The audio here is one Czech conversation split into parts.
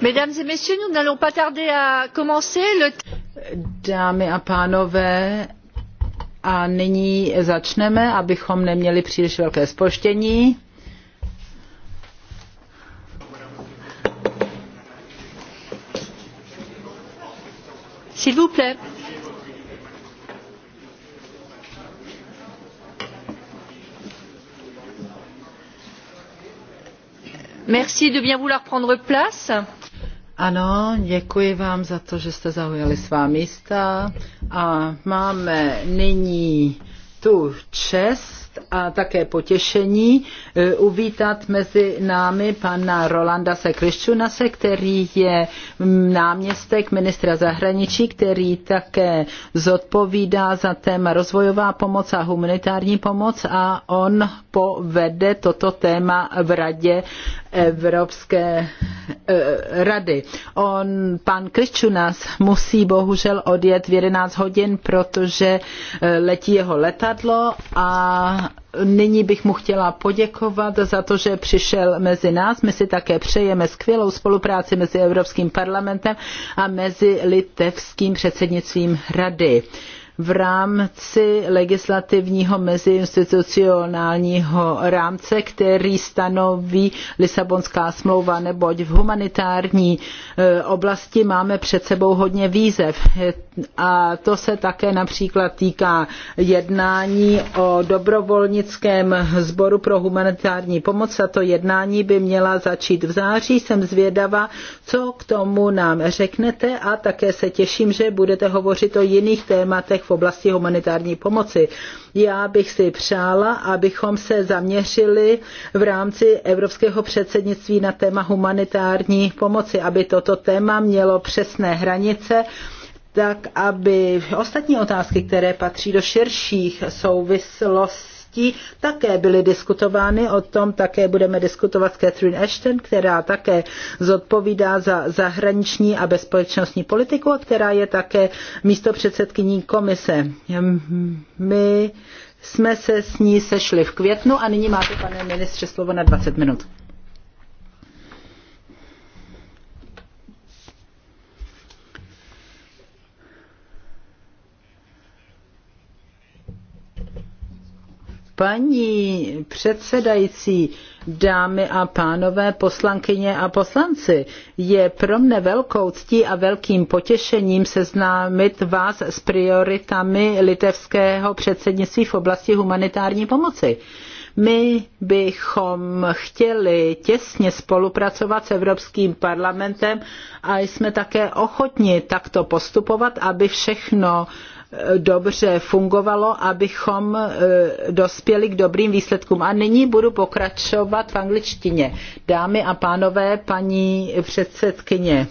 Mesdames et messieurs, nous n'allons pas tarder à commencer le... Dámy a pánové, a nyní začneme, abychom neměli příliš velké spoštění. S'il vous plaît. merci de bien vouloir prendre place. Ano, děkuji vám za to, že jste zaujali svá místa a máme nyní tu čest a také potěšení e, uvítat mezi námi pana Rolanda Sekriščunase, který je náměstek ministra zahraničí, který také zodpovídá za téma rozvojová pomoc a humanitární pomoc a on povede toto téma v Radě Evropské e, rady. On, pan Kričunas musí bohužel odjet v 11 hodin, protože e, letí jeho letadlo a nyní bych mu chtěla poděkovat za to, že přišel mezi nás. My si také přejeme skvělou spolupráci mezi Evropským parlamentem a mezi litevským předsednictvím rady. Uh, v rámci legislativního meziinstitucionálního rámce, který stanoví Lisabonská smlouva, neboť v humanitární e, oblasti máme před sebou hodně výzev. A to se také například týká jednání o dobrovolnickém sboru pro humanitární pomoc. A to jednání by měla začít v září. Jsem zvědava, co k tomu nám řeknete a také se těším, že budete hovořit o jiných tématech v oblasti humanitární pomoci. Já bych si přála, abychom se zaměřili v rámci evropského předsednictví na téma humanitární pomoci, aby toto téma mělo přesné hranice, tak aby ostatní otázky, které patří do širších souvislostí, dětí také byly diskutovány. O tom také budeme diskutovat s Catherine Ashton, která také zodpovídá za zahraniční a bezpečnostní politiku, a která je také místo předsedkyní komise. My jsme se s ní sešli v květnu a nyní máte, pane ministře, slovo na 20 minut. Paní předsedající, dámy a pánové, poslankyně a poslanci, je pro mne velkou ctí a velkým potěšením seznámit vás s prioritami litevského předsednictví v oblasti humanitární pomoci. My bychom chtěli těsně spolupracovat s Evropským parlamentem a jsme také ochotni takto postupovat, aby všechno dobře fungovalo, abychom e, dospěli k dobrým výsledkům. A nyní budu pokračovat v angličtině. Dámy a pánové, paní předsedkyně,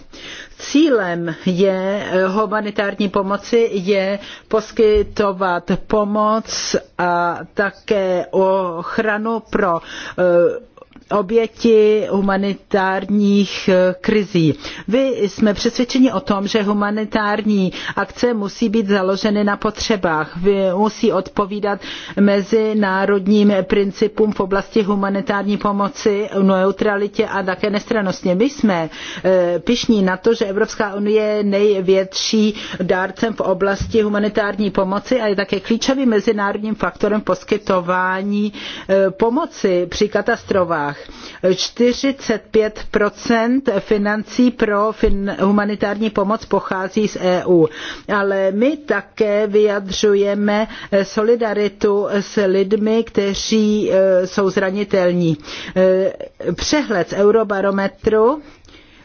cílem je e, humanitární pomoci je poskytovat pomoc a také ochranu pro e, oběti humanitárních eh, krizí. Vy jsme přesvědčeni o tom, že humanitární akce musí být založeny na potřebách, Vy musí odpovídat mezinárodním principům v oblasti humanitární pomoci, neutralitě a také nestranostně. My jsme eh, pišní na to, že Evropská unie je největší dárcem v oblasti humanitární pomoci a je také klíčovým mezinárodním faktorem poskytování eh, pomoci při katastrofách 45 financí pro humanitární pomoc pochází z EU, ale my také vyjadřujeme solidaritu s lidmi, kteří e, jsou zranitelní. E, přehled z Eurobarometru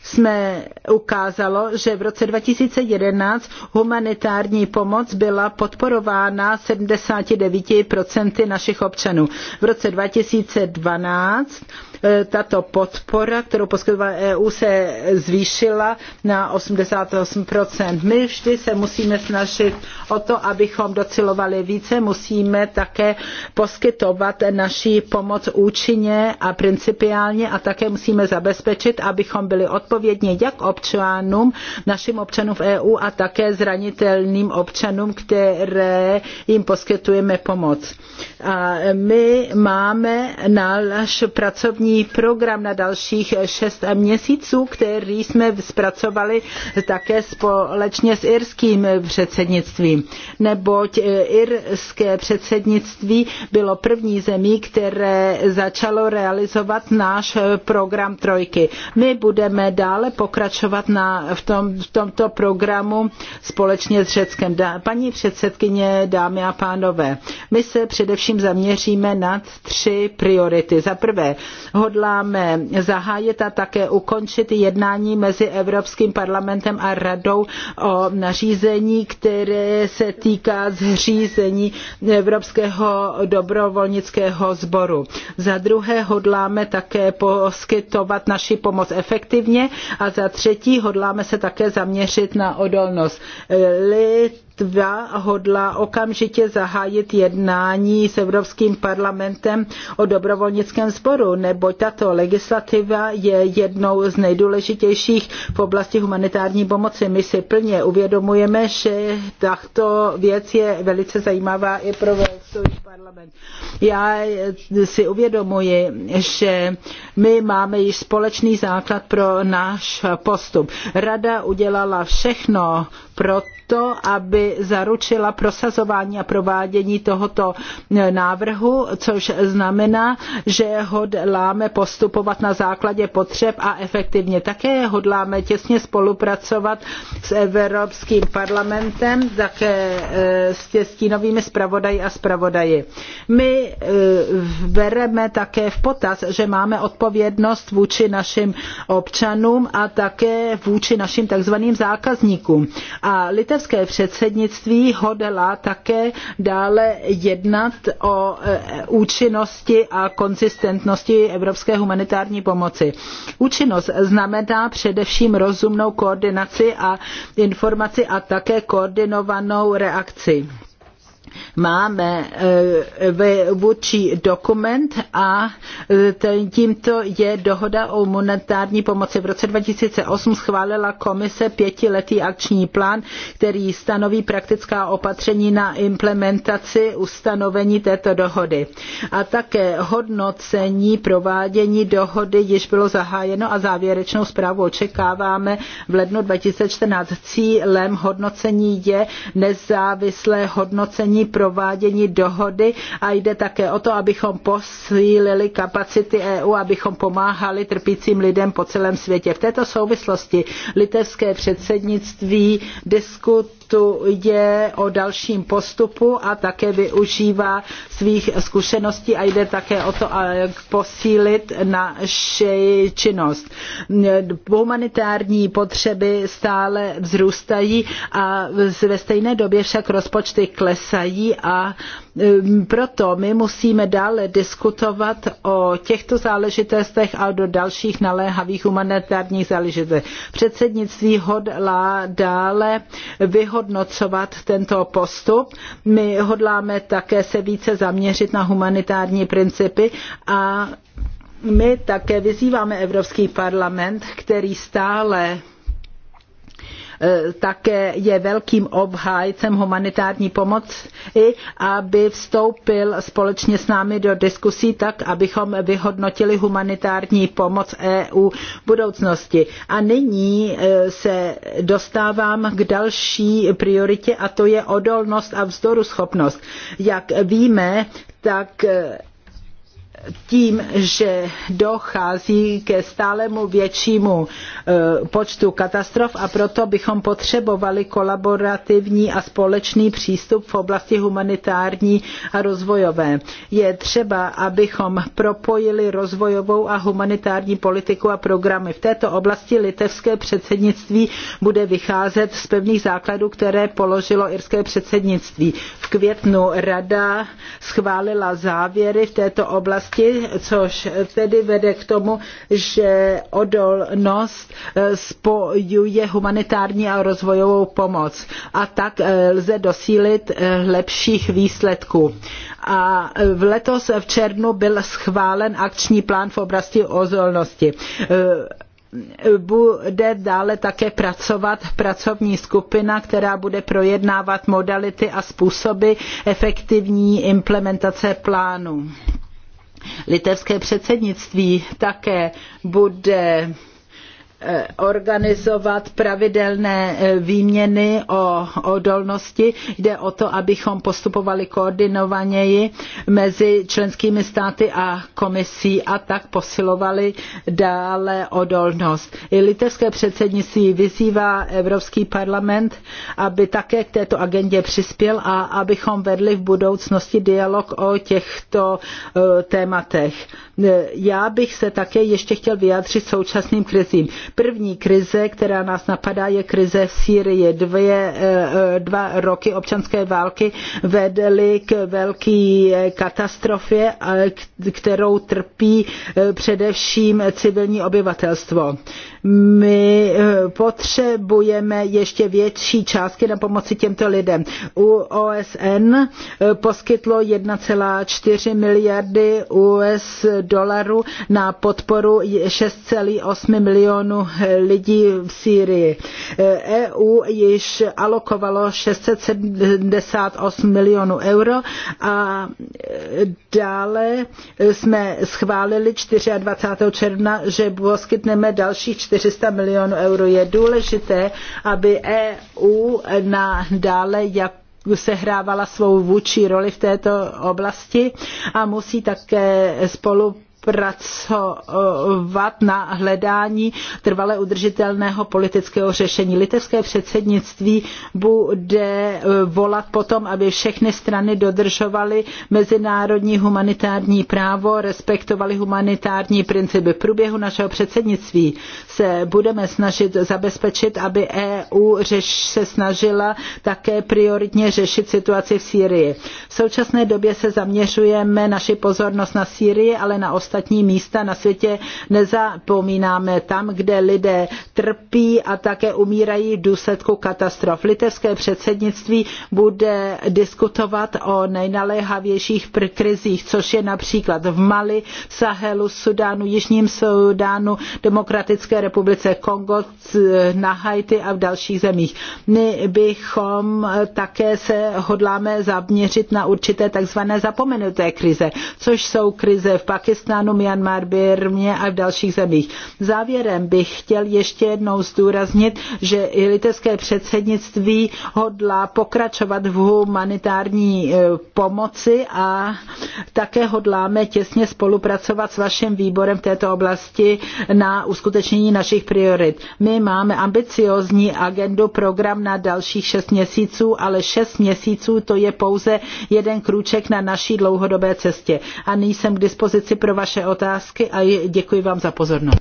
jsme ukázalo, že v roce 2011 humanitární pomoc byla podporována 79% našich občanů. V roce 2012 E, tato podpora, kterou poskytovala EU, se zvýšila na 88%. My vždy se musíme snažit o to, abychom docilovali více, musíme také poskytovat naší pomoc účinně a principiálně a také musíme zabezpečit, abychom byli odpovědní jak občanům, našim občanům v EU a také zranitelným občanům, které jim poskytujeme pomoc. A my máme náš pracovní pracovní program na dalších šest měsíců, který jsme zpracovali také společně s irským předsednictvím, neboť irské předsednictví bylo první zemí, které začalo realizovat náš program trojky. My budeme dále pokračovat na, v, tom, v tomto programu společně s Řeckem. Paní předsedkyně, dámy a pánové, my se především zaměříme na tři priority. Za prvé, hodláme zahájit a také ukončit jednání mezi Evropským parlamentem a radou o nařízení, které se týká zřízení Evropského dobrovolnického sboru. Za druhé hodláme také poskytovat naši pomoc efektivně a za třetí hodláme se také zaměřit na odolnost. Lit 2 hodlá okamžitě zahájit jednání s Evropským parlamentem o dobrovolnickém sboru, neboť tato legislativa je jednou z nejdůležitějších v oblasti humanitární pomoci. My si plně uvědomujeme, že tato věc je velice zajímavá i pro Evropský parlament. Já si uvědomuji, že my máme již společný základ pro náš postup. Rada udělala všechno pro to, aby zaručila prosazování a provádění tohoto návrhu, což znamená, že hodláme postupovat na základě potřeb a efektivně. Také hodláme těsně spolupracovat s Evropským parlamentem, také eh, s stínovými zpravodaji a zpravodaji. My eh, bereme také v potaz, že máme odpovědnost vůči našim občanům a také vůči našim takzvaným zákazníkům. A Litevská Polské předsednictví hodlá také dále jednat o e, účinnosti a konzistentnosti evropské humanitární pomoci. Účinnost znamená především rozumnou koordinaci a informaci a také koordinovanou reakci máme eh, vůči dokument a eh, tímto je dohoda o monetární pomoci. V roce 2008 schválila komise pětiletý akční plán, který stanoví praktická opatření na implementaci ustanovení této dohody. A také hodnocení provádění dohody již bylo zahájeno a závěrečnou zprávu očekáváme v lednu 2014. Cílem hodnocení je nezávislé hodnocení provádění dohody a jde také o to, abychom posílili kapacity EU, abychom pomáhali trpícím lidem po celém světě. V této souvislosti litevské předsednictví diskutuje diskutuje o dalším postupu a také využívá svých zkušeností a jde také o to, jak posílit naši činnost. Humanitární potřeby stále vzrůstají a ve stejné době však rozpočty klesají prostředí a um, proto my musíme dále diskutovat o těchto záležitostech a do dalších naléhavých humanitárních záležitostech. Předsednictví hodlá dále vyhodnocovat tento postup. My hodláme také se více zaměřit na humanitární principy a my také vyzýváme Evropský parlament, který stále E, také je velkým obhájcem humanitární pomoci, aby vstoupil společně s námi do diskusí tak, abychom vyhodnotili humanitární pomoc EU v budoucnosti. A nyní e, se dostávám k další prioritě a to je odolnost a vzdoruschopnost. Jak víme, tak e, tím, že dochází ke stálemu většímu e, počtu katastrof a proto bychom potřebovali kolaborativní a společný přístup v oblasti humanitární a rozvojové. Je třeba, abychom propojili rozvojovou a humanitární politiku a programy. V této oblasti litevské předsednictví bude vycházet z pevných základů, které položilo irské předsednictví. V květnu rada schválila závěry v této oblasti oblasti, což tedy vede k tomu, že odolnost eh, spojuje humanitární a rozvojovou pomoc a tak eh, lze dosílit eh, lepších výsledků. A v letos v červnu byl schválen akční plán v oblasti odolnosti bude dále také pracovat pracovní skupina, která bude projednávat modality a způsoby efektivní implementace plánu. Litevské předsednictví také bude Eh, organizovat pravidelné eh, výměny o odolnosti. Jde o to, abychom postupovali koordinovaněji mezi členskými státy a komisí a tak posilovali dále odolnost. I litevské předsednictví vyzývá Evropský parlament, aby také k této agendě přispěl a abychom vedli v budoucnosti dialog o těchto eh, tématech. Já bych se také ještě chtěl vyjádřit současným krizím. První krize, která nás napadá, je krize v Sýrii. Dvě, eh, eh, dva roky občanské války vedly k velké eh, katastrofě, kterou trpí především civilní obyvatelstvo. My eh, potřebujeme ještě větší částky na pomoci těmto lidem. U OSN eh, poskytlo 1,4 miliardy US dolarů na podporu 6,8 milionů lidí v Sýrii. EU eh, e již alokovalo 678 milionů euro a dále jsme schválili 24. června, že poskytneme dalších 400 milionů euro. Je důležité, aby EU nadále jak sehrávala svou vůči roli v této oblasti a musí také spolu pracovat na hledání trvale udržitelného politického řešení. Litevské předsednictví bude eh, volat potom, aby všechny strany dodržovaly mezinárodní humanitární právo, respektovaly humanitární principy. V průběhu našeho předsednictví se budeme snažit zabezpečit, aby EU řeš, se snažila také prioritně řešit situaci v Sýrii. V současné době se zaměřujeme naši pozornost na Sýrii, ale na ostatní ostatní místa na světě nezapomínáme tam, kde lidé trpí a také umírají v důsledku katastrof. Litevské předsednictví bude diskutovat o nejnaléhavějších krizích, což je například v Mali, Sahelu, Sudánu, Jižním Sudánu, Demokratické republice Kongo, na Haiti a v dalších zemích. My bychom také se hodláme zaměřit na určité takzvané zapomenuté krize, což jsou krize v Pakistánu, Pákistánu, Myanmar, Birmě a v dalších zemích. Závěrem bych chtěl ještě jednou zdůraznit, že i litevské předsednictví hodlá pokračovat v humanitární e, pomoci a také hodláme těsně spolupracovat s vaším výborem v této oblasti na uskutečnění našich priorit. My máme ambiciozní agendu program na dalších šest měsíců, ale šest měsíců to je pouze jeden krůček na naší dlouhodobé cestě. A nyní jsem k dispozici pro vaše vaše otázky a děkuji vám za pozornost.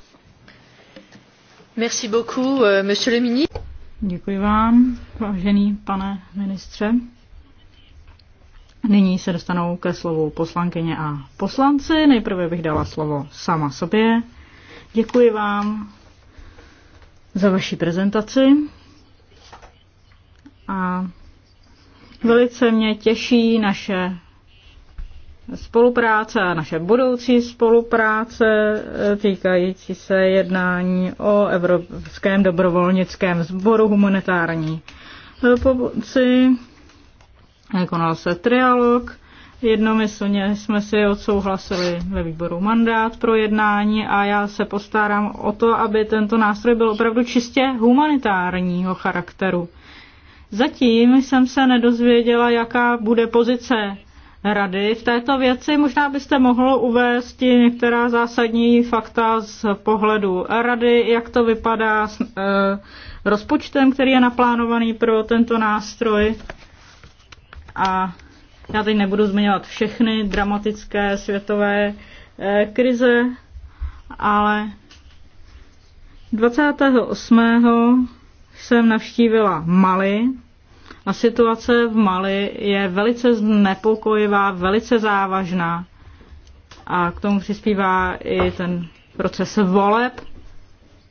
Merci beaucoup, euh, monsieur le ministre. Děkuji vám, vážený pane ministře. Nyní se dostanou ke slovu poslankyně a poslanci. Nejprve bych dala slovo sama sobě. Děkuji vám za vaši prezentaci a velice mě těší naše spolupráce a naše budoucí spolupráce týkající se jednání o Evropském dobrovolnickém sboru humanitární pomoci. Konal se trialog. Jednomyslně jsme si odsouhlasili ve výboru mandát pro jednání a já se postarám o to, aby tento nástroj byl opravdu čistě humanitárního charakteru. Zatím jsem se nedozvěděla, jaká bude pozice rady v této věci. Možná byste mohlo uvést i některá zásadní fakta z pohledu rady, jak to vypadá s e, rozpočtem, který je naplánovaný pro tento nástroj. A já teď nebudu zmiňovat všechny dramatické světové e, krize, ale 28. jsem navštívila Mali, a situace v Mali je velice znepokojivá, velice závažná. A k tomu přispívá i ten proces voleb.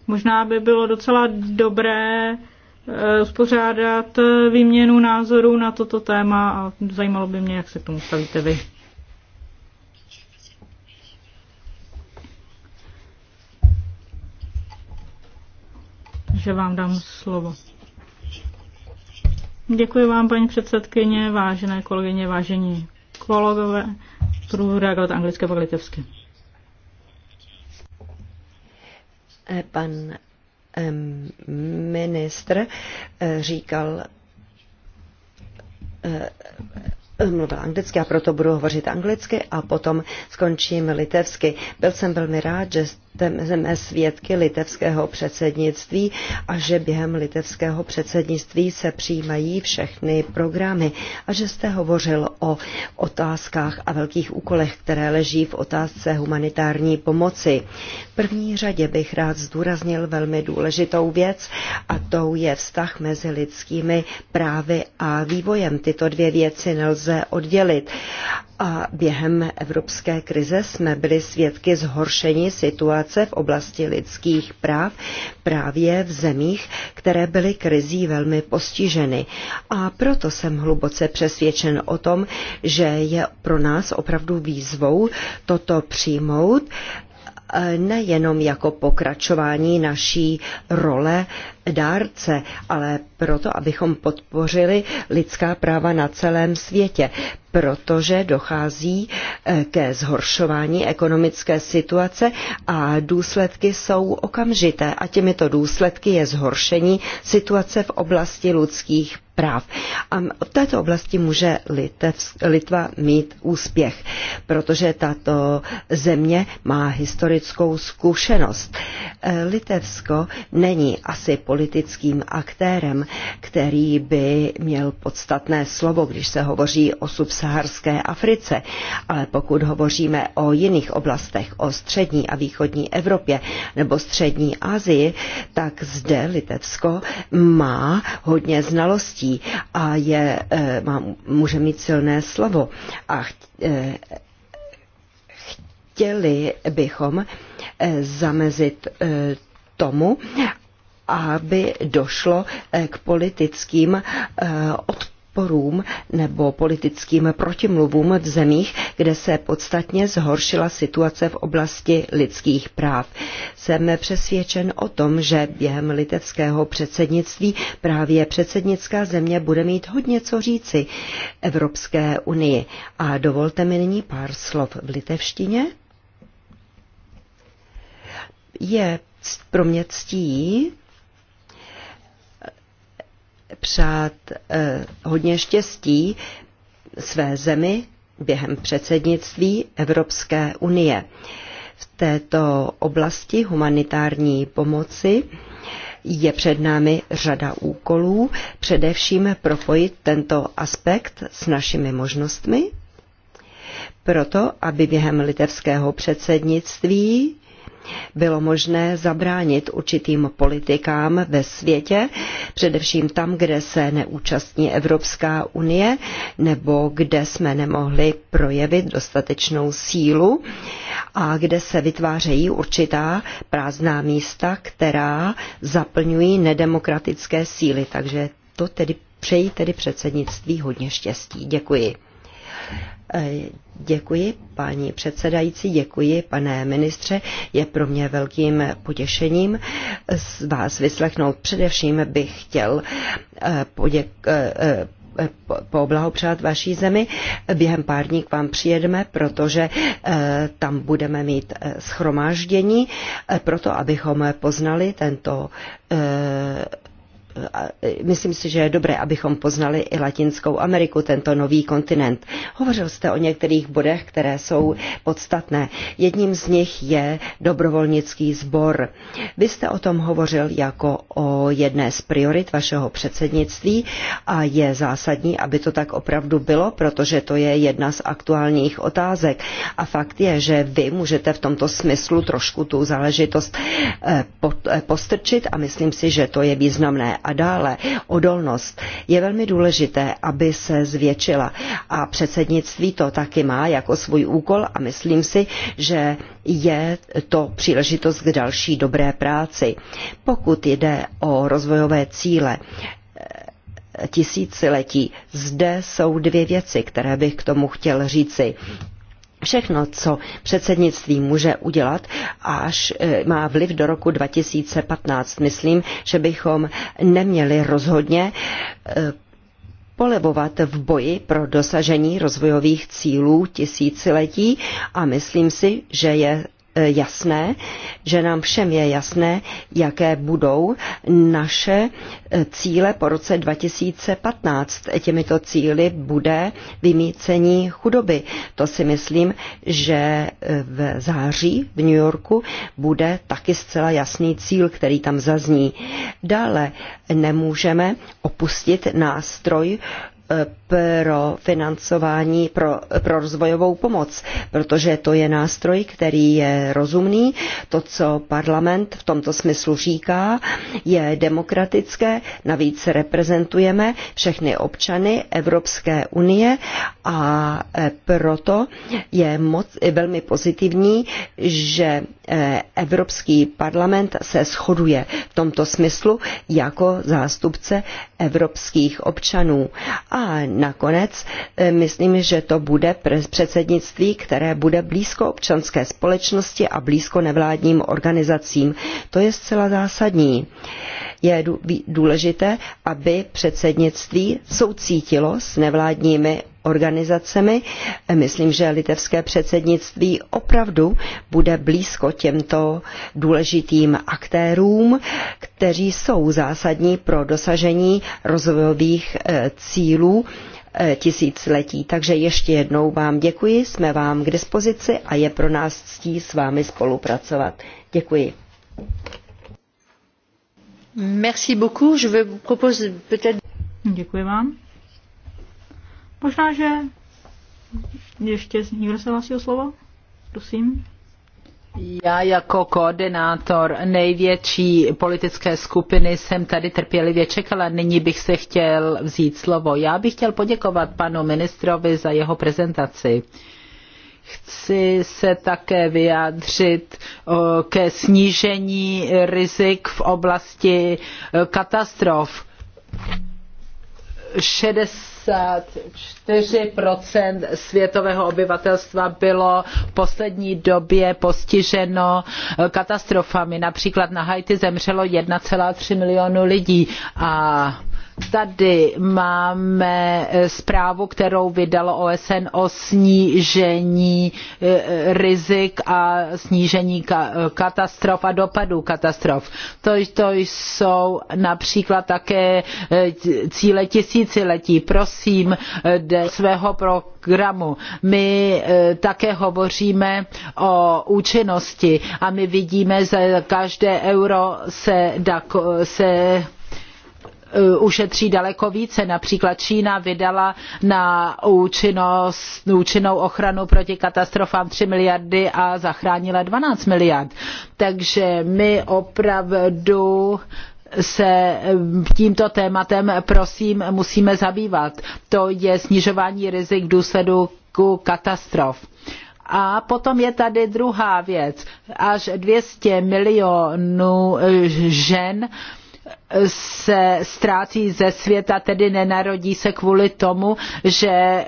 Možná by bylo docela dobré eh, uspořádat eh, výměnu názorů na toto téma a zajímalo by mě, jak se k tomu stavíte vy. Že vám dám slovo. Děkuji vám, paní předsedkyně, vážené kolegyně, vážení kolegové. Budu reagovat anglicky a litevsky. Pan ministr eh, říkal, eh, mluvil anglicky a proto budu hovořit anglicky a potom skončím litevsky. Byl jsem velmi rád, že jsme svědky litevského předsednictví a že během litevského předsednictví se přijímají všechny programy a že jste hovořil o otázkách a velkých úkolech, které leží v otázce humanitární pomoci. V první řadě bych rád zdůraznil velmi důležitou věc a tou je vztah mezi lidskými právy a vývojem. Tyto dvě věci nelze oddělit a během evropské krize jsme byli svědky zhoršení situace v oblasti lidských práv právě v zemích, které byly krizí velmi postiženy. A proto jsem hluboce přesvědčen o tom, že je pro nás opravdu výzvou toto přijmout e, nejenom jako pokračování naší role dárce, ale proto, abychom podpořili lidská práva na celém světě, protože dochází eh, ke zhoršování ekonomické situace a důsledky jsou okamžité a těmito důsledky je zhoršení situace v oblasti lidských práv. A v této oblasti může Litva mít úspěch, protože tato země má historickou zkušenost. Eh, Litevsko není asi politickým aktérem, který by měl podstatné slovo, když se hovoří o subsaharské Africe. Ale pokud hovoříme o jiných oblastech, o střední a východní Evropě nebo střední Asii, tak zde Litevsko má hodně znalostí a je, eh, má, může mít silné slovo. A eh, chtěli bychom eh, zamezit tomu, aby došlo eh, k politickým eh, odporům nebo politickým protimluvům v zemích, kde se podstatně zhoršila situace v oblasti lidských práv. Jsem přesvědčen o tom, že během litevského předsednictví právě předsednická země bude mít hodně co říci Evropské unii. A dovolte mi nyní pár slov v litevštině. Je pro mě ctí přát eh, hodně štěstí své zemi během předsednictví Evropské unie. V této oblasti humanitární pomoci je před námi řada úkolů, především propojit tento aspekt s našimi možnostmi, proto aby během litevského předsednictví bylo možné zabránit určitým politikám ve světě, především tam, kde se neúčastní Evropská unie nebo kde jsme nemohli projevit dostatečnou sílu a kde se vytvářejí určitá prázdná místa, která zaplňují nedemokratické síly. Takže to tedy přeji tedy předsednictví hodně štěstí. Děkuji. Děkuji, paní předsedající, děkuji, pane ministře. Je pro mě velkým potěšením z vás vyslechnout. Především bych chtěl eh, poděk, eh, eh, poblahopřát vaší zemi. Během pár dní k vám přijedeme, protože tam budeme mít schromáždění, proto abychom poznali tento E, myslím si, že je dobré, abychom poznali i Latinskou Ameriku, tento nový kontinent. Hovořil jste o některých bodech, které jsou podstatné. Jedním z nich je dobrovolnický sbor. Vy jste o tom hovořil jako o jedné z priorit vašeho předsednictví a je zásadní, aby to tak opravdu bylo, protože to je jedna z aktuálních otázek. A fakt je, že vy můžete v tomto smyslu trošku tu záležitost e, e, postrčit a myslím si, že to je významné a dále odolnost je velmi důležité, aby se zvětšila. A předsednictví to taky má jako svůj úkol a myslím si, že je to příležitost k další dobré práci. Pokud jde o rozvojové cíle, eh, tisíciletí. Zde jsou dvě věci, které bych k tomu chtěl říci. Všechno, co předsednictví může udělat, až e, má vliv do roku 2015. Myslím, že bychom neměli rozhodně e, polevovat v boji pro dosažení rozvojových cílů tisíciletí a myslím si, že je E, jasné, že nám všem je jasné, jaké budou naše e, cíle po roce 2015. Těmito cíly bude vymícení chudoby. To si myslím, že e, v září v New Yorku bude taky zcela jasný cíl, který tam zazní. Dále nemůžeme opustit nástroj pro financování pro, pro rozvojovou pomoc, protože to je nástroj, který je rozumný. To, co parlament v tomto smyslu říká, je demokratické, navíc reprezentujeme všechny občany Evropské unie a e, proto je moc, e, velmi pozitivní, že e, Evropský parlament se shoduje v tomto smyslu jako zástupce evropských občanů. A nakonec eh, myslím, že to bude předsednictví, které bude blízko občanské společnosti a blízko nevládním organizacím. To je zcela zásadní. Uh, je důležité, aby předsednictví soucítilo s nevládními organizacemi. Myslím, že litevské předsednictví opravdu bude blízko těmto důležitým aktérům, kteří jsou zásadní pro dosažení rozvojových eh, cílů eh, tisíciletí. Takže ještě jednou vám děkuji, jsme vám k dispozici a je pro nás ctí s vámi spolupracovat. Děkuji. Merci beaucoup. Je vais vous propose peut-être... Děkuji vám. Možná, že ještě někdo se hlásí o slovo? Prosím. Já jako koordinátor největší politické skupiny jsem tady trpělivě čekala. Nyní bych se chtěl vzít slovo. Já bych chtěl poděkovat panu ministrovi za jeho prezentaci. Uh, chci se také vyjádřit eh, ke snížení rizik v oblasti eh, katastrof. 64 světového obyvatelstva bylo v poslední době postiženo eh, katastrofami. Například na Haiti zemřelo 1,3 milionu lidí a Tady máme eh, zprávu, kterou vydalo OSN o snížení eh, rizik a snížení eh, katastrof a dopadů katastrof. To, to jsou například také cíle tisíciletí. Prosím, de svého programu. My také hovoříme o účinnosti a my vidíme, že každé euro se, da, se Eh, ušetří daleko více. Například Čína vydala na účinnost, účinnou ochranu proti katastrofám 3 miliardy a zachránila 12 miliard. Takže my opravdu se eh, tímto tématem prosím musíme zabývat. To je snižování rizik v důsledku katastrof. A potom je tady druhá věc. Až 200 milionů žen se ztrácí ze světa, tedy nenarodí se kvůli tomu, že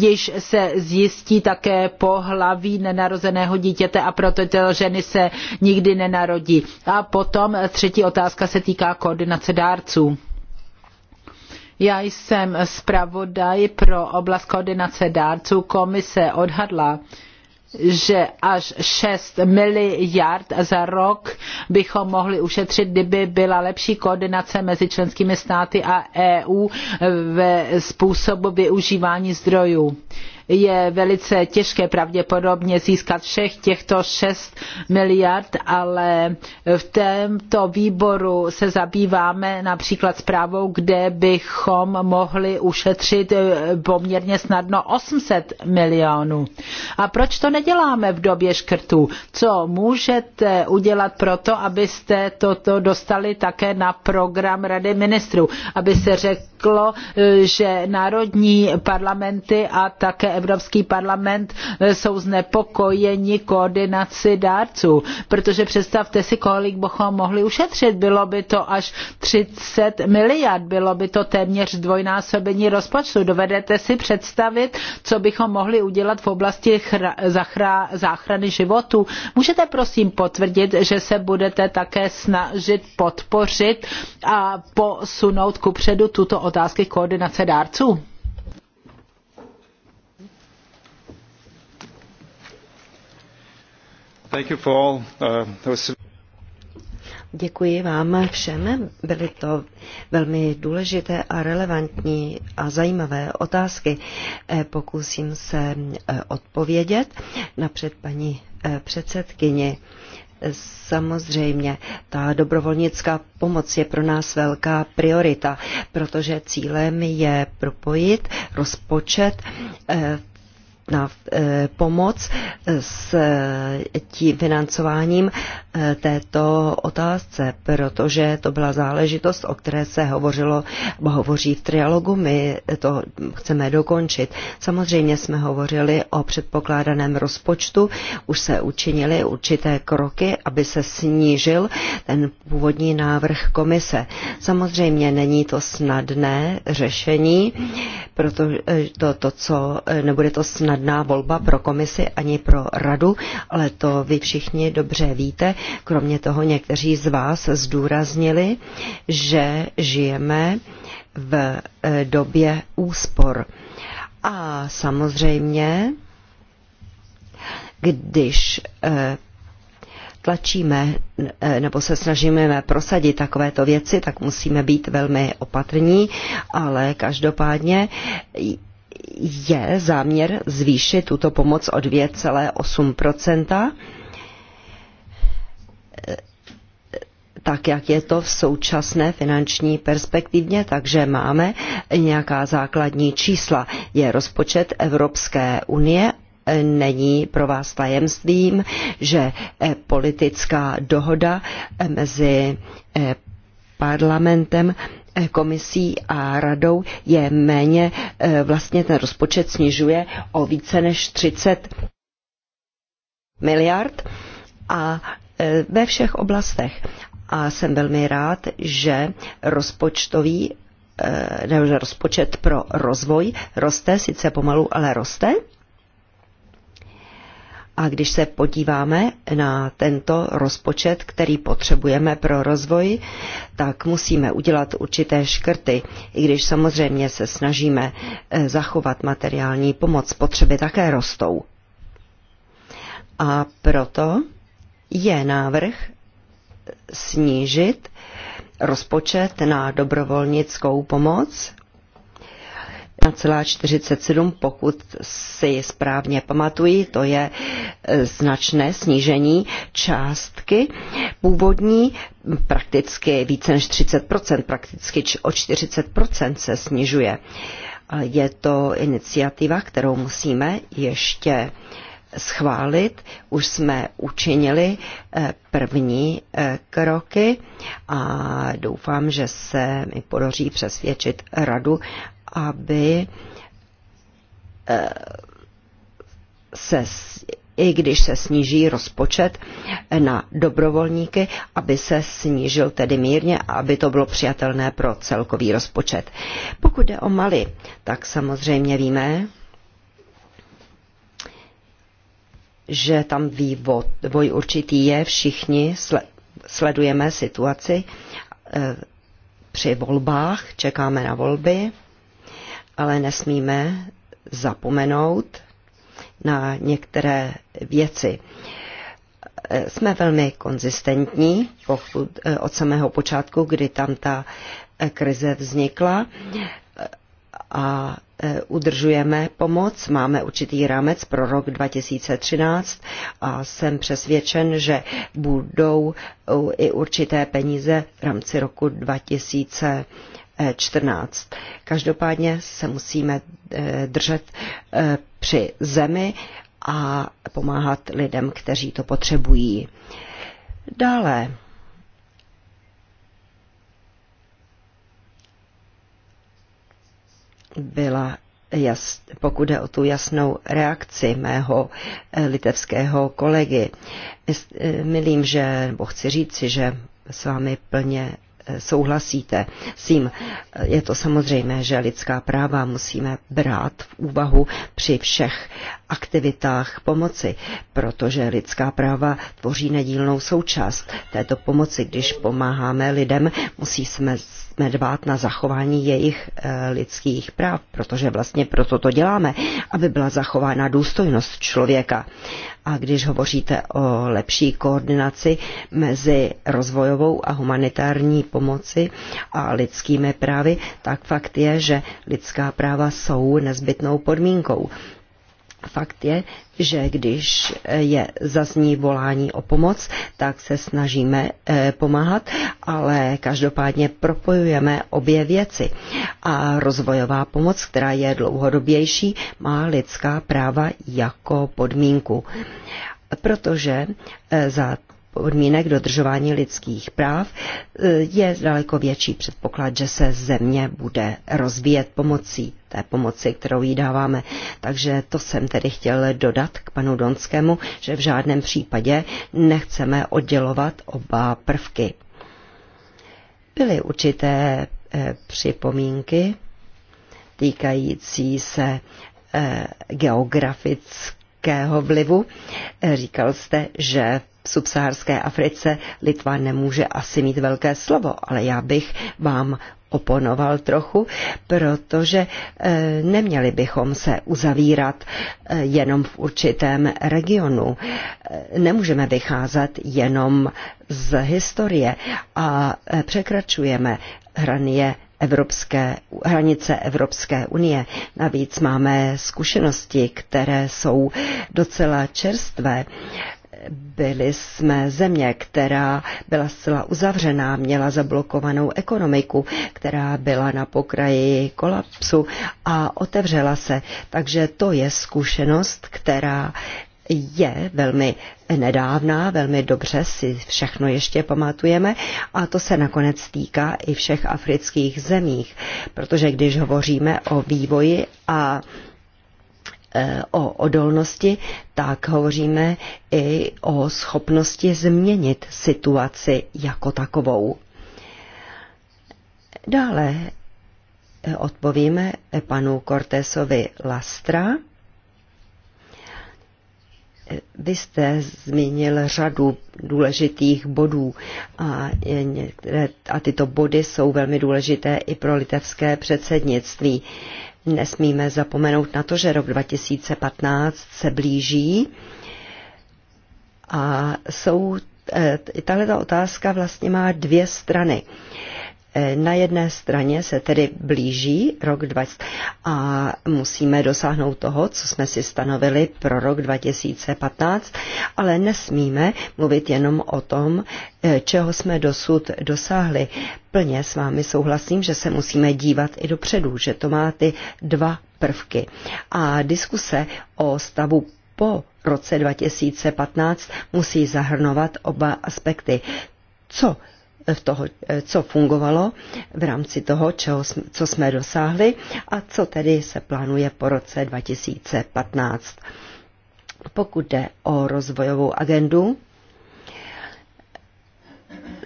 již se zjistí také pohlaví nenarozeného dítěte a proto ty ženy se nikdy nenarodí. A potom třetí otázka se týká koordinace dárců. Já jsem zpravodaj pro oblast koordinace dárců. Komise odhadla, že až 6 miliard za rok bychom mohli ušetřit, kdyby byla lepší koordinace mezi členskými státy a EU ve způsobu využívání zdrojů je velice těžké pravděpodobně získat všech těchto 6 miliard, ale v tomto výboru se zabýváme například zprávou, kde bychom mohli ušetřit eh, poměrně snadno 800 milionů. A proč to neděláme v době škrtů? Co můžete udělat proto, abyste toto dostali také na program Rady ministrů, aby se řekl, řeklo, e, že národní parlamenty a také Evropský parlament e, jsou znepokojeni koordinaci dárců, protože představte si, kolik bychom mohli ušetřit. Bylo by to až 30 miliard, bylo by to téměř dvojnásobení rozpočtu. Dovedete si představit, co bychom mohli udělat v oblasti záchrany životů. Můžete prosím potvrdit, že se budete také snažit podpořit a posunout kupředu tuto otázku? otázky koordinace dárců? Uh, Děkuji vám všem. Byly to velmi důležité a relevantní a zajímavé otázky. Eh, pokusím se eh, odpovědět napřed paní eh, předsedkyni. Samozřejmě, ta dobrovolnická pomoc je pro nás velká priorita, protože cílem je propojit rozpočet eh, na eh, pomoc eh, s eh, tím financováním této otázce, protože to byla záležitost, o které se hovořilo, bo hovoří v trialogu, my to chceme dokončit. Samozřejmě jsme hovořili o předpokládaném rozpočtu, už se učinili určité kroky, aby se snížil ten původní návrh komise. Samozřejmě není to snadné řešení, protože to, to co nebude to snadné, snadná volba pro komisi ani pro radu, ale to vy všichni dobře víte. Kromě toho někteří z vás zdůraznili, že žijeme v e, době úspor. A samozřejmě, když e, tlačíme e, nebo se snažíme prosadit takovéto věci, tak musíme být velmi opatrní, ale každopádně je záměr zvýšit tuto pomoc o 2,8 tak, jak je to v současné finanční perspektivně, takže máme nějaká základní čísla. Je rozpočet Evropské unie není pro vás tajemstvím, že eh, politická dohoda eh, mezi eh, parlamentem Eh, komisí a radou je méně, eh, vlastně ten rozpočet snižuje o více než 30 miliard a eh, ve všech oblastech. A jsem velmi rád, že rozpočtový nebo rozpočet pro rozvoj roste, sice pomalu, ale roste. A když se podíváme na tento rozpočet, který potřebujeme pro rozvoj, tak musíme udělat určité škrty, i když samozřejmě se snažíme eh, zachovat materiální pomoc, potřeby také rostou. A proto je návrh snížit rozpočet na dobrovolnickou pomoc 1,47, pokud si správně pamatuji, to je eh, značné snížení částky původní, prakticky více než 30%, prakticky o 40% se snižuje. Je to iniciativa, kterou musíme ještě schválit. Už jsme učinili eh, první eh, kroky a doufám, že se mi podaří přesvědčit radu, aby eh, se, i když se sníží rozpočet eh, na dobrovolníky, aby se snížil tedy mírně a aby to bylo přijatelné pro celkový rozpočet. Pokud jde o Mali, tak samozřejmě víme, že tam vývoj, určitý je, všichni sledujeme situaci eh, při volbách, čekáme na volby ale nesmíme zapomenout na některé věci. E, jsme velmi konzistentní pokud, e, od samého počátku, kdy tam ta e, krize vznikla a udržujeme pomoc, máme určitý rámec pro rok 2013 a jsem přesvědčen, že budou i určité peníze v rámci roku 2013 14. Každopádně se musíme e, držet e, při zemi a pomáhat lidem, kteří to potřebují. Dále. Byla jas, pokud jde o tu jasnou reakci mého e, litevského kolegy. milím, že, nebo chci říci, že s vámi plně Eh, souhlasíte s tím. Eh, je to samozřejmé, že lidská práva musíme brát v úvahu při všech aktivitách pomoci, protože lidská práva tvoří nedílnou součást této pomoci. Když pomáháme lidem, musíme jsme dbát na zachování jejich eh, lidských práv, protože vlastně proto to děláme, aby byla zachována důstojnost člověka. A když hovoříte o lepší koordinaci mezi rozvojovou a humanitární pomoci a lidskými právy, tak fakt je, že lidská práva jsou nezbytnou podmínkou. Fakt je, že když je zazní volání o pomoc, tak se snažíme eh, pomáhat, ale každopádně propojujeme obě věci. A rozvojová pomoc, která je dlouhodobější, má lidská práva jako podmínku. Protože eh, za podmínek dodržování lidských práv, eh, je daleko větší předpoklad, že se země bude rozvíjet pomocí té pomoci, kterou jí dáváme. Takže to jsem tedy chtěl dodat k panu Donskému, že v žádném případě nechceme oddělovat oba prvky. Byly určité eh, připomínky týkající se eh, geografické velkého vlivu. Eh, říkal jste, že v subsaharské Africe Litva nemůže asi mít velké slovo, ale já bych vám oponoval trochu, protože eh, neměli bychom se uzavírat eh, jenom v určitém regionu. Nemůžeme vycházet jenom z historie a překračujeme hranie evropské, hranice Evropské unie. Navíc máme zkušenosti, které jsou docela čerstvé byli jsme země, která byla zcela uzavřená, měla zablokovanou ekonomiku, která byla na pokraji kolapsu a otevřela se. Takže to je zkušenost, která je velmi nedávná, velmi dobře si všechno ještě pamatujeme a to se nakonec týká i všech afrických zemích, protože když hovoříme o vývoji a e, o odolnosti, tak hovoříme i o schopnosti změnit situaci jako takovou. Dále e, odpovíme panu Cortésovi Lastra vy jste zmínil řadu důležitých bodů a, některé, a tyto body jsou velmi důležité i pro litevské předsednictví. Nesmíme zapomenout na to, že rok 2015 se blíží a jsou, eh, tahle otázka vlastně má dvě strany. Eh, na jedné straně se tedy blíží rok 20 a musíme dosáhnout toho, co jsme si stanovili pro rok 2015, ale nesmíme mluvit jenom o tom, eh, čeho jsme dosud dosáhli. Plně s vámi souhlasím, že se musíme dívat i dopředu, že to má ty dva prvky. A diskuse o stavu po roce 2015 musí zahrnovat oba aspekty. Co v toho, eh, co fungovalo v rámci toho, čeho, co jsme dosáhli a co tedy se plánuje po roce 2015. Pokud jde o rozvojovou agendu,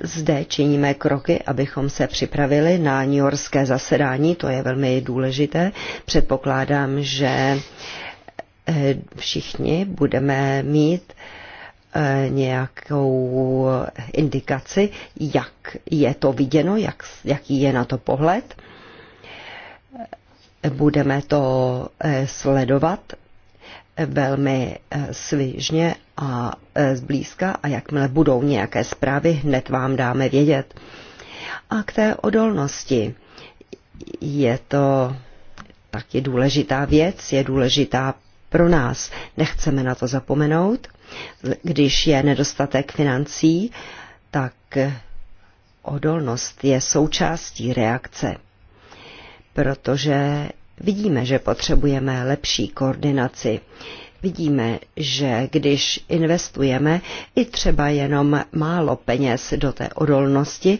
zde činíme kroky, abychom se připravili na New Yorkské zasedání, to je velmi důležité. Předpokládám, že eh, všichni budeme mít eh, Eh, nějakou indikaci, jak je to viděno, jak, jaký je na to pohled. Budeme to eh, sledovat velmi eh, svižně a zblízka a jakmile budou nějaké zprávy, hned vám dáme vědět. A k té odolnosti je to taky důležitá věc, je důležitá pro nás. Nechceme na to zapomenout. Když je nedostatek financí, tak odolnost je součástí reakce, protože vidíme, že potřebujeme lepší koordinaci vidíme, že když investujeme i třeba jenom málo peněz do té odolnosti,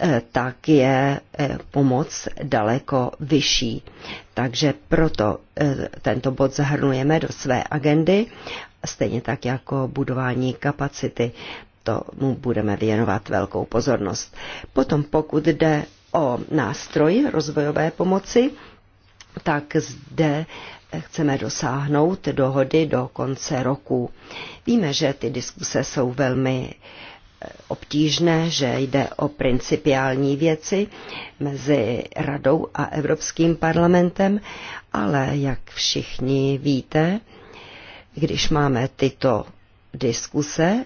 eh, tak je eh, pomoc daleko vyšší. Takže proto eh, tento bod zahrnujeme do své agendy, stejně tak jako budování kapacity. To mu budeme věnovat velkou pozornost. Potom pokud jde o nástroj rozvojové pomoci, tak zde chceme dosáhnout dohody do konce roku. Víme, že ty diskuse jsou velmi eh, obtížné, že jde o principiální věci mezi Radou a Evropským parlamentem, ale jak všichni víte, když máme tyto diskuse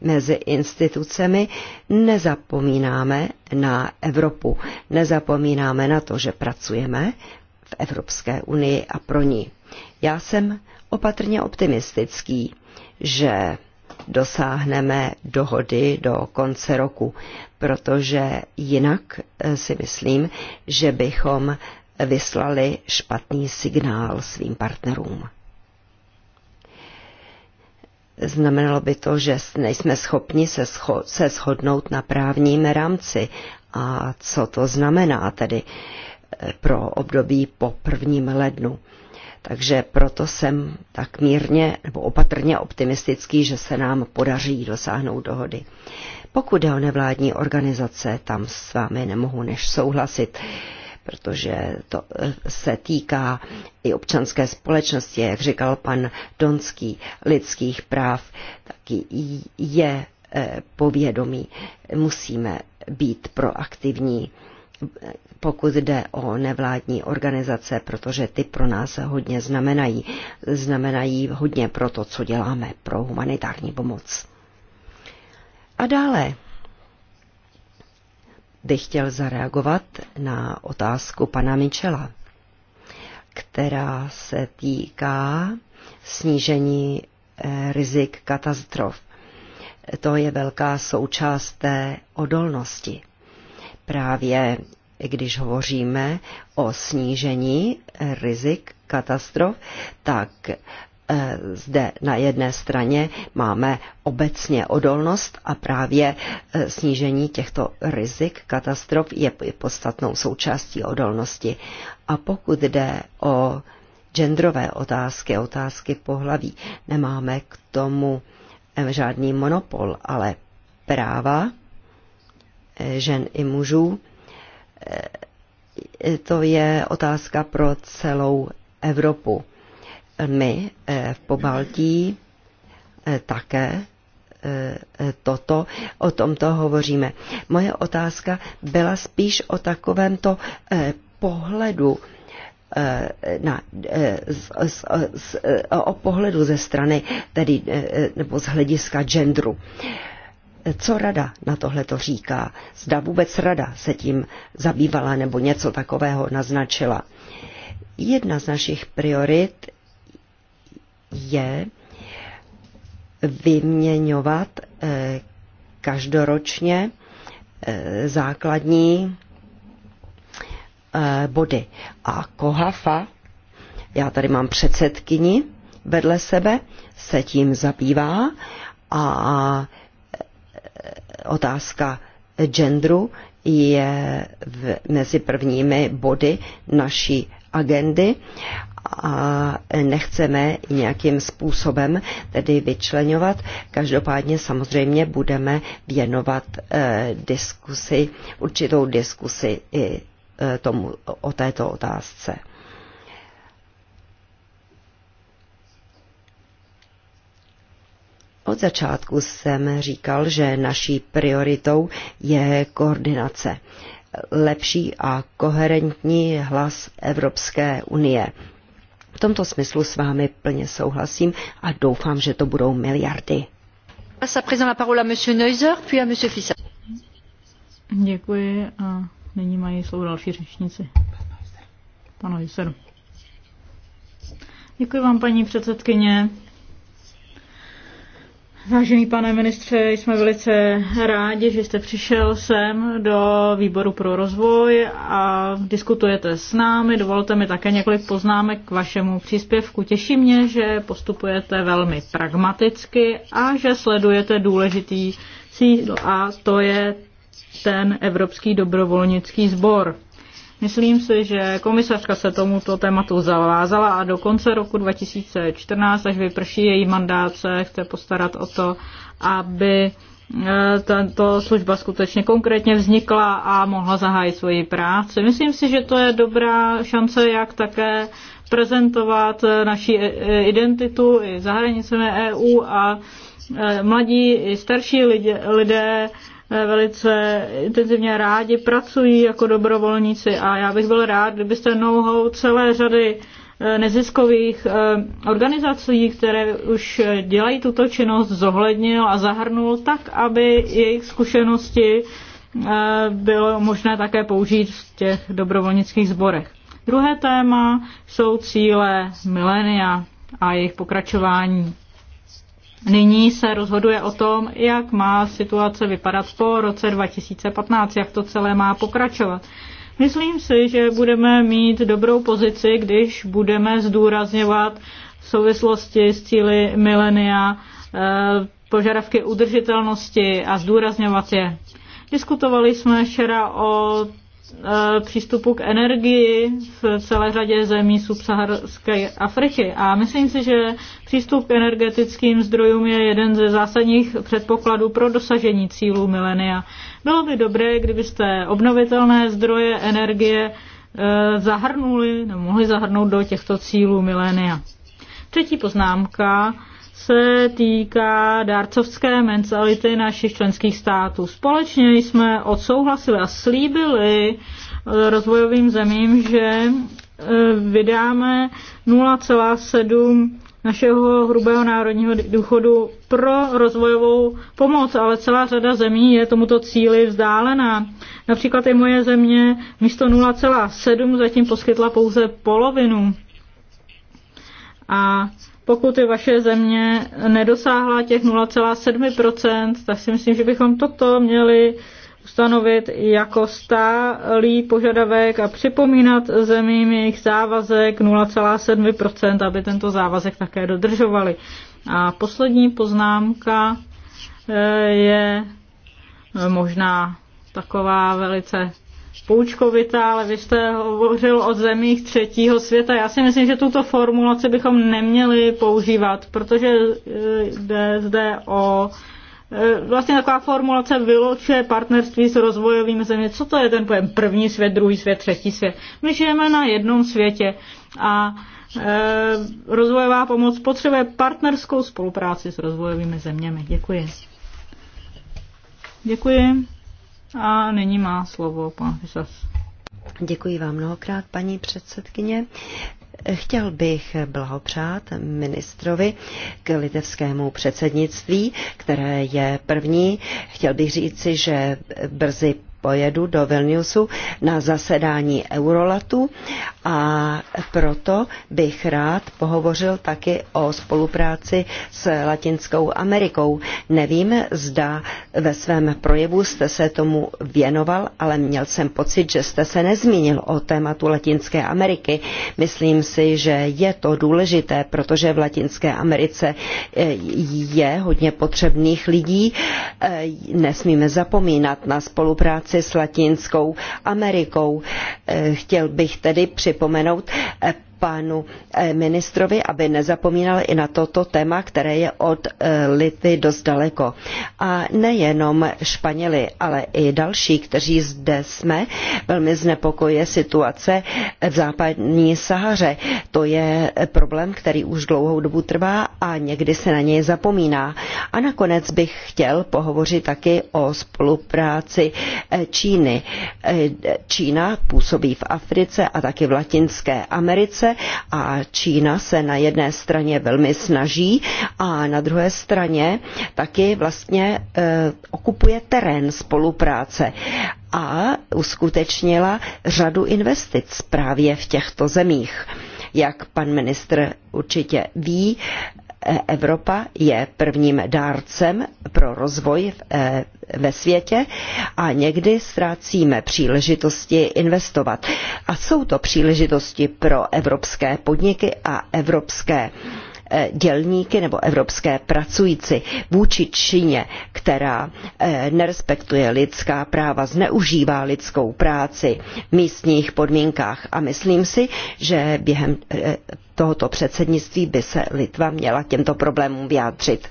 mezi institucemi, nezapomínáme na Evropu, nezapomínáme na to, že pracujeme v Evropské unii a pro ní. Já jsem opatrně optimistický, že dosáhneme dohody do konce roku, protože jinak eh, si myslím, že bychom vyslali špatný signál svým partnerům. Znamenalo by to, že nejsme schopni se, scho- se shodnout na právním rámci. A co to znamená tedy? pro období po prvním lednu. Takže proto jsem tak mírně nebo opatrně optimistický, že se nám podaří dosáhnout dohody. Pokud jde o nevládní organizace, tam s vámi nemohu než souhlasit, protože to eh, se týká i občanské společnosti, jak říkal pan Donský, lidských práv, taky je eh, povědomí. Musíme být proaktivní pokud jde o nevládní organizace, protože ty pro nás hodně znamenají. Znamenají hodně pro to, co děláme pro humanitární pomoc. A dále bych chtěl zareagovat na otázku pana Michela, která se týká snížení eh, rizik katastrof. To je velká součást té odolnosti právě když hovoříme o snížení rizik katastrof, tak eh, zde na jedné straně máme obecně odolnost a právě eh, snížení těchto rizik katastrof je podstatnou součástí odolnosti. A pokud jde o genderové otázky, otázky pohlaví, nemáme k tomu eh, žádný monopol, ale práva žen i mužů. E, to je otázka pro celou Evropu. My e, v Pobaltí e, také toto, o tomto hovoříme. Moje otázka byla spíš o takovémto pohledu na, z, z, z, o pohledu ze strany, tedy nebo z hlediska genderu co rada na tohle to říká. Zda vůbec rada se tím zabývala nebo něco takového naznačila. Jedna z našich priorit je vyměňovat eh, každoročně eh, základní eh, body. A Kohafa, já tady mám předsedkyni vedle sebe, se tím zabývá a otázka genderu je v, mezi prvními body naší agendy a nechceme nějakým způsobem tedy vyčlenovat. Každopádně samozřejmě budeme věnovat eh, diskusi, určitou diskusi i eh, tomu, o této otázce. Od začátku jsem říkal, že naší prioritou je koordinace. Lepší a koherentní hlas Evropské unie. V tomto smyslu s vámi plně souhlasím a doufám, že to budou miliardy. Děkuji a nyní mají slovo další řečníci. Pan Hojser. Děkuji vám, paní předsedkyně. Vážený pane ministře, jsme velice rádi, že jste přišel sem do výboru pro rozvoj a diskutujete s námi. Dovolte mi také několik poznámek k vašemu příspěvku. Těší mě, že postupujete velmi pragmaticky a že sledujete důležitý cíl a to je ten Evropský dobrovolnický sbor. Myslím si, že komisařka se tomuto tématu zavázala a do konce roku 2014, až vyprší její mandát, se chce postarat o to, aby e, tato služba skutečně konkrétně vznikla a mohla zahájit svoji práci. Myslím si, že to je dobrá šance, jak také prezentovat e, naši e, identitu i za hranicemi EU a mladí i starší lidé, lidé Eh, velice intenzivně rádi pracují jako dobrovolníci a já bych byl rád, kdybyste nouhou celé řady eh, neziskových eh, organizací, které už dělají tuto činnost, zohlednil a zahrnul tak, aby jejich zkušenosti bylo možné také použít v těch dobrovolnických sborech. Druhé téma jsou cíle milénia a jejich pokračování. Nyní se rozhoduje o tom, jak má situace vypadat po roce 2015, jak to celé má pokračovat. Myslím si, že budeme mít dobrou pozici, když budeme zdůrazňovat v souvislosti s cíly milenia eh, požadavky udržitelnosti a zdůrazňovat je. Diskutovali jsme včera o Eh, přístupu k energii v celé řadě zemí subsaharské Afriky. A myslím si, že přístup k energetickým zdrojům je jeden ze zásadních předpokladů pro dosažení cílů milenia. Bylo by dobré, kdybyste obnovitelné zdroje energie eh, zahrnuli, nebo mohli zahrnout do těchto cílů milénia. Třetí poznámka se týká dárcovské mentality našich členských států. Společně jsme odsouhlasili a slíbili rozvojovým zemím, že e, vydáme 0,7 našeho hrubého národního důchodu pro rozvojovou pomoc, ale celá řada zemí je tomuto cíli vzdálená. Například i moje země místo 0,7 zatím poskytla pouze polovinu. A pokud je vaše země nedosáhla těch 0,7%, tak si myslím, že bychom toto měli ustanovit jako stálý požadavek a připomínat zemím jejich závazek 0,7%, aby tento závazek také dodržovali. A poslední poznámka eh, je možná taková velice poučkovitá, ale vy jste hovořil o zemích třetího světa. Já si myslím, že tuto formulaci bychom neměli používat, protože e, jde zde o e, vlastně taková formulace vyloučuje partnerství s rozvojovými zeměmi. Co to je ten pojem první svět, druhý svět, třetí svět? My žijeme na jednom světě a e, rozvojová pomoc potřebuje partnerskou spolupráci s rozvojovými zeměmi. Děkuji. Děkuji. A nyní má slovo pan Fisas. Děkuji vám mnohokrát, paní předsedkyně. Chtěl bych blahopřát ministrovi k litevskému předsednictví, které je první. Chtěl bych říci, že brzy pojedu do Vilniusu na zasedání Eurolatu a proto bych rád pohovořil taky o spolupráci s Latinskou Amerikou. Nevím, zda ve svém projevu jste se tomu věnoval, ale měl jsem pocit, že jste se nezmínil o tématu Latinské Ameriky. Myslím si, že je to důležité, protože v Latinské Americe eh, je hodně potřebných lidí. Eh, nesmíme zapomínat na spolupráci s Latinskou Amerikou. Eh, chtěl bych tedy při připomenout eh, Panu eh, ministrovi, aby nezapomínal i na toto téma, které je od eh, Litvy dost daleko. A nejenom Španěli, ale i další, kteří zde jsme, velmi znepokoje situace v západní Sahaře. To je eh, problém, který už dlouhou dobu trvá a někdy se na něj zapomíná. A nakonec bych chtěl pohovořit taky o spolupráci Číny. Čína působí v Africe a taky v Latinské Americe a Čína se na jedné straně velmi snaží a na druhé straně taky vlastně e, okupuje terén spolupráce a uskutečnila řadu investic právě v těchto zemích. Jak pan ministr určitě ví, eh, Evropa je prvním dárcem pro rozvoj v eh, ve světě a někdy ztrácíme příležitosti investovat. A jsou to příležitosti pro evropské podniky a evropské eh, dělníky nebo evropské pracující vůči Číně, která eh, nerespektuje lidská práva, zneužívá lidskou práci v místních podmínkách. A myslím si, že během eh, tohoto předsednictví by se Litva měla k těmto problémům vyjádřit.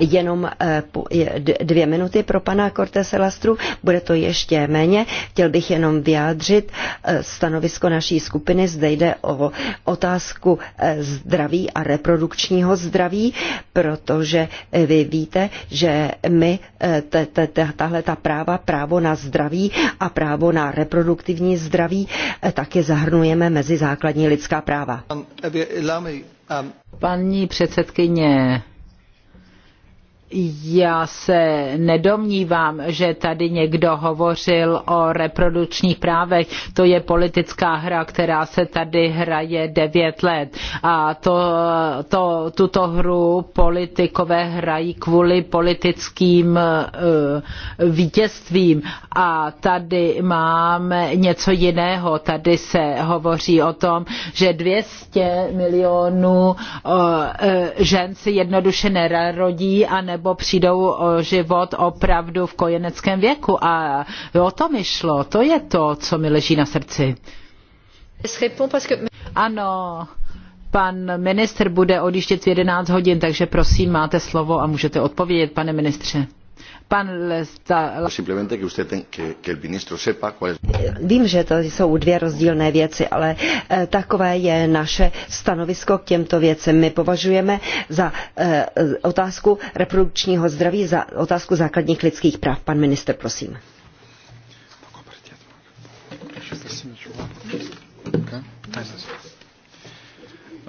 Jenom eh, dvě minuty pro pana Cortese Lastru, bude to ještě méně. Chtěl bych jenom vyjádřit eh, stanovisko naší skupiny. Zde jde o otázku eh, zdraví a reprodukčního zdraví, protože vy víte, že my tahle ta práva, právo na zdraví a právo na reproduktivní reproduktivní zdraví eh, taky zahrnujeme mezi základní lidská práva. Paní předsedkyně, já se nedomnívám, že tady někdo hovořil o reprodukčních právech. To je politická hra, která se tady hraje devět let. A to, to, tuto hru politikové hrají kvůli politickým uh, vítězstvím. A tady máme něco jiného. Tady se hovoří o tom, že 200 milionů uh, uh, žen si jednoduše nerodí a nebo nebo přijdou o život opravdu v kojeneckém věku. A o to mi šlo, to je to, co mi leží na srdci. Ano, pan minister bude odjíždět v 11 hodin, takže prosím, máte slovo a můžete odpovědět, pane ministře. Vím, že to jsou dvě rozdílné věci, ale eh, takové je naše stanovisko k těmto věcem. My považujeme za eh, otázku reprodukčního zdraví, za otázku základních lidských práv. Pan minister, prosím.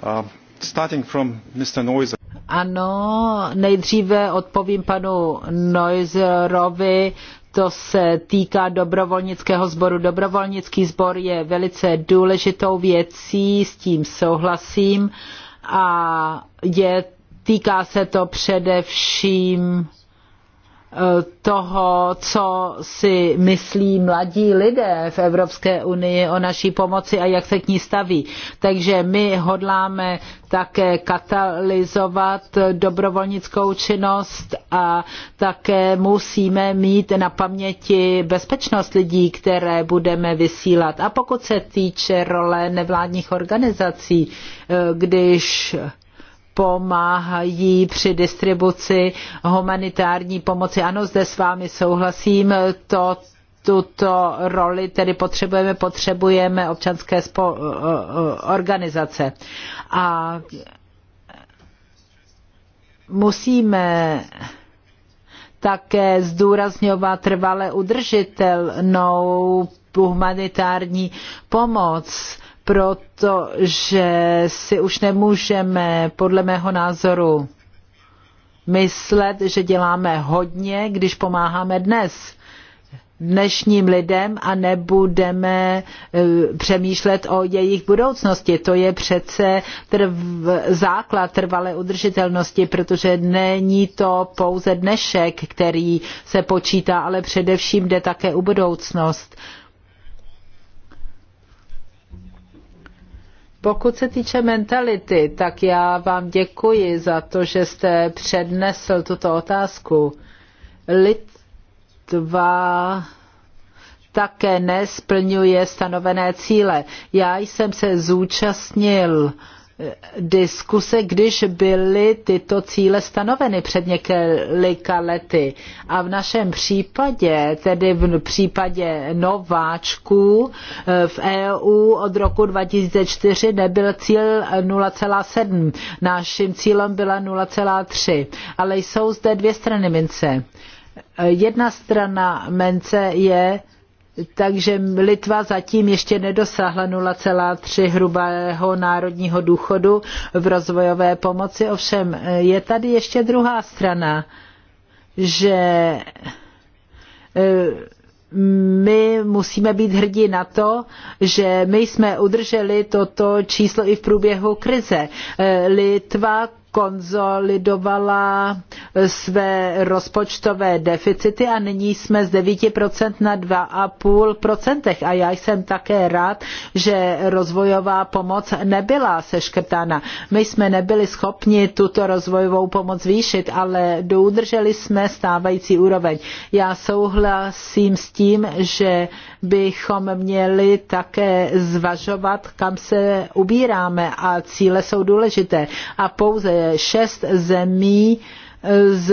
Uh, starting from Mr. Noiser. Ano, nejdříve odpovím panu Noiserovi, to se týká dobrovolnického sboru. Dobrovolnický sbor je velice důležitou věcí, s tím souhlasím a je, týká se to především toho, co si myslí mladí lidé v Evropské unii o naší pomoci a jak se k ní staví. Takže my hodláme také katalyzovat dobrovolnickou činnost a také musíme mít na paměti bezpečnost lidí, které budeme vysílat. A pokud se týče role nevládních organizací, eh, když pomáhají při distribuci humanitární pomoci. Ano, zde s vámi souhlasím, to tuto roli tedy potřebujeme, potřebujeme občanské spo- organizace. A musíme také zdůrazňovat trvale udržitelnou humanitární pomoc protože si už nemůžeme, podle mého názoru, myslet, že děláme hodně, když pomáháme dnes dnešním lidem a nebudeme eh, přemýšlet o jejich budoucnosti. To je přece trv, základ trvalé udržitelnosti, protože není to pouze dnešek, který se počítá, ale především jde také u budoucnost. Pokud se týče mentality, tak já vám děkuji za to, že jste přednesl tuto otázku. Litva také nesplňuje stanovené cíle. Já jsem se zúčastnil uh, diskuse, když byly tyto cíle stanoveny před několika lety. A v našem případě, tedy v případě nováčků eh, v EU od roku 2004 nebyl cíl 0,7. Naším cílem byla 0,3. Ale jsou zde dvě strany mince. Eh, jedna strana mince je, takže Litva zatím ještě nedosáhla 0,3 hrubého národního důchodu v rozvojové pomoci. Ovšem je tady ještě druhá strana, že e, my musíme být hrdí na to, že my jsme udrželi toto číslo i v průběhu krize. E, Litva konzolidovala eh, své rozpočtové deficity a nyní jsme z 9% na 2,5%. A já jsem také rád, že rozvojová pomoc nebyla seškrtána. My jsme nebyli schopni tuto rozvojovou pomoc výšit, ale doudrželi jsme stávající úroveň. Já souhlasím s tím, že bychom měli také zvažovat, kam se ubíráme a cíle jsou důležité. A pouze šest zemí eh, z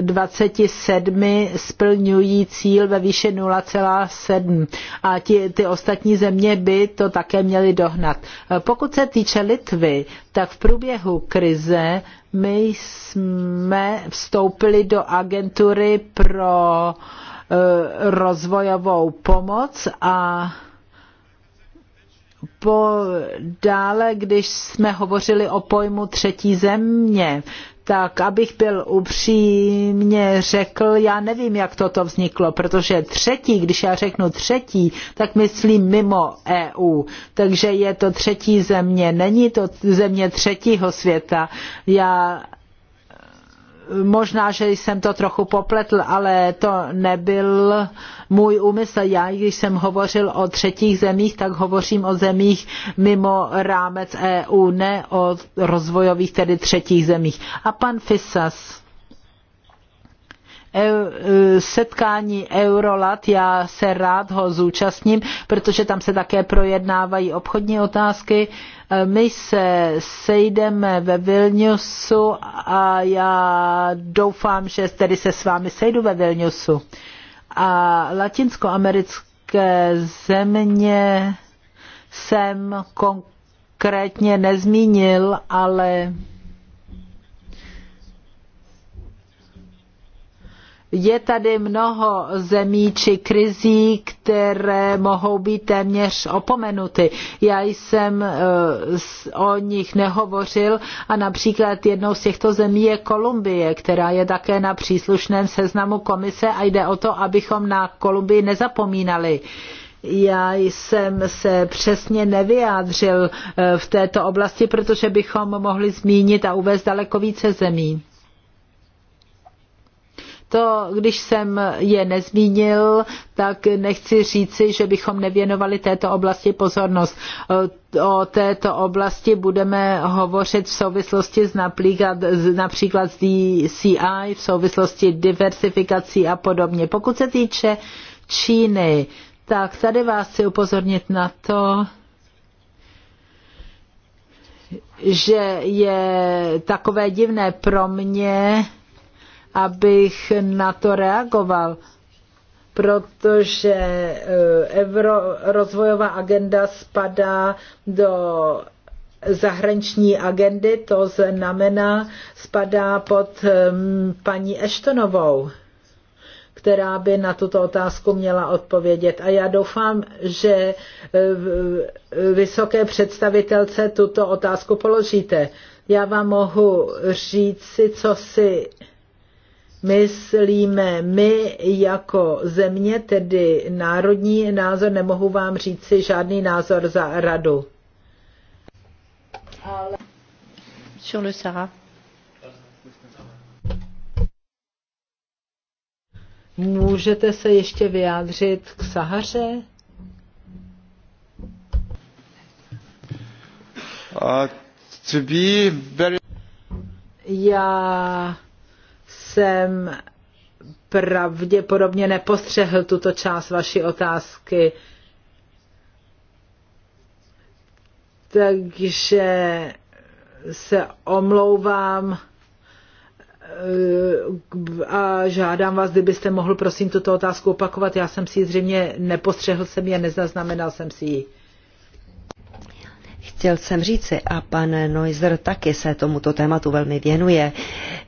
27 splňují cíl ve výši 0,7 a ti, ty ostatní země by to také měly dohnat. Eh, pokud se týče Litvy, tak v průběhu krize my jsme vstoupili do agentury pro eh, rozvojovou pomoc a po, dále, když jsme hovořili o pojmu třetí země, tak abych byl upřímně řekl, já nevím, jak toto vzniklo, protože třetí, když já řeknu třetí, tak myslím mimo EU. Takže je to třetí země, není to země třetího světa. Já možná, že jsem to trochu popletl, ale to nebyl můj úmysl. Já, když jsem hovořil o třetích zemích, tak hovořím o zemích mimo rámec EU, ne o rozvojových, tedy třetích zemích. A pan Fisas Eh, setkání Eurolat, já se rád ho zúčastním, protože tam se také projednávají obchodní otázky. Eh, my se sejdeme ve Vilniusu a já doufám, že tedy se s vámi sejdu ve Vilniusu. A latinskoamerické země jsem konkrétně nezmínil, ale je tady mnoho zemí či krizí, které mohou být téměř opomenuty. Já jsem eh, o nich nehovořil a například jednou z těchto zemí je Kolumbie, která je také na příslušném seznamu komise a jde o to, abychom na Kolumbii nezapomínali. Já jsem se přesně nevyjádřil eh, v této oblasti, protože bychom mohli zmínit a uvést daleko více zemí. To, když jsem je nezmínil, tak nechci říci, že bychom nevěnovali této oblasti pozornost. O této oblasti budeme hovořit v souvislosti s například, například s DCI, v souvislosti diversifikací a podobně. Pokud se týče Číny, tak tady vás chci upozornit na to, že je takové divné pro mě, abych na to reagoval, protože eh, Evro, rozvojová agenda spadá do zahraniční agendy, to znamená, spadá pod eh, paní Eštonovou která by na tuto otázku měla odpovědět. A já doufám, že eh, vysoké představitelce tuto otázku položíte. Já vám mohu říct si, co si myslíme my jako země, tedy národní názor, nemohu vám říci žádný názor za radu. Ale... Můžete se ještě vyjádřit k Sahaře? Uh, to be very... Já jsem pravděpodobně nepostřehl tuto část vaší otázky. Takže se omlouvám eh, a žádám vás, kdybyste mohl prosím tuto otázku opakovat. Já jsem si ji zřejmě nepostřehl jsem ji a nezaznamenal jsem si ji. Chtěl jsem říci, a pan Noizer taky se tomuto tématu velmi věnuje,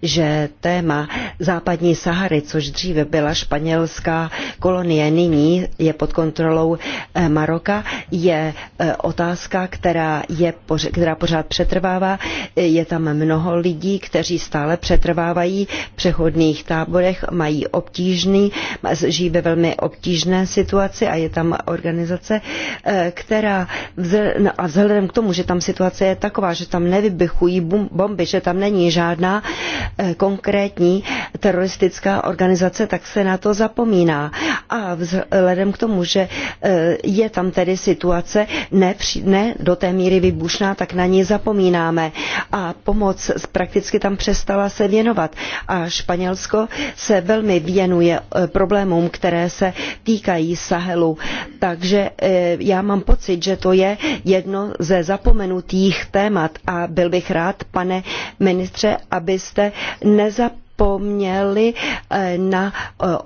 že téma západní Sahary, což dříve byla španělská kolonie, nyní je pod kontrolou eh, Maroka, je eh, otázka, která, je, která pořád přetrvává. Eh, je tam mnoho lidí, kteří stále přetrvávají v přechodných táborech, mají obtížný, žijí ve velmi obtížné situaci a je tam organizace, která no a vzhledem k tomu, že tam situace je taková, že tam nevybychují bomby, že tam není žádná Eh, konkrétní teroristická organizace, tak se na to zapomíná. A vzhledem k tomu, že eh, je tam tedy situace ne, ne do té míry vybušná, tak na ní zapomínáme. A pomoc prakticky tam přestala se věnovat. A Španělsko se velmi věnuje eh, problémům, které se týkají Sahelu. Takže já mám pocit, že to je jedno ze zapomenutých témat a byl bych rád, pane ministře, abyste nezapomněli eh, na eh,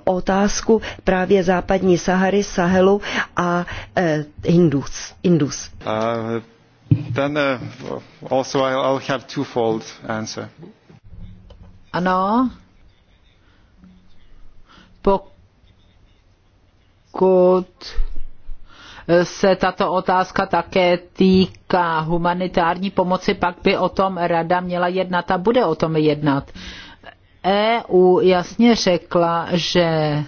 otázku právě západní Sahary, Sahelu a eh, Indus. Indus. Uh, then uh, also I'll have twofold answer. Ano. Pokud se tato otázka také týká humanitární pomoci, pak by o tom rada měla jednat a bude o tom jednat. EU jasně řekla, že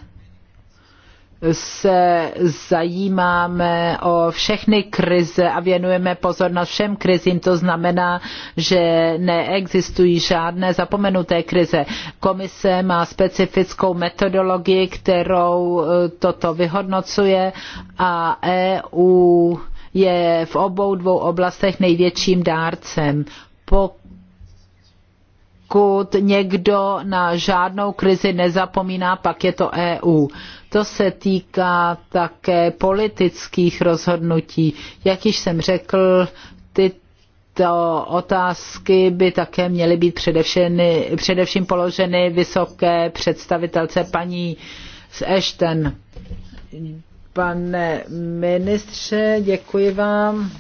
se zajímáme o všechny krize a věnujeme pozornost všem krizím. To znamená, že neexistují žádné zapomenuté krize. Komise má specifickou metodologii, kterou eh, toto vyhodnocuje a EU je v obou dvou oblastech největším dárcem. Po pokud někdo na žádnou krizi nezapomíná, pak je to EU. To se týká také politických rozhodnutí. Jak již jsem řekl, ty tyto otázky by také měly být především, především položeny vysoké představitelce paní z Ashton. Pane ministře, děkuji vám.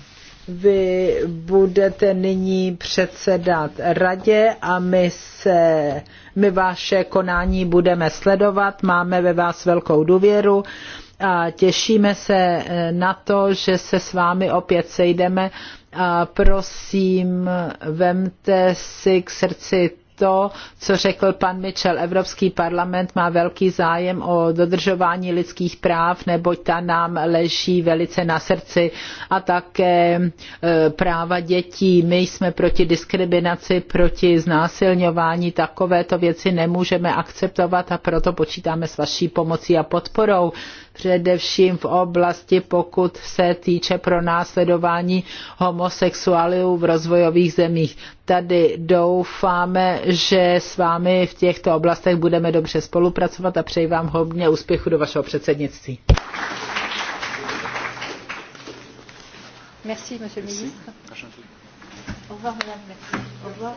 Vy budete nyní předsedat radě a my, se, my vaše konání budeme sledovat. Máme ve vás velkou důvěru a těšíme se eh, na to, že se s vámi opět sejdeme. A prosím, vemte si k srdci to, co řekl pan Mitchell. Evropský parlament má velký zájem o dodržování lidských práv, neboť ta nám leží velice na srdci a také e, práva dětí. My jsme proti diskriminaci, proti znásilňování. Takovéto věci nemůžeme akceptovat a proto počítáme s vaší pomocí a podporou především v oblasti, pokud se týče pronásledování homosexuálů v rozvojových zemích. Tady doufáme, že s vámi v těchto oblastech budeme dobře spolupracovat a přeji vám hodně úspěchu do vašeho předsednictví. Merci, Monsieur le Ministre. Au revoir, Madame. Au revoir.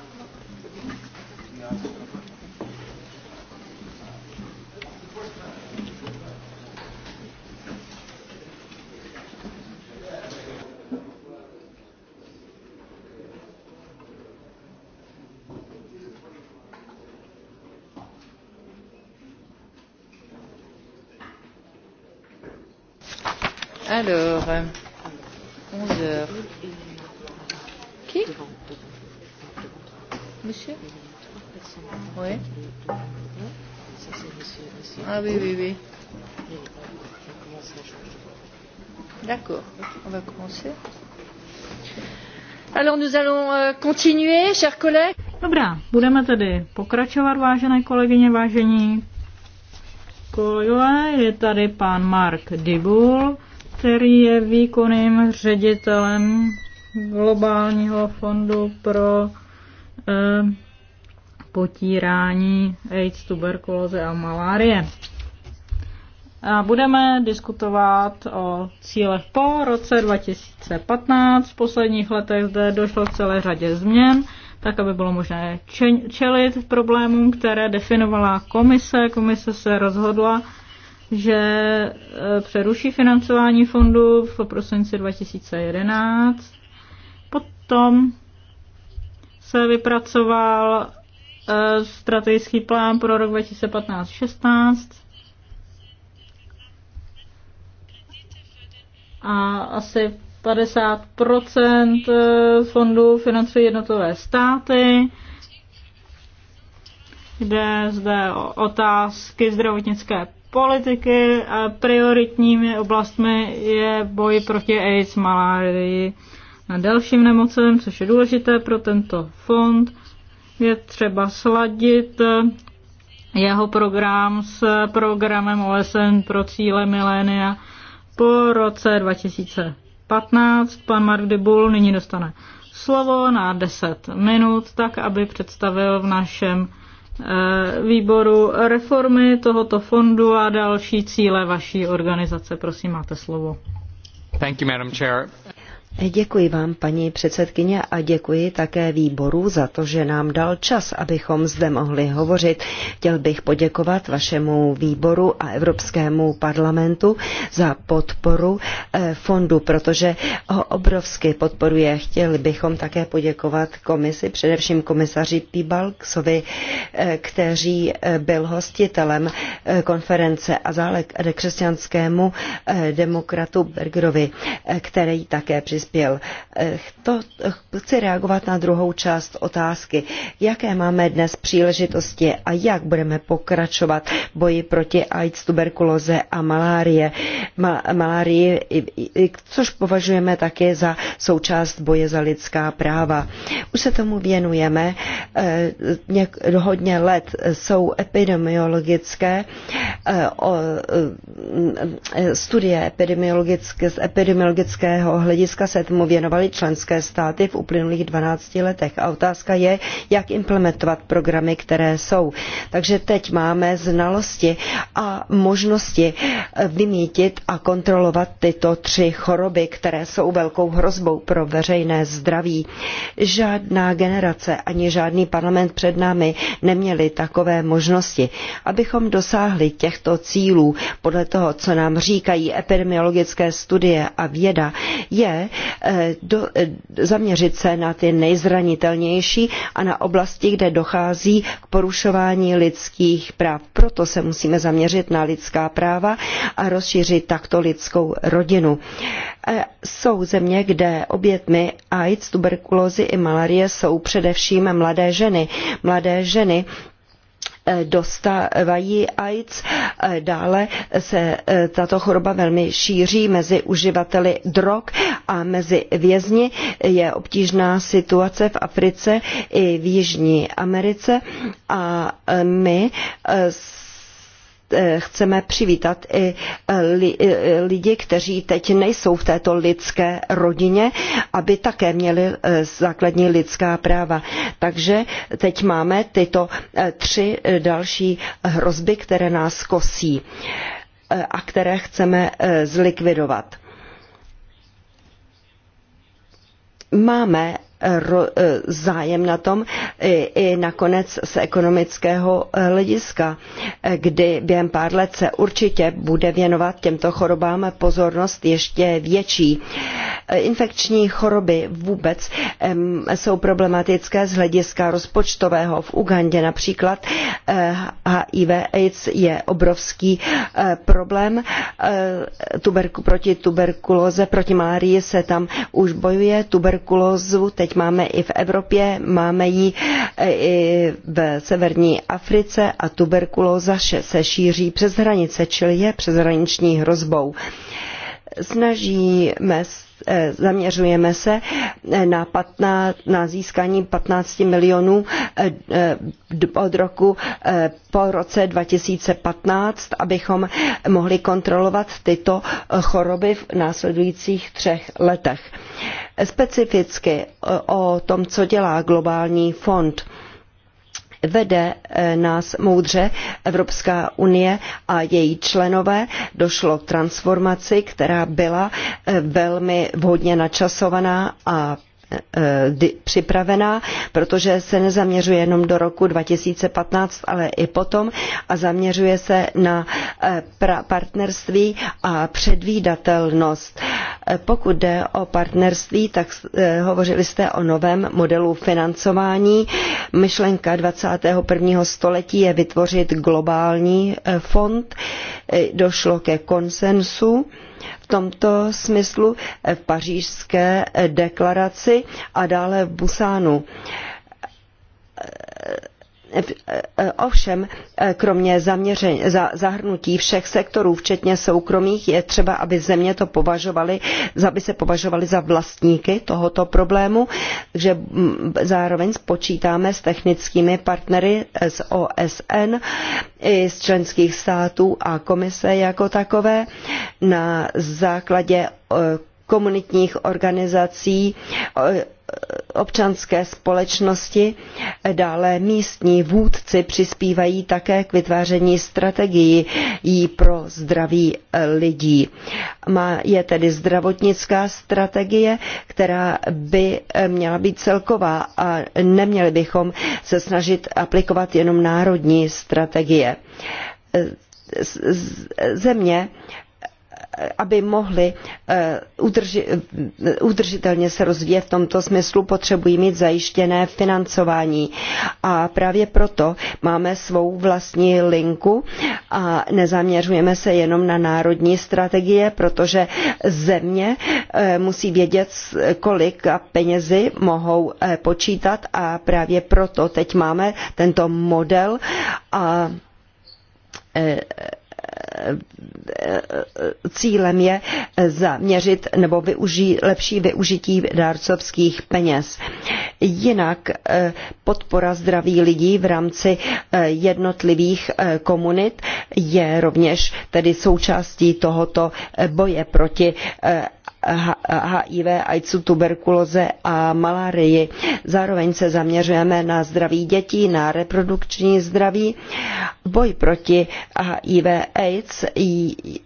Alors, 11 heures. Qui Monsieur Oui. Ah oui, oui, oui. D'accord, on va commencer. Alors nous allons euh, continuer, chers collègues. Dobrá, budeme tedy pokračovat, vážené kolegyně, vážení kolegové. Je tady pan Mark Dibul, který je výkonným ředitelem globálního fondu pro eh, potírání AIDS, tuberkulózy a malárie. A budeme diskutovat o cílech po roce 2015. V posledních letech zde došlo k celé řadě změn, tak aby bylo možné čelit problémům, které definovala komise. Komise se rozhodla, že eh, přeruší financování fondu v prosinci 2011. Potom se vypracoval eh, strategický plán pro rok 2015-16 a asi 50 eh, fondů financují jednotlivé státy. Jde zde o otázky zdravotnické politiky a prioritními oblastmi je boj proti AIDS, malárii a dalším nemocem, což je důležité pro tento fond. Je třeba sladit jeho program s programem OSN pro cíle milénia po roce 2015. Pan Mark de Bull nyní dostane slovo na 10 minut, tak aby představil v našem Eh, výboru reformy tohoto fondu a další cíle vaší organizace. Prosím, máte slovo. Thank you, Madam Chair. Děkuji vám, paní předsedkyně, a děkuji také výboru za to, že nám dal čas, abychom zde mohli hovořit. Chtěl bych poděkovat vašemu výboru a Evropskému parlamentu za podporu eh, fondu, protože ho obrovsky podporuje. Chtěli bychom také poděkovat komisi, především komisaři Pibalksovi, eh, kteří eh, byl hostitelem konference a zálek křesťanskému demokratu Bergerovi, který také přispěl přispěl. Eh, to, eh, chci reagovat na druhou část otázky. Jaké máme dnes příležitosti a jak budeme pokračovat boji proti AIDS, tuberkuloze a malárie, Ma, malárie, což považujeme také za součást boje za lidská práva. Už se tomu věnujeme eh, něk, hodně let. Jsou epidemiologické o, studie epidemiologické, z epidemiologického hlediska se tomu věnovaly členské státy v uplynulých 12 letech. A otázka je, jak implementovat programy, které jsou. Takže teď máme znalosti a možnosti eh, vymítit a kontrolovat tyto tři choroby, které jsou velkou hrozbou pro veřejné zdraví. Žádná generace ani žádný parlament před námi neměli takové možnosti. Abychom dosáhli těchto cílů podle toho, co nám říkají epidemiologické studie a věda, je, Eh, do, eh, zaměřit se na ty nejzranitelnější a na oblasti, kde dochází k porušování lidských práv. Proto se musíme zaměřit na lidská práva a rozšířit takto lidskou rodinu. Eh, jsou země, kde obětmi AIDS, tuberkulózy i malarie jsou především mladé ženy. Mladé ženy, Eh, dostávají AIDS. Eh, dále se eh, tato choroba velmi šíří mezi uživateli drog a mezi vězni. Je obtížná situace v Africe i v Jižní Americe a my s Eh, chceme přivítat i eh, eh, lidi, kteří teď nejsou v této lidské rodině, aby také měli základní lidská práva. Takže teď máme tyto tři další hrozby, které nás kosí a které chceme zlikvidovat. Máme E, zájem na tom i, i nakonec z ekonomického e, hlediska, e, kdy během pár let se určitě bude věnovat těmto chorobám pozornost ještě větší. Infekční choroby vůbec jsou problematické z hlediska rozpočtového. V Ugandě například HIV AIDS je obrovský problém. Tuberku, proti tuberkulóze, proti malárii se tam už bojuje. Tuberkulózu teď teď máme i v Evropě, máme ji e, i v severní Africe a tuberkulóza se šíří přes hranice, čili je přeshraniční hrozbou snažíme, eh, zaměřujeme se eh, na, 15, na získání 15 milionů eh, od roku po roce 2015, abychom mohli kontrolovat tyto choroby v následujících třech letech. Specificky o tom, co dělá globální fond Vede eh, nás moudře Evropská unie a její členové. Došlo k transformaci, která byla eh, velmi vhodně načasovaná a eh, připravená, protože se nezaměřuje jenom do roku 2015, ale i potom a zaměřuje se na partnerství a předvídatelnost Eh, pokud jde o partnerství, tak eh, hovořili jste o novém modelu financování. Myšlenka 21. století je vytvořit globální eh, fond. Došlo ke konsensu v tomto smyslu v pařížské deklaraci a dále v Busánu Ovšem, kromě zahrnutí všech sektorů, včetně soukromých, je třeba, aby země to považovaly, aby se považovaly za vlastníky tohoto problému, že zároveň spočítáme s technickými partnery z eh, OSN i z členských států a komise jako takové na základě eh, komunitních organizací eh, občanské společnosti, dále místní vůdci přispívají také k vytváření strategií pro zdraví lidí. Má je tedy zdravotnická strategie, která by měla být celková a neměli bychom se snažit aplikovat jenom národní strategie země aby mohli eh, udrži, eh, udržitelně se rozvíjet v tomto smyslu, potřebují mít zajištěné financování. A právě proto máme svou vlastní linku a nezaměřujeme se jenom na národní strategie, protože země eh, musí vědět, kolik penězi mohou počítat a právě proto teď máme tento model a cílem je zaměřit nebo využít lepší využití dárcovských peněz. Jinak eh, podpora zdraví lidí v rámci eh, jednotlivých eh, komunit je rovněž tedy součástí tohoto boje proti HIV, AIDSu, tuberkulóze a malárii. Zároveň se zaměřujeme na zdraví dětí, na reprodukční zdraví. Boj proti HIV AIDS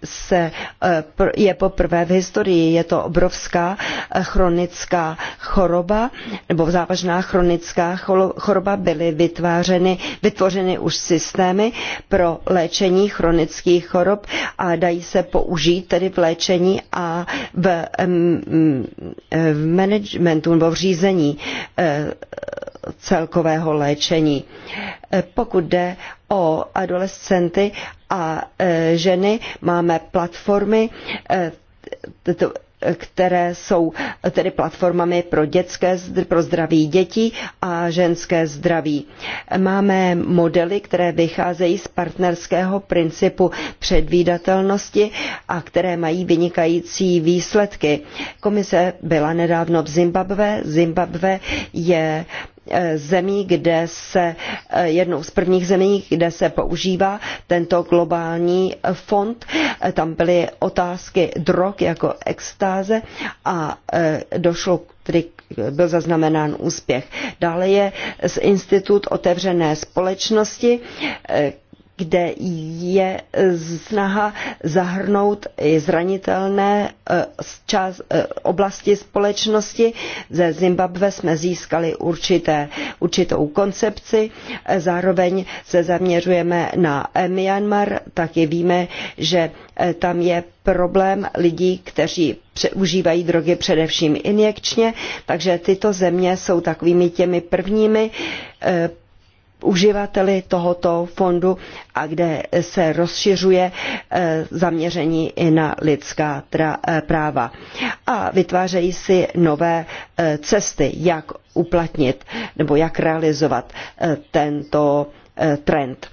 se, eh, je poprvé v historii. Je to obrovská eh, chronická choroba, nebo závažná chronická choroba. Byly vytvářeny, vytvořeny už systémy pro léčení chronických chorob a dají se použít tedy v léčení a v v managementu nebo v řízení eh, celkového léčení. Eh, pokud jde o adolescenty a eh, ženy, máme platformy které jsou tedy platformami pro, dětské, pro zdraví dětí a ženské zdraví. Máme modely, které vycházejí z partnerského principu předvídatelnosti a které mají vynikající výsledky. Komise byla nedávno v Zimbabwe. Zimbabwe je Eh, zemí, kde se, eh, jednou z prvních zemí, kde se používá tento globální eh, fond. Tam byly otázky drog jako extáze a došlo k tedy byl zaznamenán úspěch. Dále je z Institut otevřené společnosti, kde je snaha zahrnout zranitelné e, čas, e, oblasti společnosti. Ze Zimbabwe jsme získali určité, určitou koncepci, e, zároveň se zaměřujeme na Myanmar, taky víme, že tam je problém lidí, kteří užívají drogy především injekčně, takže tyto země jsou takovými těmi prvními uživateli tohoto fondu a kde se rozšiřuje eh, zaměření i na lidská eh, práva. A vytvářejí si nové eh, cesty, jak uplatnit nebo jak realizovat tento trend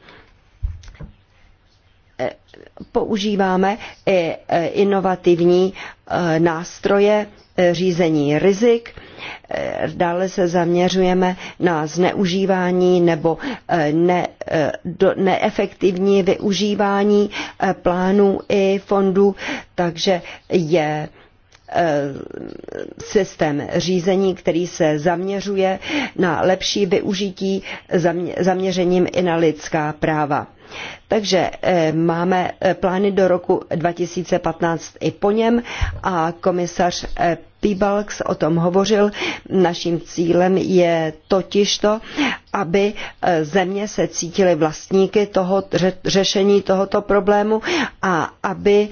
používáme i e, inovativní e, nástroje e, řízení rizik. Dále se zaměřujeme na zneužívání nebo ne, do, neefektivní využívání plánů i fondů, takže je systém řízení, který se zaměřuje na lepší využití zaměřením i na lidská práva takže eh, máme eh, plány do roku 2015 i po něm a komisař eh, Piebalgs o tom hovořil. Naším cílem je totiž to, aby země se cítily vlastníky toho řešení tohoto problému a aby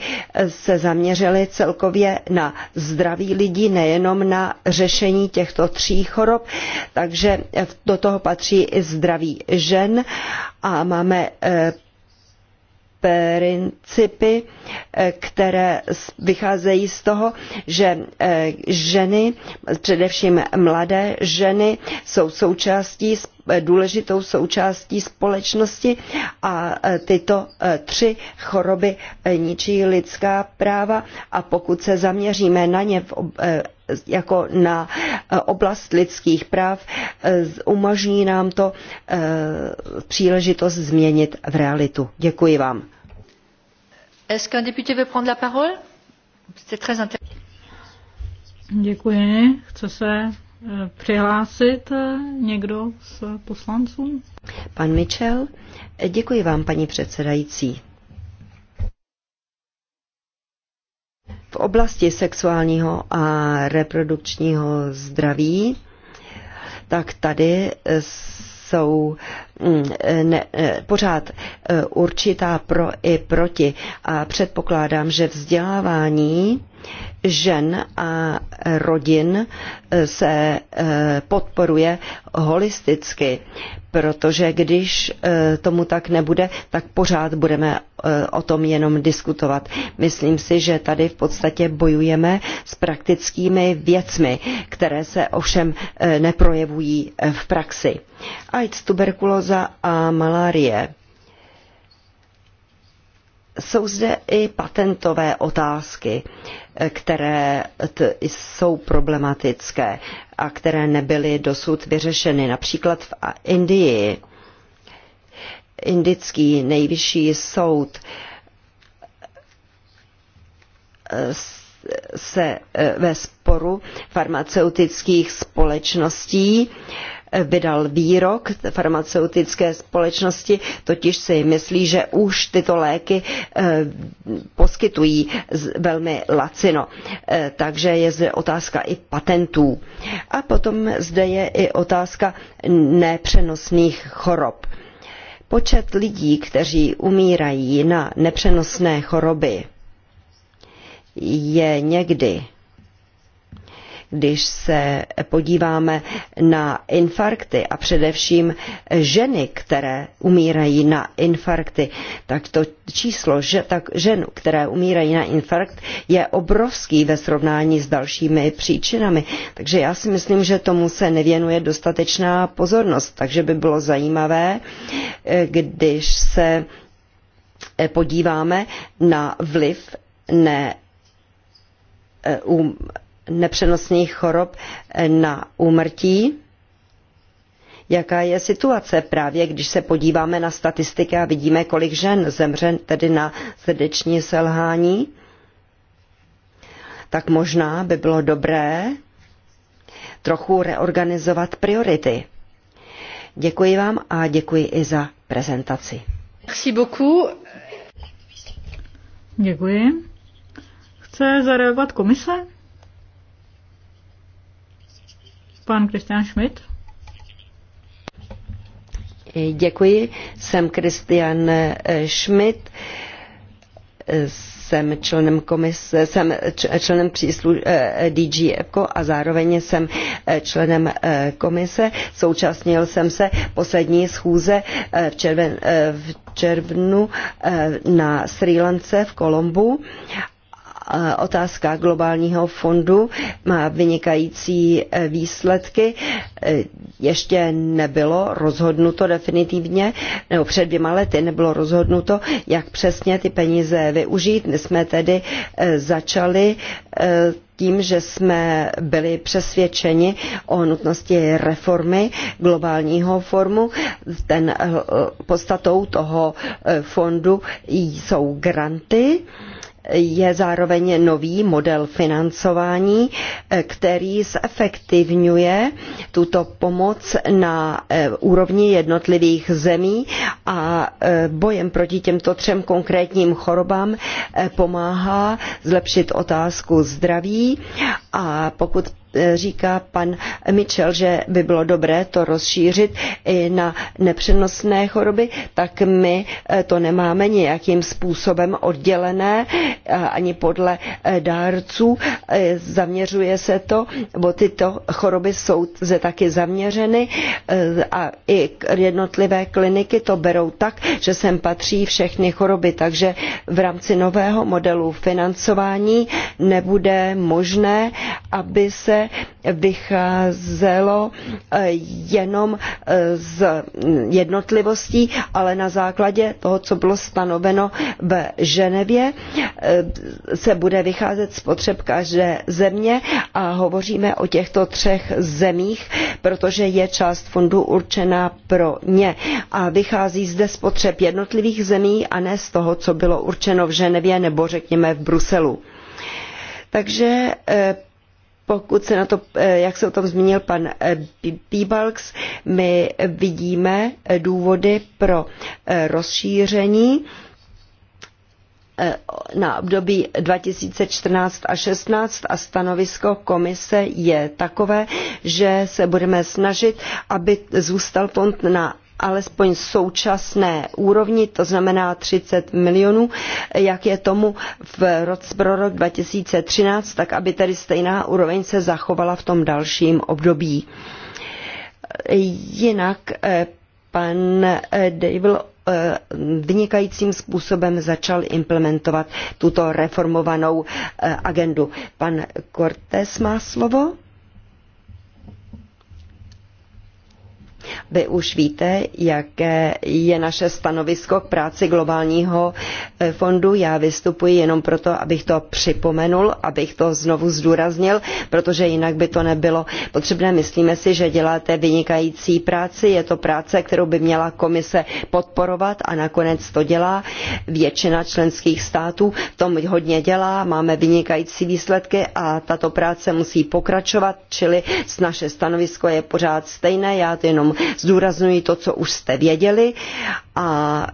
se zaměřili celkově na zdraví lidí, nejenom na řešení těchto tří chorob. Takže do toho patří i zdraví žen a máme principy, eh, které vycházejí z toho, že eh, ženy, především mladé ženy, jsou součástí důležitou součástí společnosti a e, tyto e, tři choroby e, ničí lidská práva a pokud se zaměříme na ně v jako na oblast lidských práv, umožní nám to příležitost změnit v realitu. Děkuji vám. Děkuji. Chce se přihlásit eh, někdo z poslanců? Pan Mitchell, děkuji vám, paní předsedající. V oblasti sexuálního a reprodukčního zdraví, tak tady eh, jsou mm, eh, ne, pořád určitá pro i proti a předpokládám, že vzdělávání žen a rodin eh, se eh, podporuje holisticky, protože když eh, tomu tak nebude, tak pořád budeme o tom jenom diskutovat. Myslím si, že tady v podstatě bojujeme s praktickými věcmi, které se ovšem neprojevují v praxi. AIDS, tuberkuloza a malárie jsou zde i patentové otázky, eh, které jsou problematické a které nebyly dosud vyřešeny. Například v Indii indický nejvyšší soud eh, se eh, ve sporu farmaceutických společností vydal výrok farmaceutické společnosti, totiž si myslí, že už tyto léky eh, poskytují velmi lacino. Eh, takže je zde otázka i patentů. A potom zde je i otázka nepřenosných chorob. Počet lidí, kteří umírají na nepřenosné choroby, je někdy když se podíváme na infarkty a především ženy, které umírají na infarkty, tak to číslo že, tak žen, které umírají na infarkt, je obrovský ve srovnání s dalšími příčinami. Takže já si myslím, že tomu se nevěnuje dostatečná pozornost. Takže by bylo zajímavé, když se eh, podíváme na vliv ne, eh, nepřenosných chorob eh, na úmrtí. Jaká je situace právě, když se podíváme na statistiky a vidíme, kolik žen zemře tedy na srdeční selhání? Tak možná by bylo dobré trochu reorganizovat priority. Děkuji vám a děkuji i za prezentaci. Merci beaucoup. Děkuji. Chce zareagovat komise? pan Kristian Schmidt. Děkuji, jsem Kristian eh, Schmidt, jsem členem komise, jsem členem příslu eh, DG EPCO a zároveň jsem eh, členem komise. Součastnil jsem se poslední schůze v, červen, v červnu na Sri Lance v Kolombu otázka globálního fondu má vynikající e, výsledky. E, ještě nebylo rozhodnuto definitivně, nebo před dvěma lety nebylo rozhodnuto, jak přesně ty peníze využít. My jsme tedy e, začali tím, že jsme byli přesvědčeni o nutnosti reformy globálního formu. Ten podstatou toho fondu jsou granty je zároveň nový model financování, eh, který zefektivňuje tuto pomoc na eh, úrovni jednotlivých zemí a eh, bojem proti těmto třem konkrétním chorobám pomáhá zlepšit otázku zdraví a pokud E, říká pan Mitchell, že by bylo dobré to rozšířit i na nepřenosné choroby, tak my e, to nemáme nějakým způsobem oddělené ani podle e, dárců. Zaměřuje se to, bo tyto choroby jsou zde taky zaměřeny a i jednotlivé kliniky to berou tak, že sem patří všechny choroby, takže v rámci nového modelu financování nebude možné, aby se vycházelo eh, eh, jenom eh, z jednotlivostí, ale na základě toho, co bylo stanoveno v Ženevě, se bude vycházet z potřeb každé země a hovoříme o těchto třech zemích, protože je část fondu určená pro ně a vychází zde z potřeb jednotlivých zemí a ne z toho, co bylo určeno v Ženevě nebo řekněme v Bruselu. Takže pokud se na to, eh, jak se o tom zmínil pan eh, Piebalgs, my vidíme eh, důvody pro rozšíření na období 2014 a 16 a stanovisko komise je takové, že se budeme snažit, aby zůstal fond na alespoň současné úrovni, to znamená 30 milionů, jak je tomu v roc, pro rok 2013, tak aby tedy stejná úroveň se zachovala v tom dalším období. Jinak eh, pan eh, Dejvil eh, vynikajícím způsobem začal implementovat tuto reformovanou agendu. Pan Cortés má slovo. Vy už víte, jaké je naše stanovisko k práci globálního e, fondu. Já vystupuji jenom proto, abych to připomenul, abych to znovu zdůraznil, protože jinak by to nebylo potřebné. Myslíme si, že děláte vynikající práci. Je to práce, kterou by měla komise podporovat a nakonec to dělá. Většina členských států v tom hodně dělá. Máme vynikající výsledky a tato práce musí pokračovat, čili naše stanovisko je pořád stejné. Já to jenom zdůraznují to, co už jste věděli a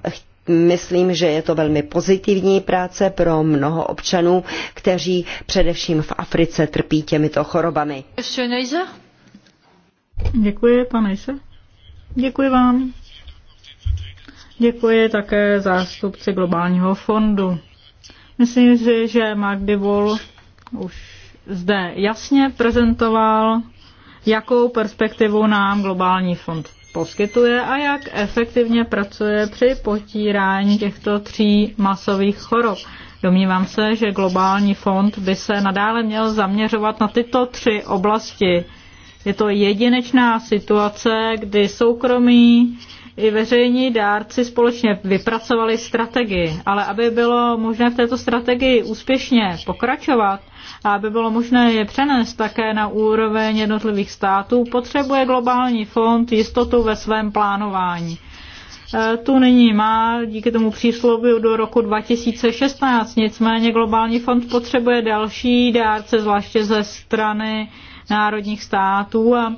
Myslím, že je to velmi pozitivní práce pro mnoho občanů, kteří především v Africe trpí těmito chorobami. Děkuji, pane Ise. Děkuji vám. Děkuji také zástupci Globálního fondu. Myslím si, že Mark Divol už zde jasně prezentoval jakou perspektivu nám globální fond poskytuje a jak efektivně pracuje při potírání těchto tří masových chorob. Domnívám se, že globální fond by se nadále měl zaměřovat na tyto tři oblasti. Je to jedinečná situace, kdy soukromí i veřejní dárci společně vypracovali strategii, ale aby bylo možné v této strategii úspěšně pokračovat a aby bylo možné je přenést také na úroveň jednotlivých států, potřebuje globální fond jistotu ve svém plánování e, tu nyní má díky tomu příslovu do roku 2016. Nicméně globální fond potřebuje další dárce, zvláště ze strany národních států a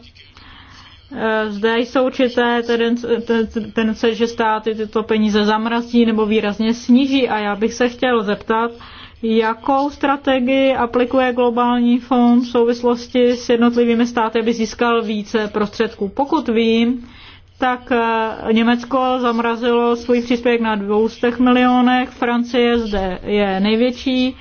Eh, zde jsou určité tendence, že státy tyto peníze zamrazí nebo výrazně sníží a já bych se chtěl zeptat, jakou strategii aplikuje globální fond v souvislosti s jednotlivými státy, aby získal více prostředků. Pokud vím, tak eh, Německo zamrazilo svůj příspěvek na 200 milionech, Francie zde je největší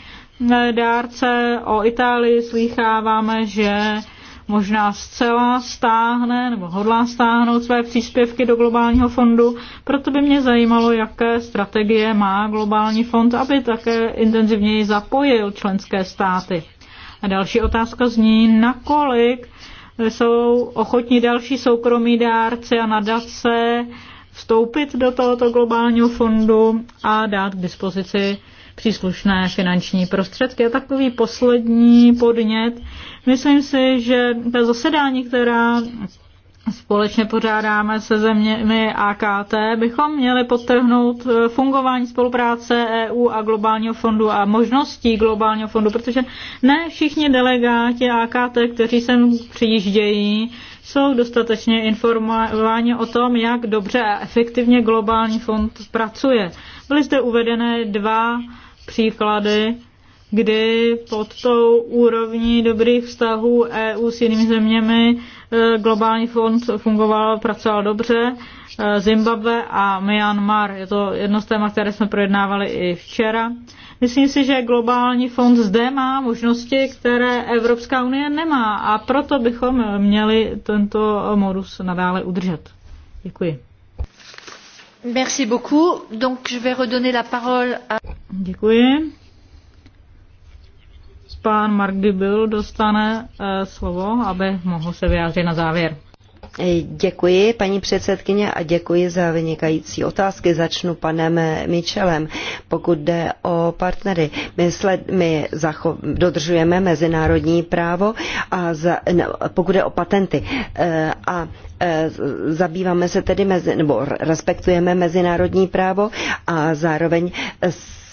eh, dárce, o Itálii slýcháváme, že možná zcela stáhne nebo hodlá stáhnout své příspěvky do globálního fondu. Proto by mě zajímalo, jaké strategie má globální fond, aby také intenzivněji zapojil členské státy. A další otázka zní, nakolik jsou ochotní další soukromí dárci a nadace vstoupit do tohoto globálního fondu a dát k dispozici příslušné finanční prostředky. A takový poslední podnět. Myslím si, že ta zasedání, která společně pořádáme se zeměmi AKT, bychom měli podtrhnout eh, fungování spolupráce EU a globálního fondu a možností globálního fondu, protože ne všichni delegáti AKT, kteří sem přijíždějí, jsou dostatečně informováni o tom, jak dobře a efektivně globální fond pracuje. Byly zde uvedené dva příklady, kdy pod tou úrovní dobrých vztahů EU s jinými zeměmi e, globální fond fungoval, pracoval dobře, e, Zimbabwe a Myanmar. Je to jedno z témat, které jsme projednávali i včera. Myslím si, že globální fond zde má možnosti, které Evropská unie nemá a proto bychom měli tento modus nadále udržet. Děkuji. Merci beaucoup. Donc, je vais redonner la parole à... Děkuji. Pán Mark Gibil dostane uh, slovo, aby mohl se vyjádřit na závěr. Děkuji, paní předsedkyně, a děkuji za vynikající otázky. Začnu panem Michelem. Pokud jde o partnery, my, sled, my zacho, dodržujeme mezinárodní právo a za, ne, pokud jde o patenty eh, a eh, zabýváme se tedy mezi, nebo respektujeme mezinárodní právo a zároveň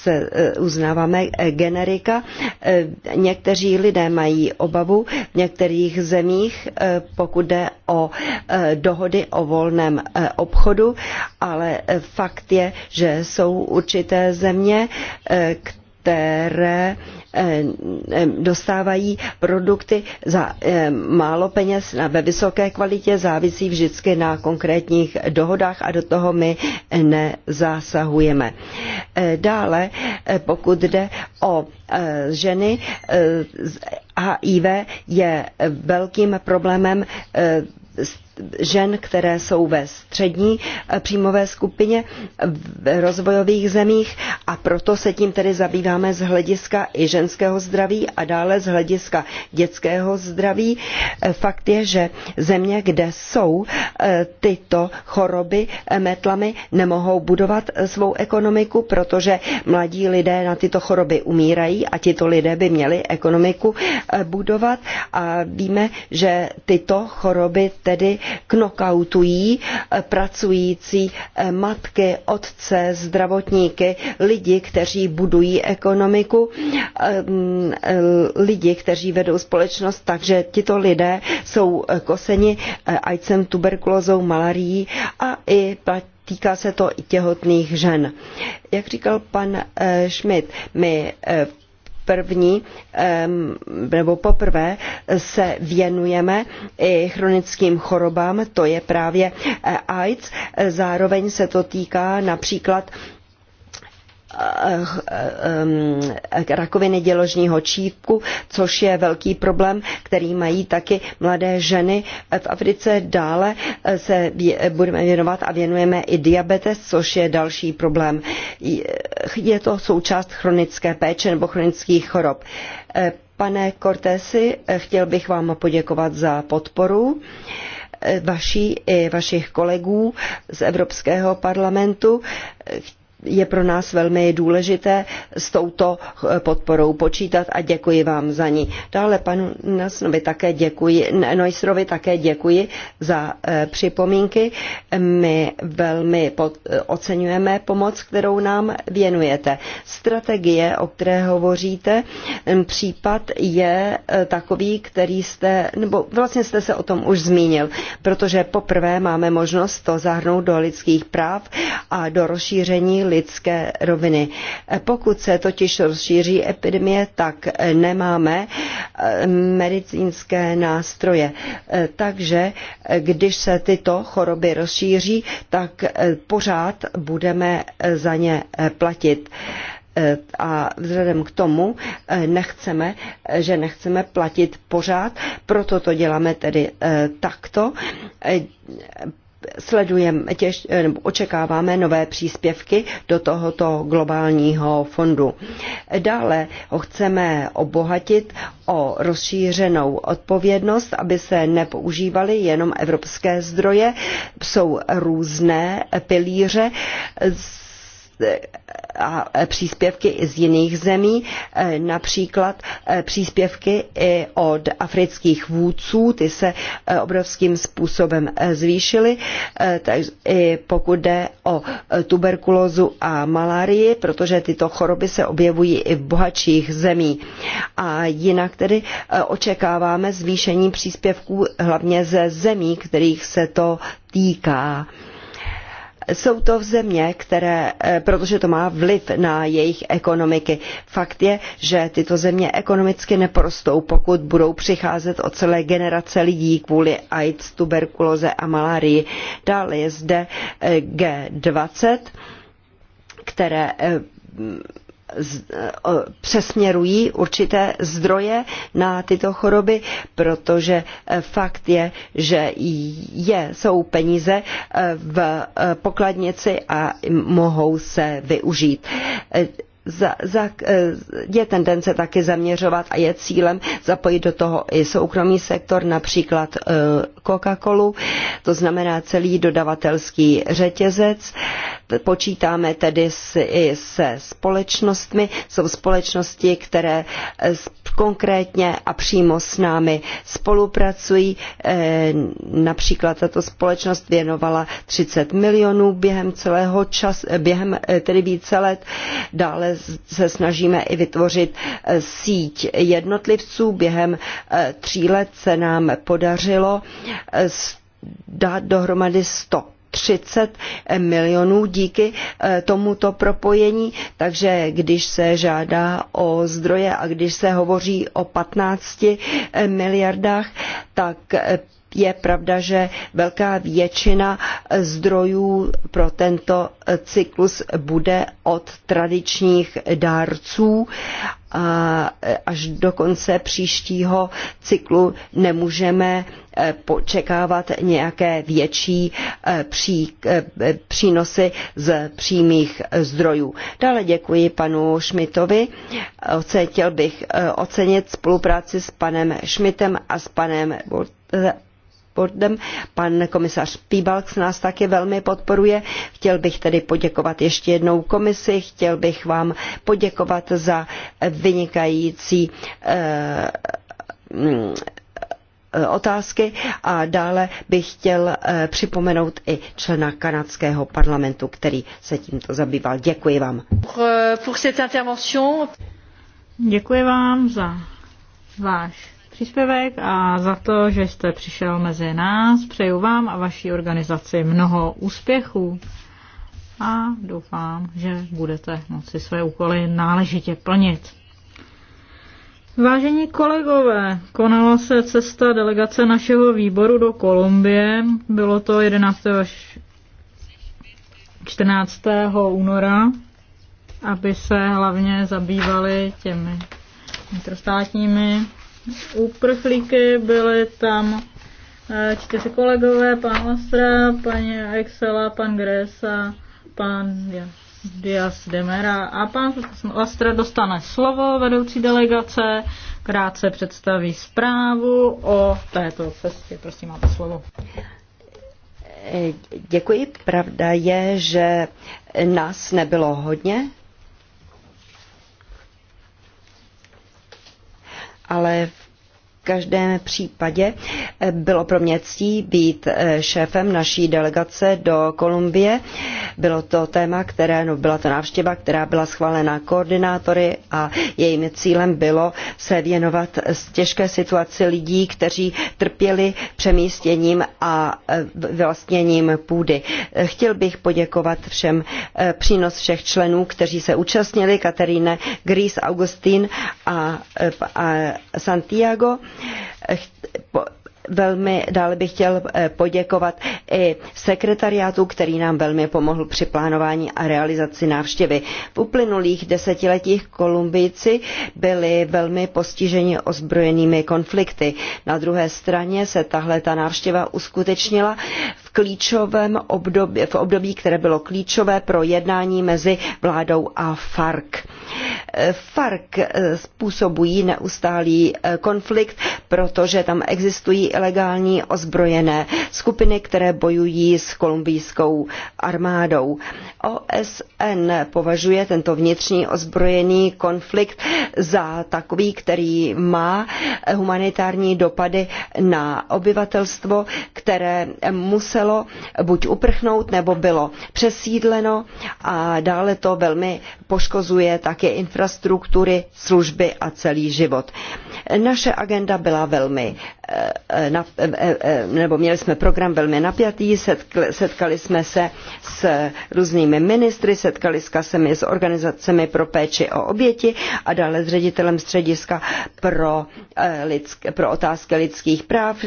se eh, uznáváme eh, generika. Eh, někteří lidé mají obavu v některých zemích, pokud jde o dohody o volném obchodu, ale fakt je, že jsou určité země, které Eh, eh, dostávají produkty za eh, málo peněz ve vysoké kvalitě, závisí vždycky na konkrétních dohodách a do toho my nezásahujeme. Dále, pokud jde o ženy, HIV je velkým problémem žen, které jsou ve střední eh, příjmové skupině v rozvojových zemích a proto se tím tedy zabýváme z hlediska i ženského zdraví a dále z hlediska dětského zdraví. Eh, fakt je, že země, kde jsou eh, tyto choroby metlami, nemohou budovat svou ekonomiku, protože mladí lidé na tyto choroby umírají a tito lidé by měli ekonomiku budovat a víme, že tyto choroby tedy knokautují e, pracující e, matky, otce, zdravotníky, lidi, kteří budují ekonomiku, e, lidi, kteří vedou společnost, takže tito lidé jsou koseni ajcem, tuberkulózou, malarií a i týká se to i těhotných žen. Jak říkal pan Schmidt, my v první nebo poprvé se věnujeme i chronickým chorobám, to je právě eh, AIDS. Zároveň se to týká například Eh, eh, eh, rakoviny děložního čípku, což je velký problém, který mají taky mladé ženy v Africe. Dále se budeme věnovat a věnujeme i diabetes, což je další problém. Je to součást chronické péče nebo chronických chorob. Pane Cortesi, chtěl bych vám poděkovat za podporu vaší i vašich kolegů z Evropského parlamentu je pro nás velmi důležité s touto eh, podporou počítat a děkuji vám za ní. Dále panu Nasnovi také děkuji, Neusrovi také děkuji za eh, připomínky. My velmi eh, oceňujeme pomoc, kterou nám věnujete. Strategie, o které hovoříte, případ je takový, který jste, nebo vlastně jste se o tom už zmínil, protože poprvé máme možnost to zahrnout do lidských práv a do rozšíření lidské roviny. Pokud se totiž rozšíří epidemie, tak nemáme eh, medicínské nástroje. Eh, takže eh, když se tyto choroby rozšíří, tak pořád budeme za ně platit a vzhledem k tomu nechceme, že nechceme platit pořád, proto to děláme tedy takto sledujeme, těž, eh, nebo očekáváme nové příspěvky do tohoto globálního fondu. Dále ho chceme obohatit o rozšířenou odpovědnost, aby se nepoužívaly jenom evropské zdroje. Jsou různé pilíře s a příspěvky i z jiných zemí, e, například e, příspěvky i od afrických vůdců, ty se e, obrovským způsobem zvýšily, takže i pokud jde o tuberkulózu a malárii, protože tyto choroby se objevují i v bohatších zemí. A jinak tedy očekáváme zvýšení příspěvků hlavně ze zemí, kterých se to týká. Jsou to země, které, eh, protože to má vliv na jejich ekonomiky. Fakt je, že tyto země ekonomicky neporostou, pokud budou přicházet o celé generace lidí kvůli AIDS, tuberkulóze a malárii. Dále je zde eh, G20, které eh, přesměrují určité zdroje na tyto choroby, protože e, fakt je, že je, jsou peníze e, v e, pokladnici a mohou se využít za, za, je tendence taky zaměřovat a je cílem zapojit do toho i soukromý sektor, například Coca-Colu, to znamená celý dodavatelský řetězec. Počítáme tedy s, i se společnostmi, jsou společnosti, které eh, konkrétně a přímo s námi spolupracují. Eh, například tato společnost věnovala 30 milionů během celého čas, eh, během tedy více let. Dále se snažíme i vytvořit síť jednotlivců. Během tří let se nám podařilo Eh, dát dohromady 100 30 milionů díky eh, tomuto propojení, takže když se žádá o zdroje a když se hovoří o 15 eh, miliardách, tak je pravda, že velká většina zdrojů pro tento cyklus bude od tradičních dárců E, až do konce příštího cyklu nemůžeme e, počekávat nějaké větší e, pří, přínosy z přímých zdrojů. Dále děkuji panu Šmitovi. Chtěl bych ocenit spolupráci s panem Šmitem a s panem Bordem. Pan komisař Píbalks nás také velmi podporuje. Chtěl bych tedy poděkovat ještě jednou komisi, chtěl bych vám poděkovat za vynikající eh, mm, otázky a dále bych chtěl eh, připomenout i člena kanadského parlamentu, který se tímto zabýval. Děkuji vám. Eh, Děkuji vám za váš příspěvek a za to, že jste přišel mezi nás. Přeju vám a vaší organizaci mnoho úspěchů a doufám, že budete moci své úkoly náležitě plnit. Vážení kolegové, konala se cesta delegace našeho výboru do Kolumbie. Bylo to 11. až 14. února, aby se hlavně zabývali těmi vnitrostátními uprchlíky, byly tam eh, čtyři kolegové, pan Ostra, paní Excela, pan Gresa, pan Dias Demera a pan Ostra dostane slovo vedoucí delegace, krátce představí zprávu o této cestě. Prosím, máte slovo. Eh, děkuji. Pravda je, že nás nebylo hodně, ale každém případě eh, bylo pro mě ctí být eh, šéfem naší delegace do Kolumbie. Bylo to téma, které, no, byla to návštěva, která byla schválena koordinátory a jejím cílem bylo se věnovat těžké situaci lidí, kteří trpěli přemístěním a eh, vlastněním půdy. Chtěl bych poděkovat všem přínos všech členů, kteří se účastnili, Kateríne Gris, Augustin a, a Santiago Velmi dále bych chtěl eh, poděkovat i sekretariátu, který nám velmi pomohl při plánování a realizaci návštěvy. V uplynulých desetiletích Kolumbijci byli velmi postiženi ozbrojenými konflikty. Na druhé straně se tahle ta návštěva uskutečnila klíčovém období, v období, které bylo klíčové pro jednání mezi vládou a FARC. FARC eh, způsobují neustálý eh, konflikt, protože tam existují ilegální ozbrojené skupiny, které bojují s kolumbijskou armádou. OSN považuje tento vnitřní ozbrojený konflikt za takový, který má eh, humanitární dopady na obyvatelstvo, které musí muselo buď uprchnout nebo bylo přesídleno a dále to velmi poškozuje také infrastruktury, služby a celý život. Naše agenda byla velmi, eh, eh, eh, nebo měli jsme program velmi napjatý, setkali jsme se s různými ministry, setkali jsme se s organizacemi pro péči o oběti a dále s ředitelem střediska pro, lidsk, pro otázky lidských práv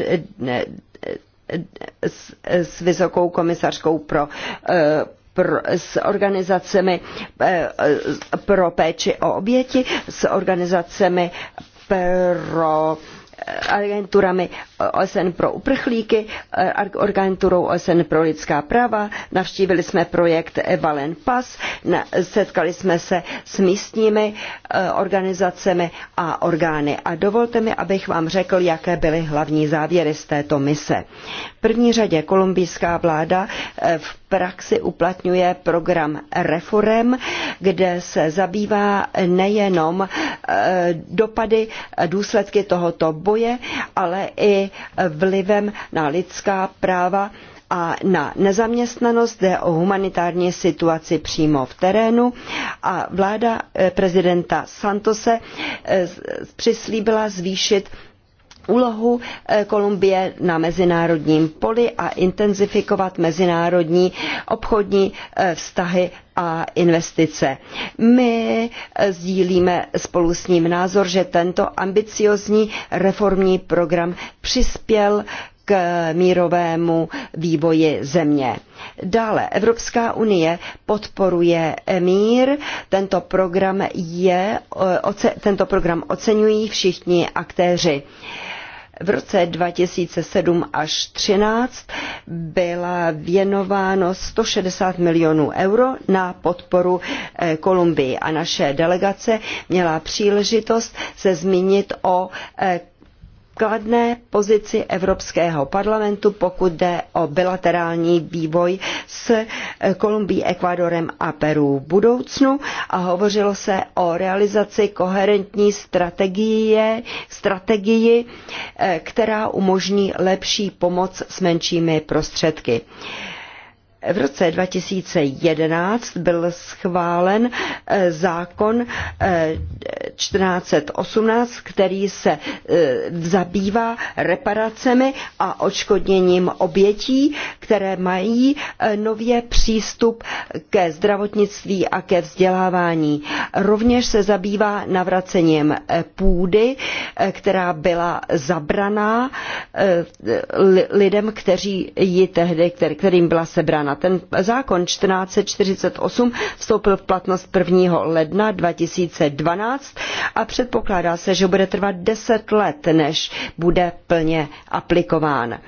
s, s vysokou komisařkou eh, pro s organizacemi eh, pro péči o oběti, s organizacemi pro eh, agenturami OSN pro uprchlíky, eh, agenturou OSN pro lidská práva, navštívili jsme projekt Valen Pass, setkali jsme se s místními eh, organizacemi a orgány. A dovolte mi, abych vám řekl, jaké byly hlavní závěry z této mise. V první řadě kolumbijská vláda eh, v praxi uplatňuje program Reform, kde se zabývá nejenom dopady, důsledky tohoto boje, ale i vlivem na lidská práva a na nezaměstnanost, jde o humanitární situaci přímo v terénu a vláda eh, prezidenta Santose eh, přislíbila zvýšit úlohu eh, Kolumbie na mezinárodním poli a intenzifikovat mezinárodní obchodní eh, vztahy a investice. My eh, sdílíme spolu s ním názor, že tento ambiciozní reformní program přispěl k mírovému vývoji země. Dále Evropská unie podporuje mír. Tento program, je, tento program oceňují všichni aktéři v roce 2007 až 2013 byla věnováno 160 milionů euro na podporu eh, Kolumbii a naše delegace měla příležitost se zmínit o eh, kladné pozici Evropského parlamentu, pokud jde o bilaterální vývoj s eh, Kolumbií, Ekvádorem a Peru v budoucnu a hovořilo se o realizaci koherentní strategie, strategii, eh, která umožní lepší pomoc s menšími prostředky. V roce 2011 byl schválen eh, zákon 1418, eh, který se eh, zabývá reparacemi a odškodněním obětí, které mají nově přístup ke zdravotnictví a ke vzdělávání. Rovněž se zabývá navracením půdy, která byla zabraná lidem, kteří ji tehdy, kterým byla sebrána. Ten zákon 1448 vstoupil v platnost 1. ledna 2012 a předpokládá se, že bude trvat 10 let, než bude plně aplikován.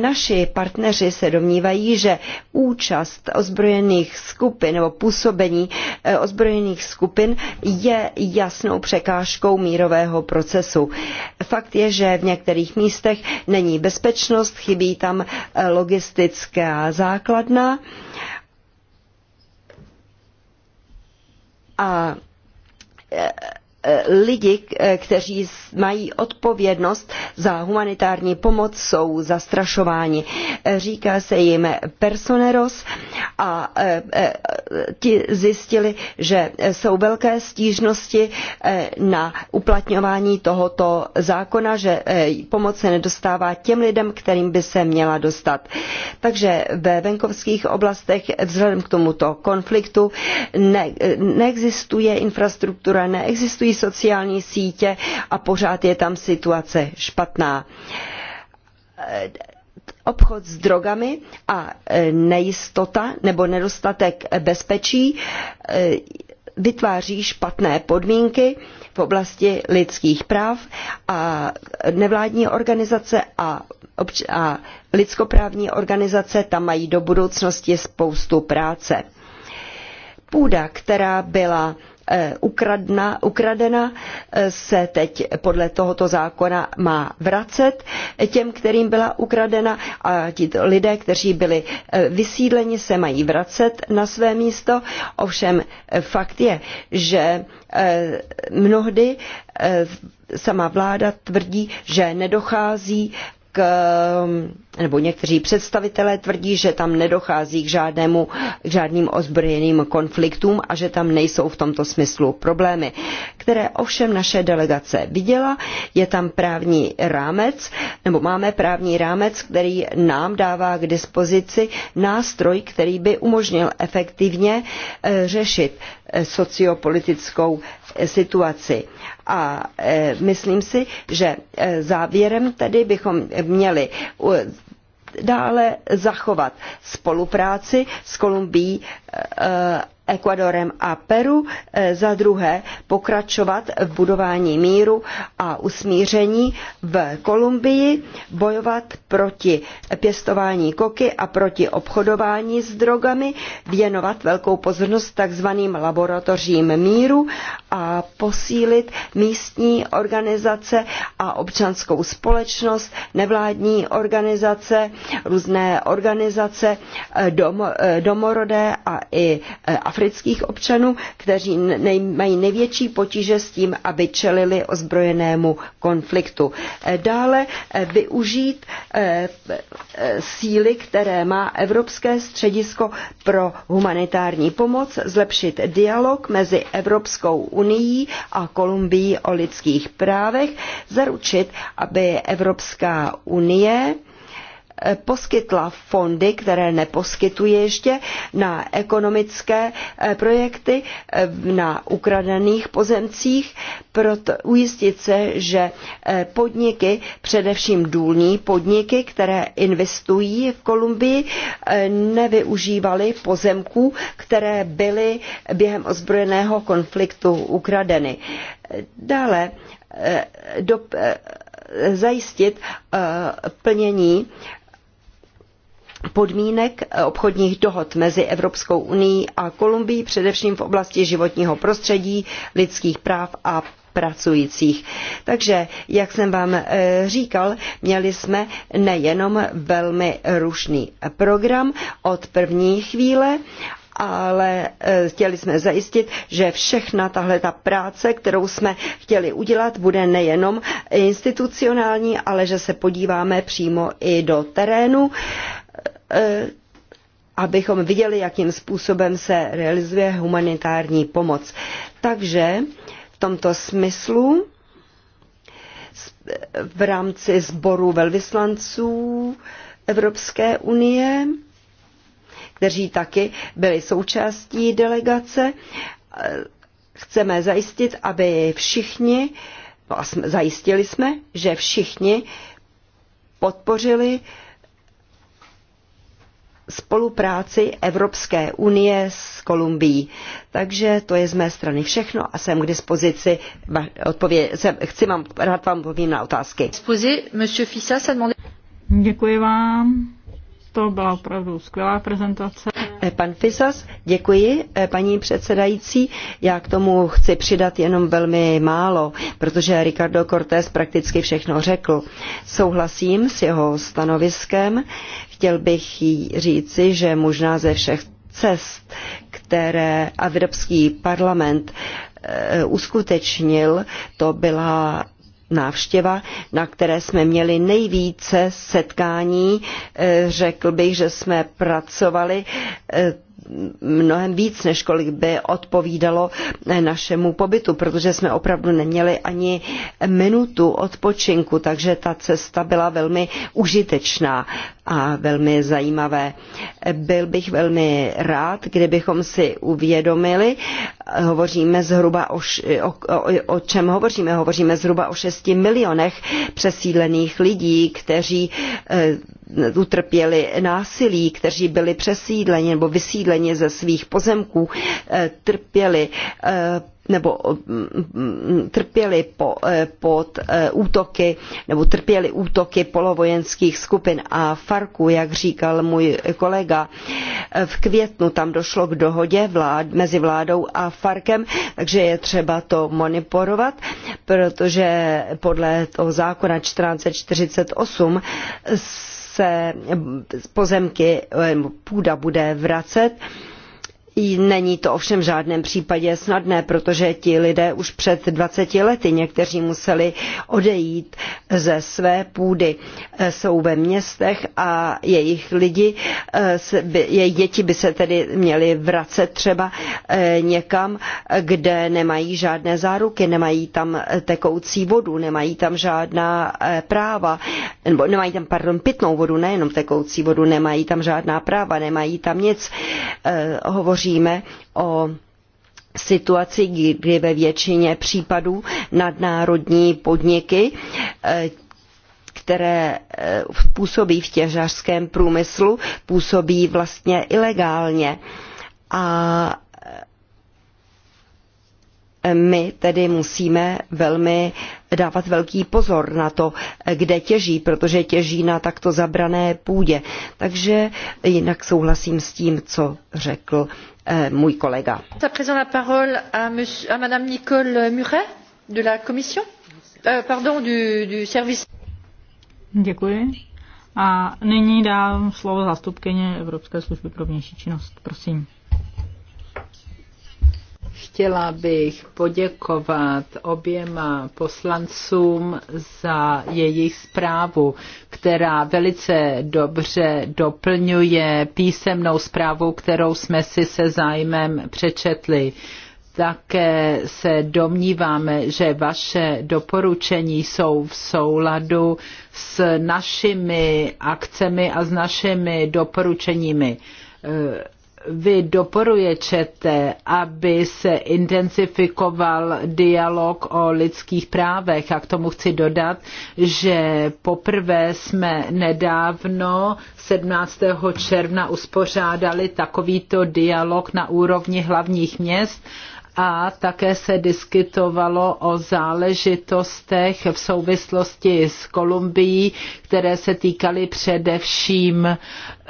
Naši partneři se domnívají, že účast ozbrojených skupin nebo působení eh, ozbrojených skupin je jasnou překážkou mírového procesu. Fakt je, že v některých místech není bezpečnost, chybí tam eh, logistická základna. A eh, Eh, lidi, eh, kteří mají odpovědnost za humanitární pomoc, jsou zastrašováni. Eh, říká se jim personeros a ti zjistili, že jsou velké stížnosti na uplatňování tohoto zákona, že pomoc se nedostává těm lidem, kterým by se měla dostat. Takže ve venkovských oblastech vzhledem k tomuto konfliktu ne, neexistuje infrastruktura, neexistují sociální sítě a pořád je tam situace špatná obchod s drogami a e, nejistota nebo nedostatek bezpečí e, vytváří špatné podmínky v oblasti lidských práv a nevládní organizace a, obč- a lidskoprávní organizace tam mají do budoucnosti spoustu práce. Půda, která byla Eh, ukradna, ukradena, eh, se teď podle tohoto zákona má vracet těm, kterým byla ukradena a ti lidé, kteří byli eh, vysídleni, se mají vracet na své místo. Ovšem fakt je, že mnohdy sama vláda tvrdí, že nedochází k nebo někteří představitelé tvrdí, že tam nedochází k, žádnému, k žádným ozbrojeným konfliktům a že tam nejsou v tomto smyslu problémy, které ovšem naše delegace viděla. Je tam právní rámec, nebo máme právní rámec, který nám dává k dispozici nástroj, který by umožnil efektivně eh, řešit eh, sociopolitickou eh, situaci. A myslím si, že závěrem tedy bychom měli dále zachovat spolupráci s Kolumbií eh, Ekvadorem a Peru, eh, za druhé pokračovat v budování míru a usmíření v Kolumbii, bojovat proti pěstování koky a proti obchodování s drogami, věnovat velkou pozornost takzvaným laboratořím míru a posílit místní organizace a občanskou společnost, nevládní organizace, různé organizace, eh, dom, eh, domorodé a i afrických občanů, kteří nej, mají největší potíže s tím, aby čelili ozbrojenému konfliktu. E, dále e, využít e, síly, které má Evropské středisko pro humanitární pomoc, zlepšit dialog mezi Evropskou unii a Kolumbií o lidských právech, zaručit, aby Evropská unie Eh, poskytla fondy, které neposkytuje ještě, na ekonomické eh, projekty, eh, na ukradených pozemcích, proto ujistit se, že podniky, především důlní podniky, které investují v Kolumbii, nevyužívaly pozemků, které byly během ozbrojeného konfliktu ukradeny. Dále do, zajistit plnění podmínek obchodních dohod mezi Evropskou unii a Kolumbií, především v oblasti životního prostředí, lidských práv a pracujících. Takže, jak jsem vám eh, říkal, měli jsme nejenom velmi rušný program od první chvíle, ale eh, chtěli jsme zajistit, že všechna tahle ta práce, kterou jsme chtěli udělat, bude nejenom institucionální, ale že se podíváme přímo i do terénu E, abychom viděli, jakým způsobem se realizuje humanitární pomoc. Takže v tomto smyslu v rámci sboru velvyslanců Evropské unie, kteří taky byli součástí delegace, e, chceme zajistit, aby všichni, no a zajistili jsme, že všichni podpořili spolupráci Evropské unie s Kolumbií. Takže to je z mé strany všechno a jsem k dispozici. Odpověd, jsem, chci vám, rád vám povím na otázky. Děkuji vám. To byla opravdu skvělá prezentace. Eh, pan Fisas, děkuji, eh, paní předsedající. Já k tomu chci přidat jenom velmi málo, protože Ricardo Cortés prakticky všechno řekl. Souhlasím s jeho stanoviskem, Chtěl bych jí říci, že možná ze všech cest, které Evropský parlament eh, uskutečnil, to byla návštěva, na které jsme měli nejvíce setkání. Eh, řekl bych, že jsme pracovali eh, mnohem víc, než kolik by odpovídalo našemu pobytu, protože jsme opravdu neměli ani minutu odpočinku, takže ta cesta byla velmi užitečná a velmi zajímavé. Byl bych velmi rád, kdybychom si uvědomili, hovoříme zhruba o, o, o, o čem hovoříme? Hovoříme zhruba o 6 milionech přesídlených lidí, kteří eh, utrpěli násilí, kteří byli přesídleni nebo vysídleni ze svých pozemků, eh, trpěli eh, nebo eh, mm, mm, trpěli po, eh, pod eh, útoky nebo trpěli útoky polovojenských skupin a Farku, jak říkal můj kolega, v květnu tam došlo k dohodě vlád, mezi vládou a Farkem, takže je třeba to monitorovat, protože podle toho zákona 1448 se pozemky, půda bude vracet Není to ovšem v žádném případě snadné, protože ti lidé už před 20 lety někteří museli odejít ze své půdy. E, jsou ve městech a jejich lidi, e, jejich děti by se tedy měly vracet třeba e, někam, kde nemají žádné záruky, nemají tam tekoucí vodu, nemají tam žádná práva, nebo nemají tam, pardon, pitnou vodu, nejenom tekoucí vodu, nemají tam žádná práva, nemají tam nic. Hovoří hovoříme o situaci, kdy ve většině případů nadnárodní podniky eh, které eh, působí v těžařském průmyslu, působí vlastně ilegálně. A eh, my tedy musíme velmi dávat velký pozor na to, kde těží, protože těží na takto zabrané půdě. Takže jinak souhlasím s tím, co řekl Eh, můj kolega. Děkuji. A nyní dám slovo zástupkyně Evropské služby pro vnější činnost. Prosím. Chtěla bych poděkovat oběma poslancům za jejich zprávu, která velice dobře doplňuje písemnou zprávu, kterou jsme si se zájmem přečetli také se domníváme, že vaše doporučení jsou v souladu s našimi akcemi a s našimi doporučeními. Eh, vy doporuječete, aby se intenzifikoval dialog o lidských právech. A k tomu chci dodat, že poprvé jsme nedávno 17. června uspořádali takovýto dialog na úrovni hlavních měst a také se diskutovalo o záležitostech v souvislosti s Kolumbií, které se týkaly především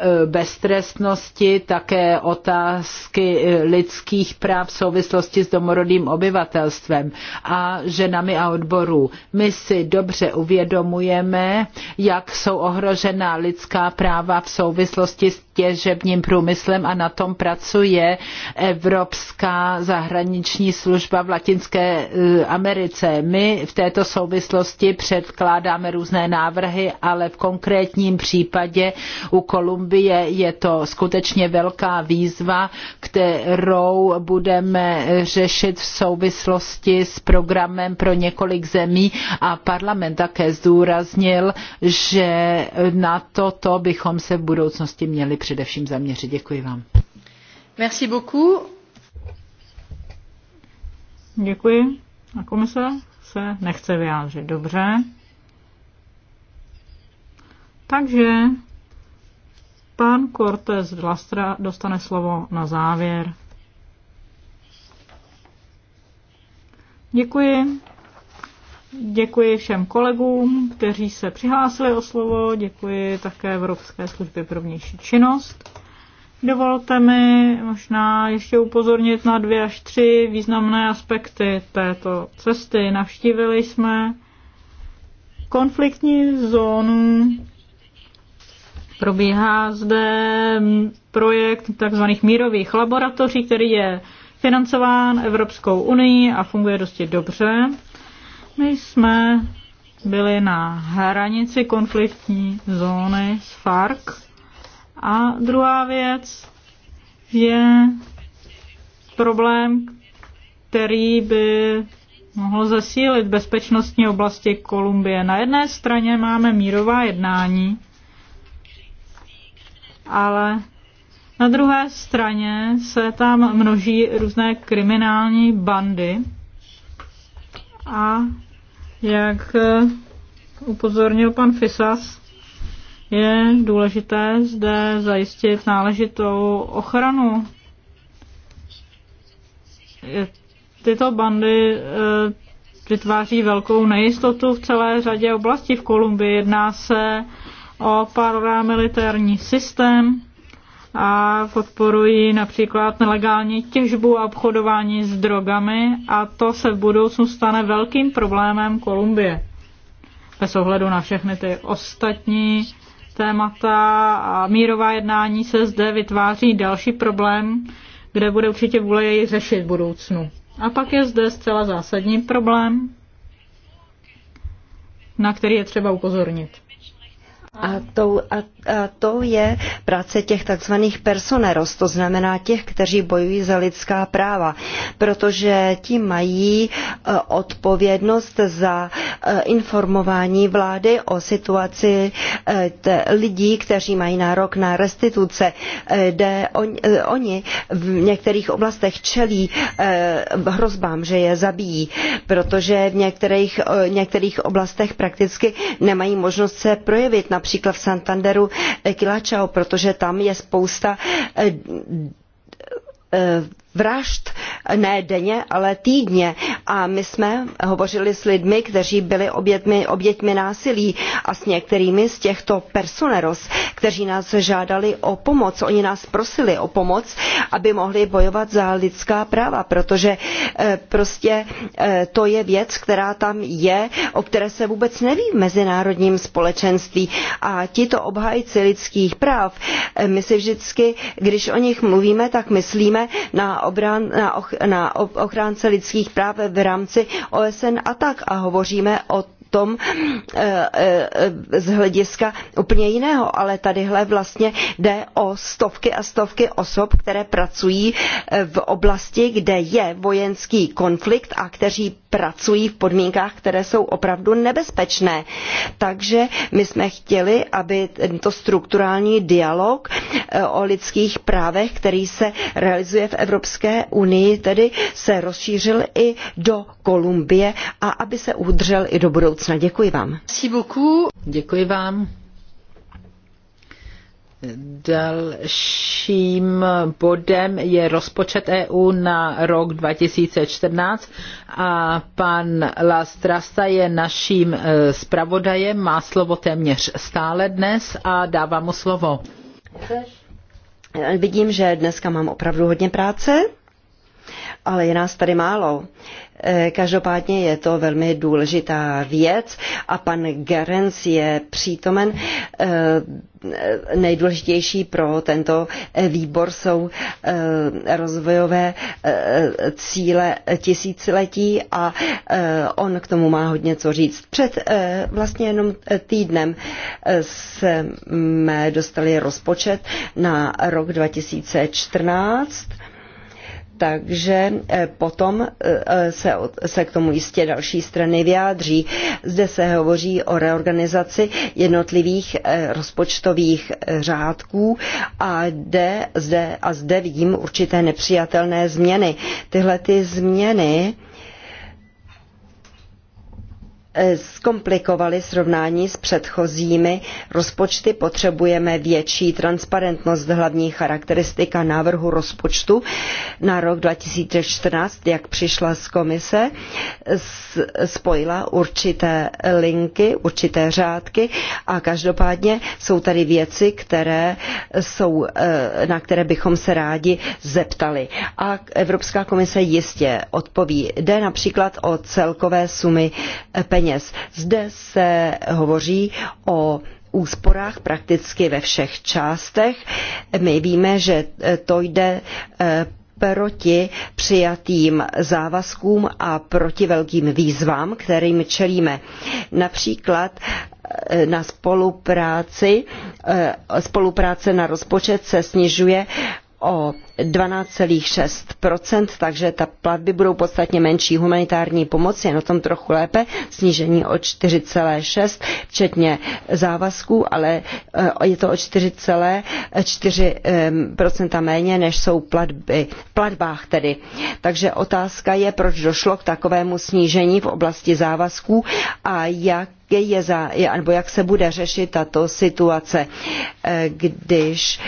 Eh, beztrestnosti, také otázky eh, lidských práv v souvislosti s domorodým obyvatelstvem a ženami a odborů. My si dobře uvědomujeme, jak jsou ohrožená lidská práva v souvislosti s těžebním průmyslem a na tom pracuje Evropská zahraniční služba v Latinské eh, Americe. My v této souvislosti předkládáme různé návrhy, ale v konkrétním případě u Kolumbie době je to skutečně velká výzva, kterou budeme řešit v souvislosti s programem pro několik zemí a parlament také zdůraznil, že na toto bychom se v budoucnosti měli především zaměřit. Děkuji vám. Merci beaucoup. Děkuji. A komise se nechce vyjádřit. Dobře. Takže Pan Cortés Lastra dostane slovo na závěr. Děkuji. Děkuji všem kolegům, kteří se přihlásili o slovo. Děkuji také Evropské službě pro vnější činnost. Dovolte mi možná ještě upozornit na dvě až tři významné aspekty této cesty. Navštívili jsme konfliktní zónu Probíhá zde projekt tzv. mírových laboratoří, který je financován Evropskou unii a funguje dosti dobře. My jsme byli na hranici konfliktní zóny s FARC. A druhá věc je problém, který by mohl zesílit bezpečnostní oblasti Kolumbie. Na jedné straně máme mírová jednání, ale na druhé straně se tam množí různé kriminální bandy a jak eh, upozornil pan Fisas, je důležité zde zajistit náležitou ochranu. Tyto bandy eh, vytváří velkou nejistotu v celé řadě oblastí v Kolumbii. Jedná se o paramilitární systém a podporují například nelegální těžbu a obchodování s drogami a to se v budoucnu stane velkým problémem Kolumbie. Bez ohledu na všechny ty ostatní témata a mírová jednání se zde vytváří další problém, kde bude určitě vůle jej řešit v budoucnu. A pak je zde zcela zásadní problém, na který je třeba upozornit. A, tou, a, a to je práce těch takzvaných personeros, to znamená těch, kteří bojují za lidská práva, protože ti mají e, odpovědnost za e, informování vlády o situaci e, lidí, kteří mají nárok na restituce. Jde on, oni v některých oblastech čelí hrozbám, že je zabijí, protože v některých, některých oblastech prakticky nemají možnost se projevit, například například v Santanderu eh, Kilačao, protože tam je spousta eh, eh, vražd ne denně, ale týdně. A my jsme hovořili s lidmi, kteří byli obětmi, oběťmi násilí a s některými z těchto personeros, kteří nás žádali o pomoc. Oni nás prosili o pomoc, aby mohli bojovat za lidská práva, protože eh, prostě eh, to je věc, která tam je, o které se vůbec neví v mezinárodním společenství. A tito obhájci lidských práv, eh, my si vždycky, když o nich mluvíme, tak myslíme na na, ochránce lidských práv v rámci OSN a tak a hovoříme o tom eh, eh, z hlediska úplně jiného, ale tadyhle vlastně jde o stovky a stovky osob, které pracují eh, v oblasti, kde je vojenský konflikt a kteří pracují v podmínkách, které jsou opravdu nebezpečné. Takže my jsme chtěli, aby tento strukturální dialog o lidských právech, který se realizuje v Evropské unii, tedy se rozšířil i do Kolumbie a aby se udržel i do budoucna budoucna. Děkuji vám. Děkuji vám. Dalším bodem je rozpočet EU na rok 2014 a pan Lastrasta je naším eh, zpravodajem, má slovo téměř stále dnes a dávám mu slovo. Vidím, že dneska mám opravdu hodně práce, ale je nás tady málo. Eh, každopádně je to velmi důležitá věc a pan Gerenc je přítomen. Eh, nejdůležitější pro tento eh, výbor jsou rozvojové cíle tisíciletí a on k tomu má hodně co říct. Před vlastně jenom týdnem jsme dostali rozpočet na rok 2014 takže eh, potom eh, eh, se, se k tomu jistě další strany vyjádří. Zde se hovoří o reorganizaci jednotlivých rozpočtových řádků a, jde, zde, a zde vidím určité nepřijatelné změny. Tyhle ty změny Eh, zkomplikovaly srovnání s předchozími rozpočty. Potřebujeme větší transparentnost hlavní charakteristika návrhu rozpočtu na rok 2014, jak přišla z komise, spojila určité linky, určité řádky a každopádně jsou tady věci, které jsou, eh, na které bychom se rádi zeptali. A Evropská komise jistě odpoví. Jde například o celkové sumy peněz peněz. Zde se hovoří o úsporách prakticky ve všech částech. My víme, že e, to jde e, proti přijatým závazkům a proti velkým výzvám, kterým čelíme. Například e, na spolupráci, spolupráce na rozpočet se snižuje o 12,6%, takže ta platby budou podstatně menší. Humanitární pomoc je na tom trochu lépe, snížení o 4,6, včetně závazků, ale eh, je to o 4,4% eh, méně, než jsou platby, v platbách tedy. Takže otázka je, proč došlo k takovému snížení v oblasti závazků a jak je za, nebo jak se bude řešit tato situace, eh, když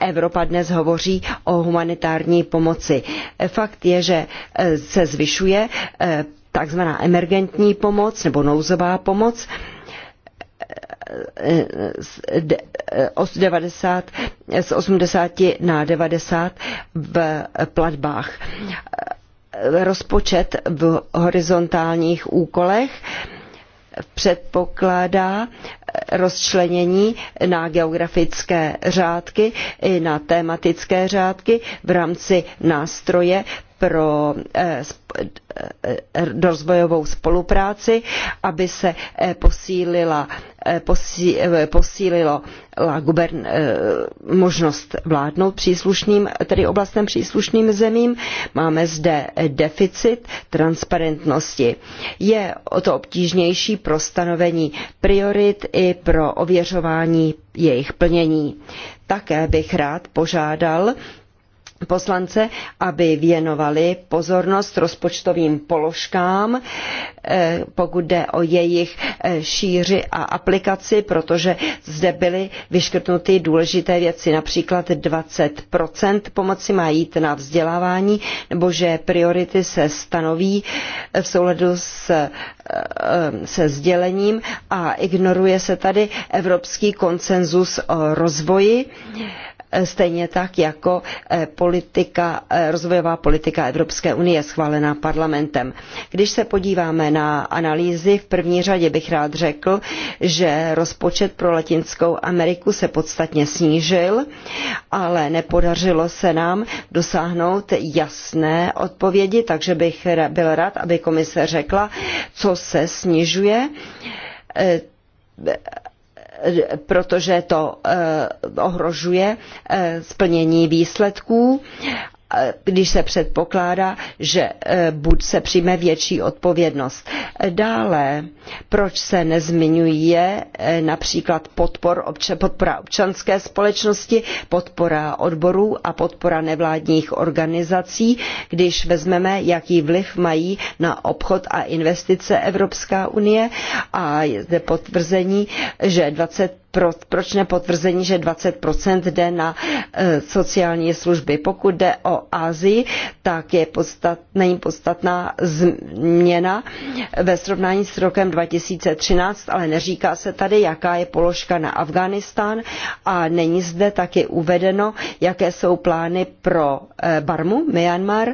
Evropa dnes hovoří o humanitární humanitární pomoci. Fakt je, že eh, se zvyšuje eh, takzvaná emergentní pomoc nebo nouzová pomoc eh, z 90, z 80 na 90 v platbách. Rozpočet v horizontálních úkolech předpokládá rozčlenění na geografické řádky i na tematické řádky v rámci nástroje pro eh, eh, eh, rozvojovou spolupráci, aby se posílila, posílilo gubern, možnost vládnout příslušným, tedy oblastem příslušným zemím. Máme zde deficit transparentnosti. Je o to obtížnější pro stanovení priorit i pro ověřování jejich plnění. Také bych rád požádal poslance, aby věnovali pozornost rozpočtovým položkám, eh, pokud jde o jejich eh, šíři a aplikaci, protože zde byly vyškrtnuty důležité věci, například 20 pomoci má jít na vzdělávání, nebo že priority se stanoví eh, v souladu s se sdělením a ignoruje se tady evropský konsenzus o rozvoji. Hmm Eh, stejně tak jako eh, politika, eh, rozvojová politika Evropské unie schválená parlamentem. Když se podíváme na analýzy, v první řadě bych rád řekl, že rozpočet pro Latinskou Ameriku se podstatně snížil, ale nepodařilo se nám dosáhnout jasné odpovědi, takže bych byl rád, aby komise řekla, co se snižuje protože to eh, ohrožuje eh, splnění výsledků když se předpokládá, že eh, buď se přijme větší odpovědnost. Dále, proč se nezmiňuje eh, například podpor podpora občanské společnosti, podpora odborů a podpora nevládních organizací, když vezmeme, jaký vliv mají na obchod a investice Evropská unie a je zde potvrzení, že 20 proč ne potvrzení, že 20% jde na eh, sociální služby. Pokud jde o Asii, tak je podstat, není podstatná změna ve srovnání s rokem 2013, ale neříká se tady, jaká je položka na Afghánistán a není zde taky uvedeno, jaké jsou plány pro eh, Barmu, Myanmar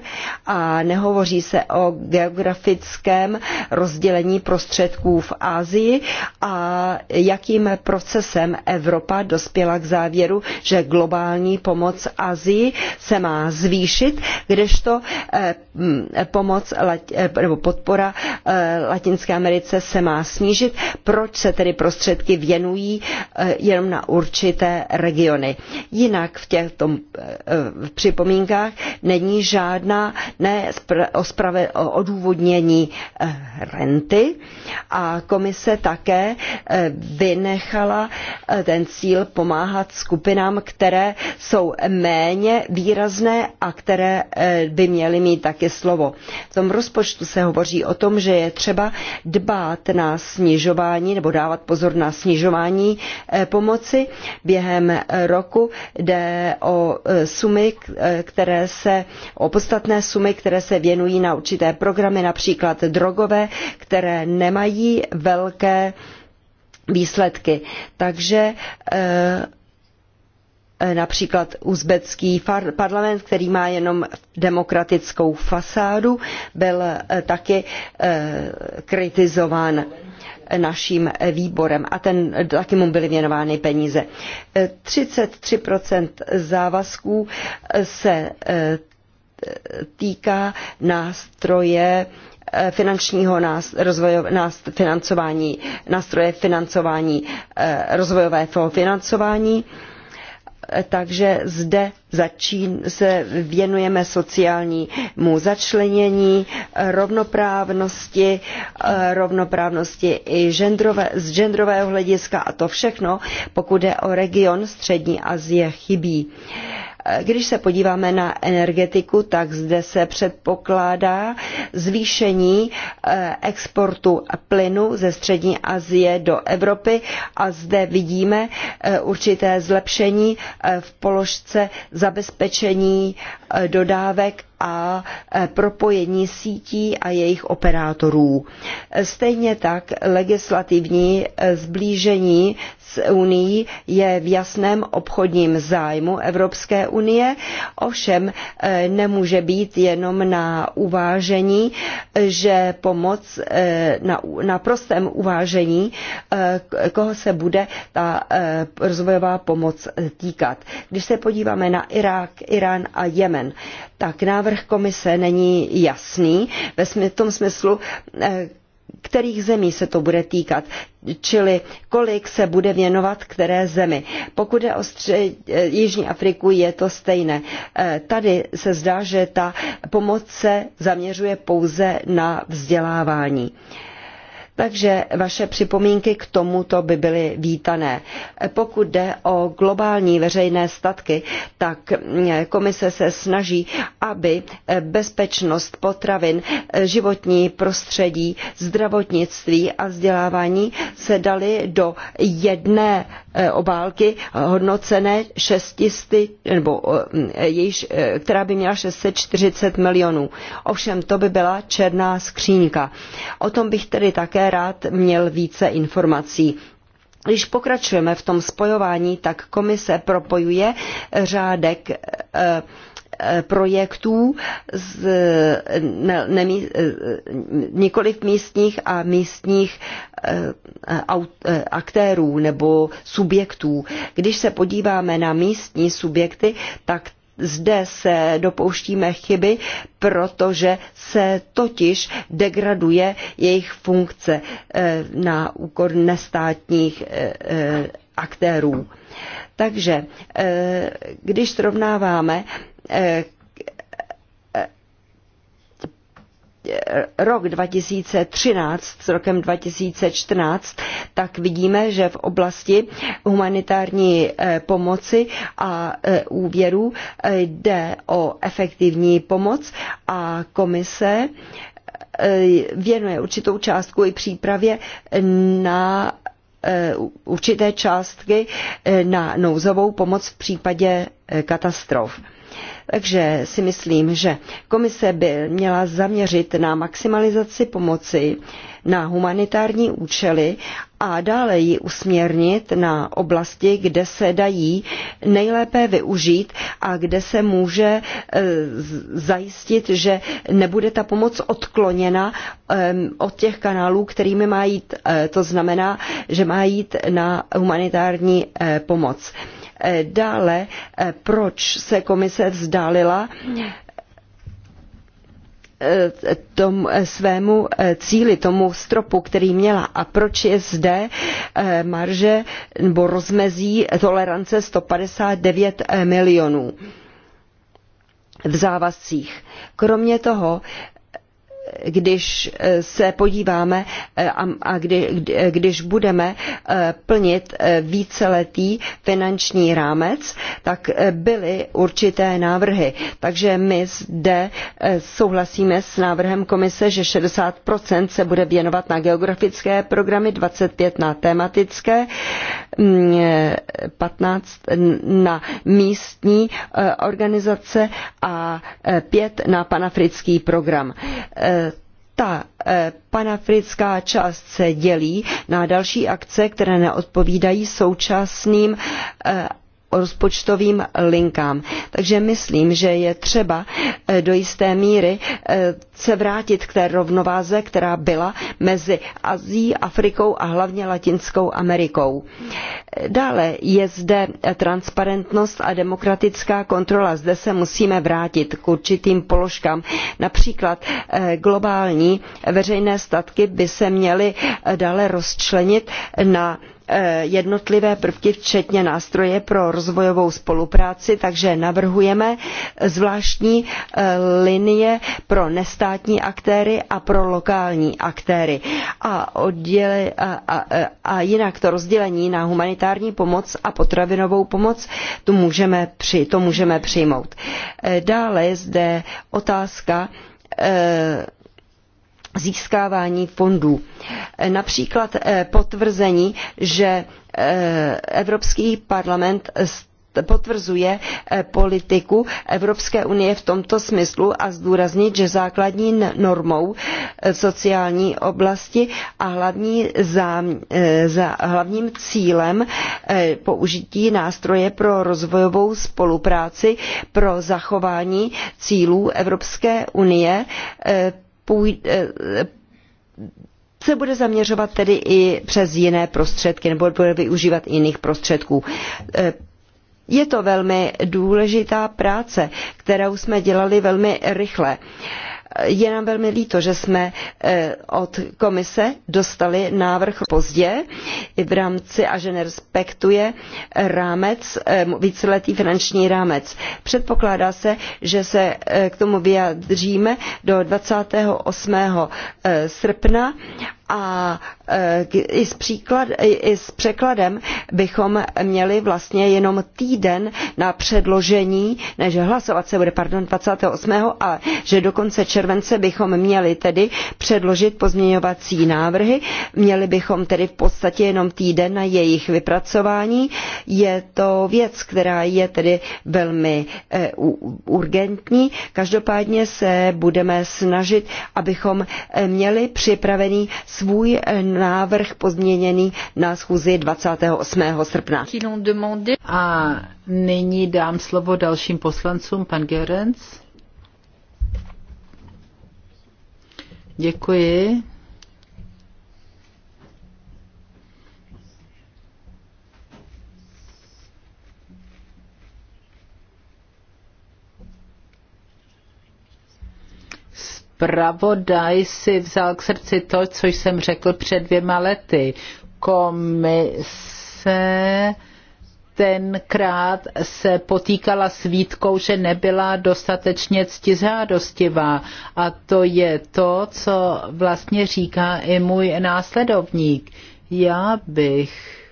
a nehovoří se o geografickém rozdělení prostředků v Asii a jakým procesem jsem Evropa dospěla k závěru, že globální pomoc Asii se má zvýšit, kdežto eh, pomoc eh, nebo podpora eh, Latinské Americe se má snížit. Proč se tedy prostředky věnují jenom na určité regiony? Jinak v těchto připomínkách není žádná ne odůvodnění renty a komise také vynechala Eh, ten cíl pomáhat skupinám, které jsou méně výrazné a které eh, by měly mít také slovo. V tom rozpočtu se hovoří o tom, že je třeba dbát na snižování nebo dávat pozor na snižování eh, pomoci. Během roku jde o sumy, které se, o podstatné sumy, které se věnují na určité programy, například drogové, které nemají velké výsledky. Takže eh, například uzbecký parlament, který má jenom demokratickou fasádu, byl eh, taky eh, kritizován naším výborem a ten, taky mu byly věnovány peníze. 33% závazků se týká nástroje Eh, finančního nás, rozvojov, nás, financování, nástroje financování, eh, rozvojového financování eh, takže zde začín, se věnujeme sociálnímu začlenění, rovnoprávnosti, rovnoprávnosti i žendrové, z genderového hlediska a to všechno, pokud je o region Střední Asie, chybí. Uh, když se podíváme na energetiku, tak zde se předpokládá zvýšení eh, exportu plynu ze střední Asie do Evropy a zde vidíme eh, určité zlepšení eh, v položce zabezpečení dodávek a e, propojení sítí a jejich operátorů. Stejně tak legislativní e, zblížení s Unii je v jasném obchodním zájmu Evropské unie, ovšem e, nemůže být jenom na uvážení, že pomoc na, na prostém uvážení, koho se bude ta rozvojová pomoc týkat. Když se podíváme na Irák, Irán a Jemen, tak návrh návrh komise není jasný ve tom smyslu, eh, kterých zemí se to bude týkat, čili kolik se bude věnovat které zemi. Pokud je o střed, eh, Jižní Afriku, je to stejné. Eh, Tady se zdá, že ta pomoc se zaměřuje pouze na vzdělávání. Takže vaše připomínky k tomuto by byly vítané. Pokud jde o globální veřejné statky, tak mm, komise se snaží, aby eh, bezpečnost potravin, eh, životní prostředí, zdravotnictví a vzdělávání se daly do jedné Eh, obálky hodnocené 600, nebo eh, eh, jejíž, která by měla 640 milionů. Ovšem to by byla černá skřínka. O tom bych tedy také rád měl více informací. Když pokračujeme v tom spojování, tak komise propojuje řádek Eh, projektů z, ne, ne, eh, nikoliv místních a místních eh, aktérů nebo subjektů. Když se podíváme na místní subjekty, tak zde se dopouštíme chyby, protože se totiž degraduje jejich funkce na úkor nestátních aktérů. Takže když srovnáváme Eh, rok 2013 s rokem 2014, tak vidíme, že v oblasti humanitární eh, pomoci a eh, úvěru jde o efektivní pomoc a komise věnuje určitou částku i přípravě na určité částky na nouzovou pomoc v případě katastrof takže si myslím, že komise by měla zaměřit na maximalizaci pomoci na humanitární účely a dále ji usměrnit na oblasti, kde se dají nejlépe využít a kde se může eh, zajistit, že nebude ta pomoc odkloněna ehm, od těch kanálů, kterými má jít. Eh, to znamená, že má jít na humanitární eh, pomoc. Eh, dále, eh, proč se komise vzdálila eh, tom svému cíli, tomu stropu, který měla. A proč je zde marže nebo rozmezí tolerance 159 milionů v závazcích. Kromě toho když eh, se podíváme eh, a kdy, eh, když budeme plnit víceletý finanční rámec, tak byly určité návrhy. Takže my zde souhlasíme s návrhem komise, že 60 se bude věnovat na geografické programy, 25 na tematické, 15 mm, na místní organizace a 5 na panafrický program ta eh, panafrická část se dělí na další akce, které neodpovídají současným eh, rozpočtovým linkám. Takže myslím, že je třeba eh, do jisté míry eh, se vrátit k té rovnováze, která byla mezi Asií, Afrikou a hlavně Latinskou Amerikou. Dále je zde transparentnost a demokratická kontrola. Zde se musíme vrátit k určitým položkám. Například eh, globální veřejné statky by se měly dále rozčlenit na Eh, jednotlivé prvky, včetně nástroje pro rozvojovou spolupráci, takže navrhujeme zvláštní eh, linie pro nestátní aktéry a pro lokální aktéry. A, odděle, a, a, eh, a jinak to rozdělení na humanitární pomoc a potravinovou pomoc, tu můžeme při, to můžeme přijmout. Dále je zde otázka, získávání fondů. Například eh, potvrzení, že eh, Evropský parlament potvrzuje eh, politiku Evropské unie v tomto smyslu a zdůraznit, že základní normou sociální oblasti a hlavní za, hlavním cílem použití nástroje pro rozvojovou spolupráci pro zachování cílů Evropské unie půjde, eh, se bude zaměřovat tedy i přes jiné prostředky nebo bude využívat jiných prostředků. Eh, je to velmi důležitá práce, kterou jsme dělali velmi rychle. Je nám velmi líto, že jsme eh, od komise dostali návrh pozdě v rámci a že nerespektuje rámec, eh, víceletý finanční rámec. Předpokládá se, že se eh, k tomu vyjádříme do 28. srpna a e, i s, příklad, i s překladem bychom měli vlastně jenom týden na předložení, ne, že hlasovat se bude, pardon, 28. a že do konce července bychom měli tedy předložit pozměňovací návrhy, měli bychom tedy v podstatě jenom týden na jejich vypracování. Je to věc, která je tedy velmi e, urgentní. Každopádně se budeme snažit, abychom e, měli připravený svůj eh, návrh pozměněný na schůzi 28. srpna. A nyní dám slovo dalším poslancům, pan Gerenc. Děkuji. zpravodaj si vzal k srdci to, co jsem řekl před dvěma lety. Komise tenkrát se potýkala s výtkou, že nebyla dostatečně ctizádostivá. A to je to, co vlastně říká i můj následovník. Já bych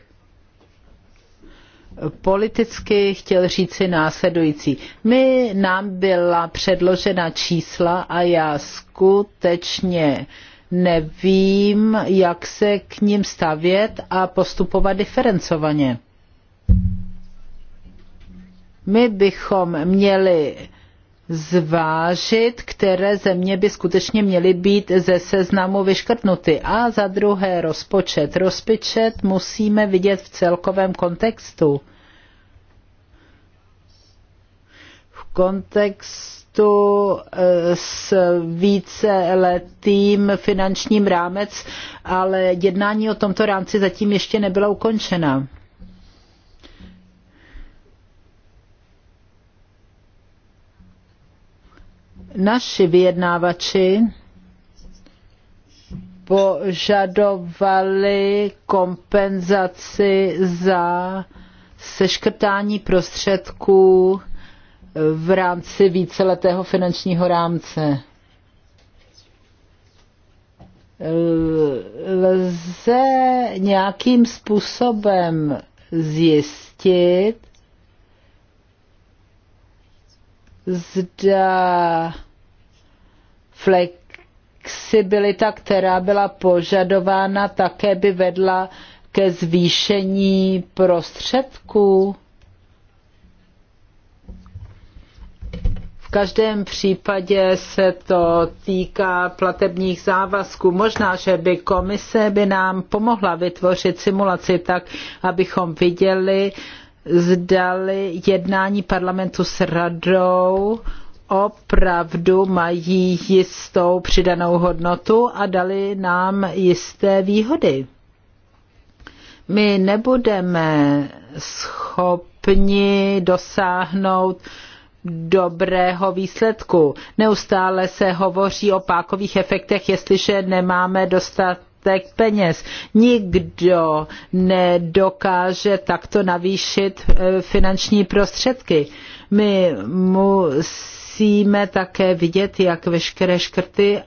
politicky chtěl říci následující. My nám byla předložena čísla a já skutečně nevím, jak se k ním stavět a postupovat diferencovaně. My bychom měli zvážit, které země by skutečně měly být ze seznamu vyškrtnuty. A za druhé rozpočet. Rozpočet musíme vidět v celkovém kontextu. V kontextu eh, s více letým finančním rámec, ale jednání o tomto rámci zatím ještě nebyla ukončena. Naši vyjednávači požadovali kompenzaci za seškrtání prostředků v rámci víceletého finančního rámce. Lze nějakým způsobem zjistit, zda flexibilita, která byla požadována, také by vedla ke zvýšení prostředků. V každém případě se to týká platebních závazků. Možná, že by komise by nám pomohla vytvořit simulaci tak, abychom viděli, zdali jednání parlamentu s radou opravdu mají jistou přidanou hodnotu a dali nám jisté výhody. My nebudeme schopni dosáhnout dobrého výsledku. Neustále se hovoří o pákových efektech, jestliže nemáme dostat dostatek peněz. Nikdo nedokáže takto navýšit eh, finanční prostředky. My musíme také vidět, jak veškeré škrty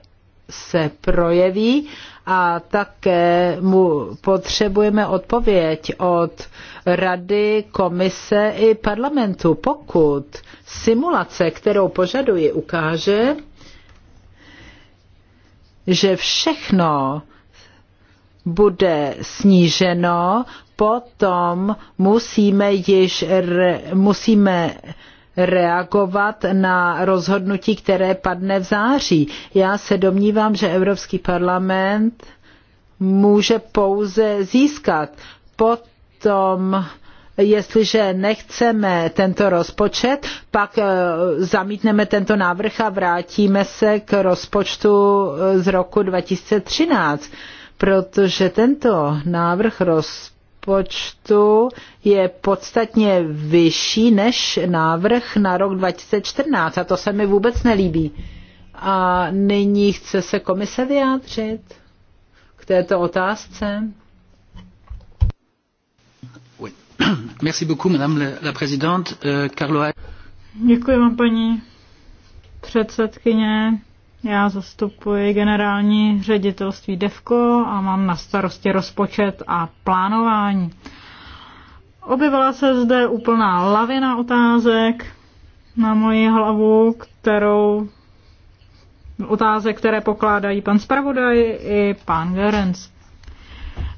se projeví a také mu potřebujeme odpověď od rady, komise i parlamentu. Pokud simulace, kterou požaduji, ukáže, že všechno, bude sníženo, potom musíme již re, musíme reagovat na rozhodnutí, které padne v září. Já se domnívám, že Evropský parlament může pouze získat. Potom jestliže nechceme tento rozpočet, pak eh, zamítneme tento návrh a vrátíme se k rozpočtu eh, z roku 2013 protože tento návrh rozpočtu je podstatně vyšší než návrh na rok 2014 a to se mi vůbec nelíbí. A nyní chce se komise vyjádřit k této otázce. Merci beaucoup, madame la présidente. Euh, Carlo... Děkuji vám, paní předsedkyně. Já zastupuji generální ředitelství DEVKO a mám na starosti rozpočet a plánování. Objevila se zde úplná lavina otázek na moji hlavu, kterou otázek, které pokládají pan Spravodaj i pan Gerenc.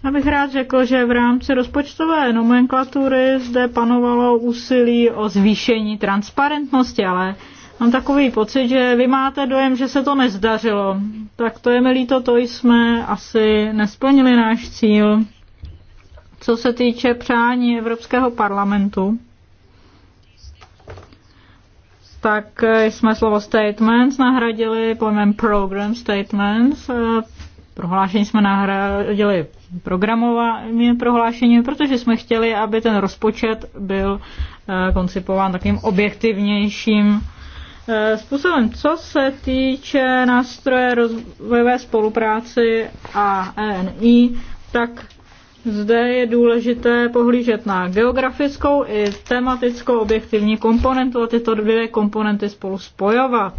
Já bych rád řekl, že v rámci rozpočtové nomenklatury zde panovalo úsilí o zvýšení transparentnosti, ale Mám takový pocit, že vy máte dojem, že se to nezdařilo. Tak to je milý to jsme asi nesplnili náš cíl. Co se týče přání Evropského parlamentu, tak jsme slovo statements nahradili pojmem program statements. Prohlášení jsme nahradili programovými prohlášeními, protože jsme chtěli, aby ten rozpočet byl koncipován takým objektivnějším Eh, způsobem. Co se týče nástroje rozvojové spolupráci a ENI, tak zde je důležité pohlížet na geografickou i tematickou objektivní komponentu a tyto dvě komponenty spolu spojovat.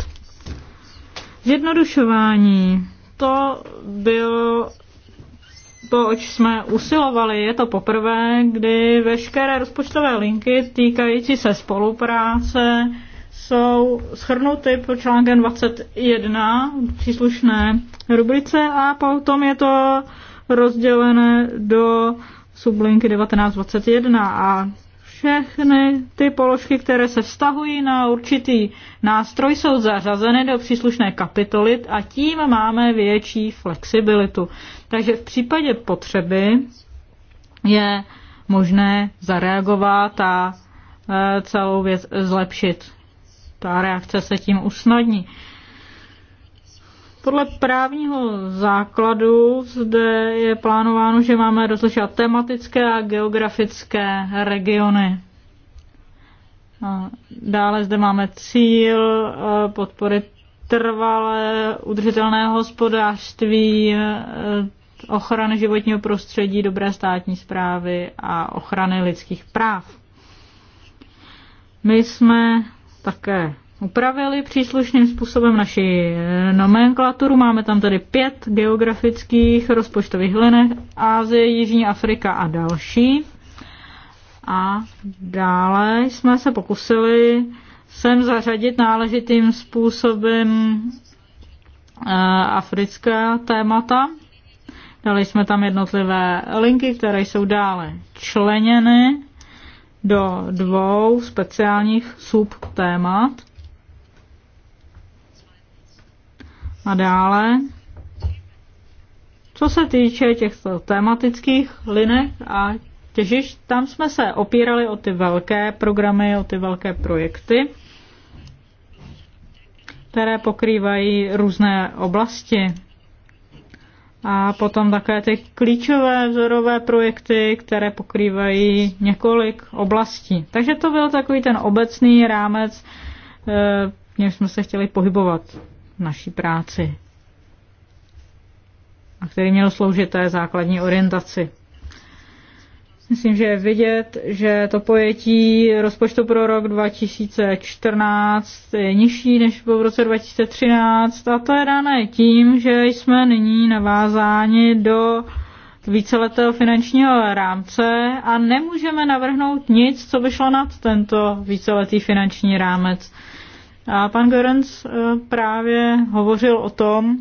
Zjednodušování. To bylo to, oč jsme usilovali. Je to poprvé, kdy veškeré rozpočtové linky týkající se spolupráce jsou schrnuty pod článkem 21 příslušné rubrice a potom je to rozdělené do sublinky 1921 a všechny ty položky, které se vztahují na určitý nástroj, jsou zařazeny do příslušné kapitoly a tím máme větší flexibilitu. Takže v případě potřeby je možné zareagovat a e, celou věc zlepšit ta reakce se tím usnadní. Podle právního základu zde je plánováno, že máme rozlišovat tematické a geografické regiony. A dále zde máme cíl e, podpory trvalé udržitelného hospodářství, e, ochrany životního prostředí, dobré státní zprávy a ochrany lidských práv. My jsme také upravili příslušným způsobem naši eh, nomenklaturu. Máme tam tedy pět geografických rozpočtových linek Ázie, Jižní Afrika a další. A dále jsme se pokusili sem zařadit náležitým způsobem eh, africká témata. Dali jsme tam jednotlivé linky, které jsou dále členěny do dvou speciálních subtémat. A dále, co se týče těchto tematických linek a těžiš, tam jsme se opírali o ty velké programy, o ty velké projekty, které pokrývají různé oblasti a potom také ty klíčové vzorové projekty, které pokrývají několik oblastí. Takže to byl takový ten obecný rámec, eh, v něm jsme se chtěli pohybovat v naší práci a který měl sloužit té základní orientaci. Myslím, že je vidět, že to pojetí rozpočtu pro rok 2014 je nižší než bylo v roce 2013 a to je dané tím, že jsme nyní navázáni do víceletého finančního rámce a nemůžeme navrhnout nic, co by šlo nad tento víceletý finanční rámec. A pan Görens eh, právě hovořil o tom,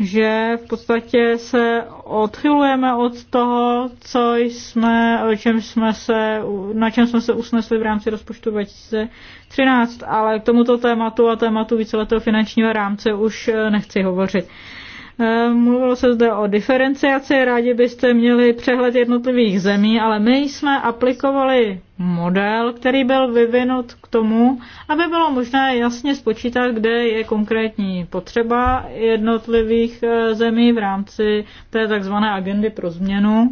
že v podstatě se odchylujeme od toho, co jsme, o čem jsme se, na čem jsme se usnesli v rámci rozpočtu 2013, ale k tomuto tématu a tématu víceletého finančního rámce už eh, nechci hovořit. Eh, mluvilo se zde o diferenciaci, rádi byste měli přehled jednotlivých zemí, ale my jsme aplikovali model, který byl vyvinut k tomu, aby bylo možné jasně spočítat, kde je konkrétní potřeba jednotlivých eh, zemí v rámci té takzvané agendy pro změnu.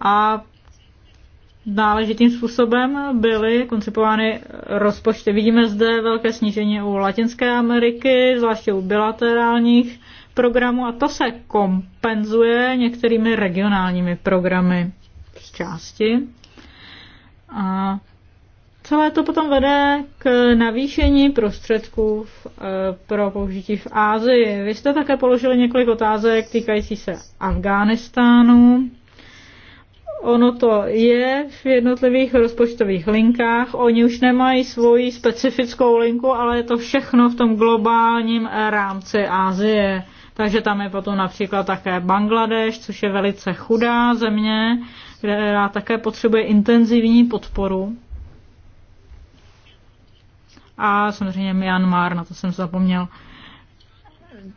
A náležitým způsobem byly koncipovány rozpočty. Vidíme zde velké snížení u Latinské Ameriky, zvláště u bilaterálních programů a to se kompenzuje některými regionálními programy z části. A celé to potom vede k navýšení prostředků v, e, pro použití v Ázii. Vy jste také položili několik otázek týkající se Afghánistánu ono to je v jednotlivých rozpočtových linkách. Oni už nemají svoji specifickou linku, ale je to všechno v tom globálním rámci Asie. Takže tam je potom například také Bangladeš, což je velice chudá země, která také potřebuje intenzivní podporu. A samozřejmě Myanmar, na to jsem zapomněl. Uh,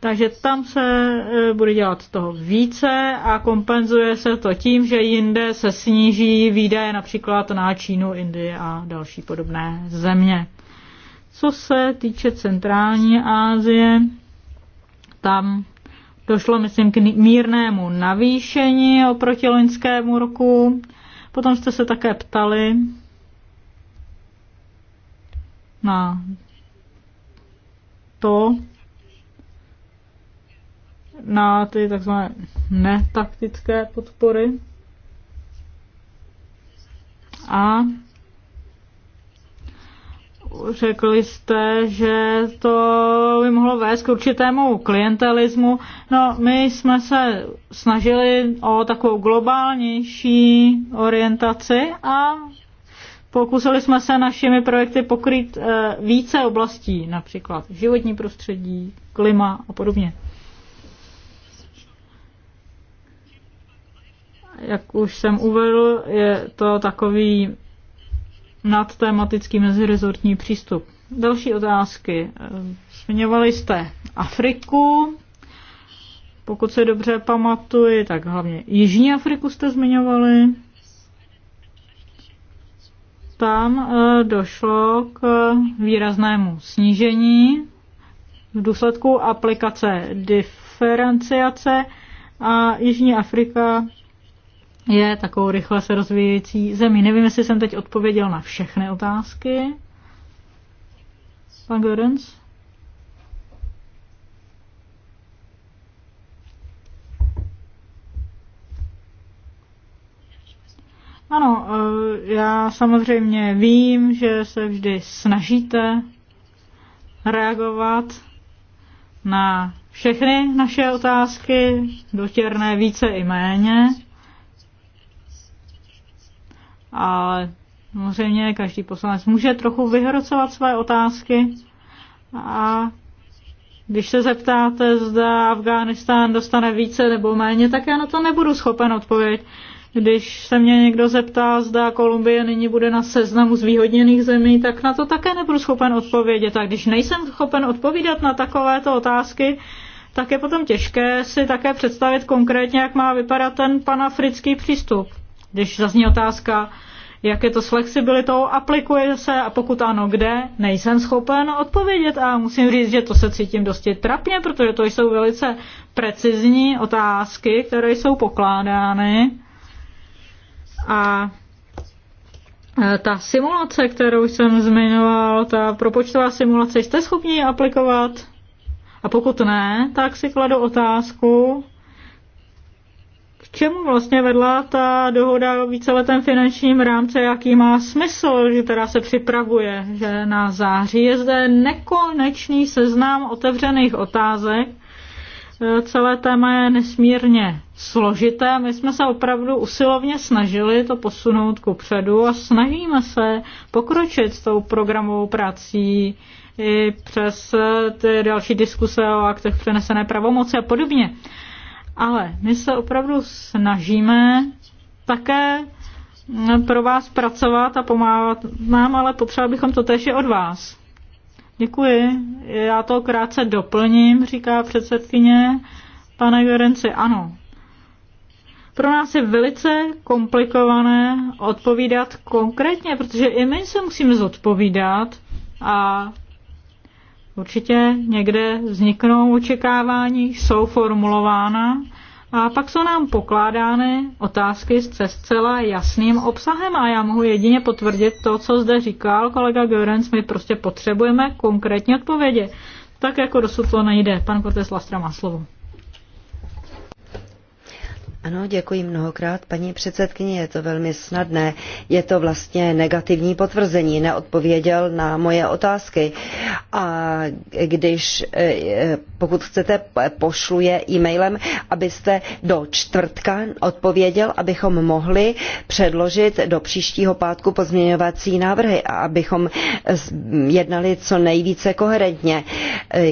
takže tam se e, bude dělat toho více a kompenzuje se to tím, že jinde se sníží výdaje například na Čínu, Indii a další podobné země. Co se týče centrální Asie, tam došlo, myslím, k mírnému navýšení oproti loňskému roku. Potom jste se také ptali na to, na ty takzvané netaktické podpory. A řekli jste, že to by mohlo vést k určitému klientelismu. No, my jsme se snažili o takovou globálnější orientaci a pokusili jsme se našimi projekty pokrýt eh, více oblastí, například životní prostředí, klima a podobně. Jak už jsem uvedl, je to takový nadtématický meziresortní přístup. Další otázky. Zmiňovali jste Afriku, pokud se dobře pamatuji, tak hlavně Jižní Afriku jste zmiňovali. Tam eh, došlo k výraznému snížení v důsledku aplikace diferenciace a Jižní Afrika je takovou rychle se rozvíjející zemí. Nevím, jestli jsem teď odpověděl na všechny otázky. Pan Gorens? Ano, eh, já samozřejmě vím, že se vždy snažíte reagovat na všechny naše otázky, dotěrné více i méně ale samozřejmě každý poslanec může trochu vyhrocovat své otázky a když se zeptáte, zda Afghánistán dostane více nebo méně, tak já na to nebudu schopen odpovědět. Když se mě někdo zeptá, zda Kolumbie nyní bude na seznamu zvýhodněných zemí, tak na to také nebudu schopen odpovědět. A když nejsem schopen odpovídat na takovéto otázky, tak je potom těžké si také představit konkrétně, jak má vypadat ten panafrický přístup. Když zazní otázka, jak je to s flexibilitou, aplikuje se a pokud ano, kde, nejsem schopen odpovědět a musím říct, že to se cítím dosti trapně, protože to jsou velice precizní otázky, které jsou pokládány. A e, ta simulace, kterou jsem zmiňoval, ta propočtová simulace, jste schopni ji aplikovat? A pokud ne, tak si kladu otázku, k čemu vlastně vedla ta dohoda o víceletém finančním rámce, jaký má smysl, že teda se připravuje, že na září je zde nekonečný seznam otevřených otázek. E, celé téma je nesmírně složité. My jsme se opravdu usilovně snažili to posunout ku předu a snažíme se pokročit s tou programovou prací i přes e, ty další diskuse o aktech přenesené pravomoci a podobně. Ale my se opravdu snažíme také pro vás pracovat a pomáhat nám, ale potřeba bychom to tež i od vás. Děkuji. Já to krátce doplním, říká předsedkyně. Pane Gorenci, ano. Pro nás je velice komplikované odpovídat konkrétně, protože i my se musíme zodpovídat a Určitě někde vzniknou očekávání, jsou formulována a pak jsou nám pokládány otázky se zcela jasným obsahem a já mohu jedině potvrdit to, co zde říkal kolega Görens, my prostě potřebujeme konkrétní odpovědi. Tak jako dosud to nejde. Pan Kortes Lastra má slovo. Ano, děkuji mnohokrát, paní předsedkyně, je to velmi snadné. Je to vlastně negativní potvrzení, neodpověděl na moje otázky. A když, e, e, pokud chcete, e, pošlu je e-mailem, abyste do čtvrtka odpověděl, abychom mohli předložit do příštího pátku pozměňovací návrhy a abychom jednali co nejvíce koherentně.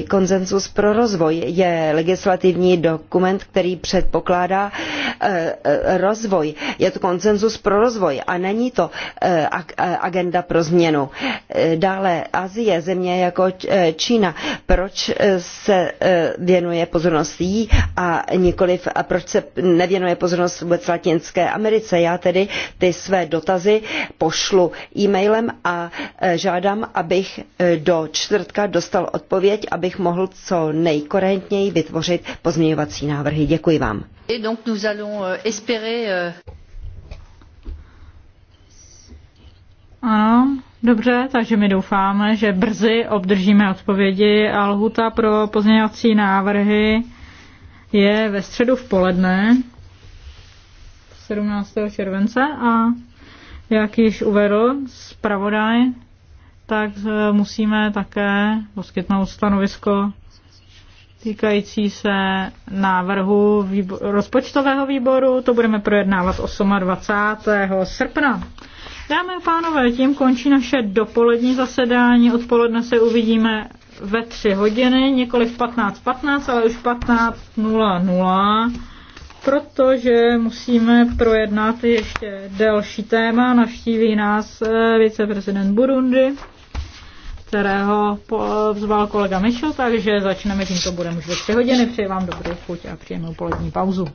Konsenzus pro rozvoj je legislativní dokument, který předpokládá, Eh, eh, rozvoj, je to konsenzus pro rozvoj a není to eh, agenda pro změnu. Dále Asie, země jako Čína, proč se věnuje pozornost jí a nikoliv, a proč se nevěnuje pozornost vůbec Latinské Americe. Já tedy ty své dotazy pošlu e-mailem a žádám, abych do čtvrtka dostal odpověď, abych mohl co nejkoherentněji vytvořit pozměňovací návrhy. Děkuji vám. Et donc nous allons euh, espérer. Euh, ano, dobře, takže my doufáme, že brzy obdržíme odpovědi a lhuta pro pozměňovací návrhy je ve středu v poledne 17. července a jak již uvedl zpravodaj, tak eh, musíme také poskytnout stanovisko týkající se návrhu výbo- rozpočtového výboru. To budeme projednávat 28. srpna. Dámy a pánové, tím končí naše dopolední zasedání. Odpoledne se uvidíme ve 3 hodiny, nikoli v 15.15, 15, ale už 15.00, protože musíme projednat ještě další téma. Navštíví nás eh, viceprezident Burundi kterého vzval kolega Mišo, takže začneme tímto bodem už ve tři hodiny. Přeji vám dobrou chuť a příjemnou polední pauzu.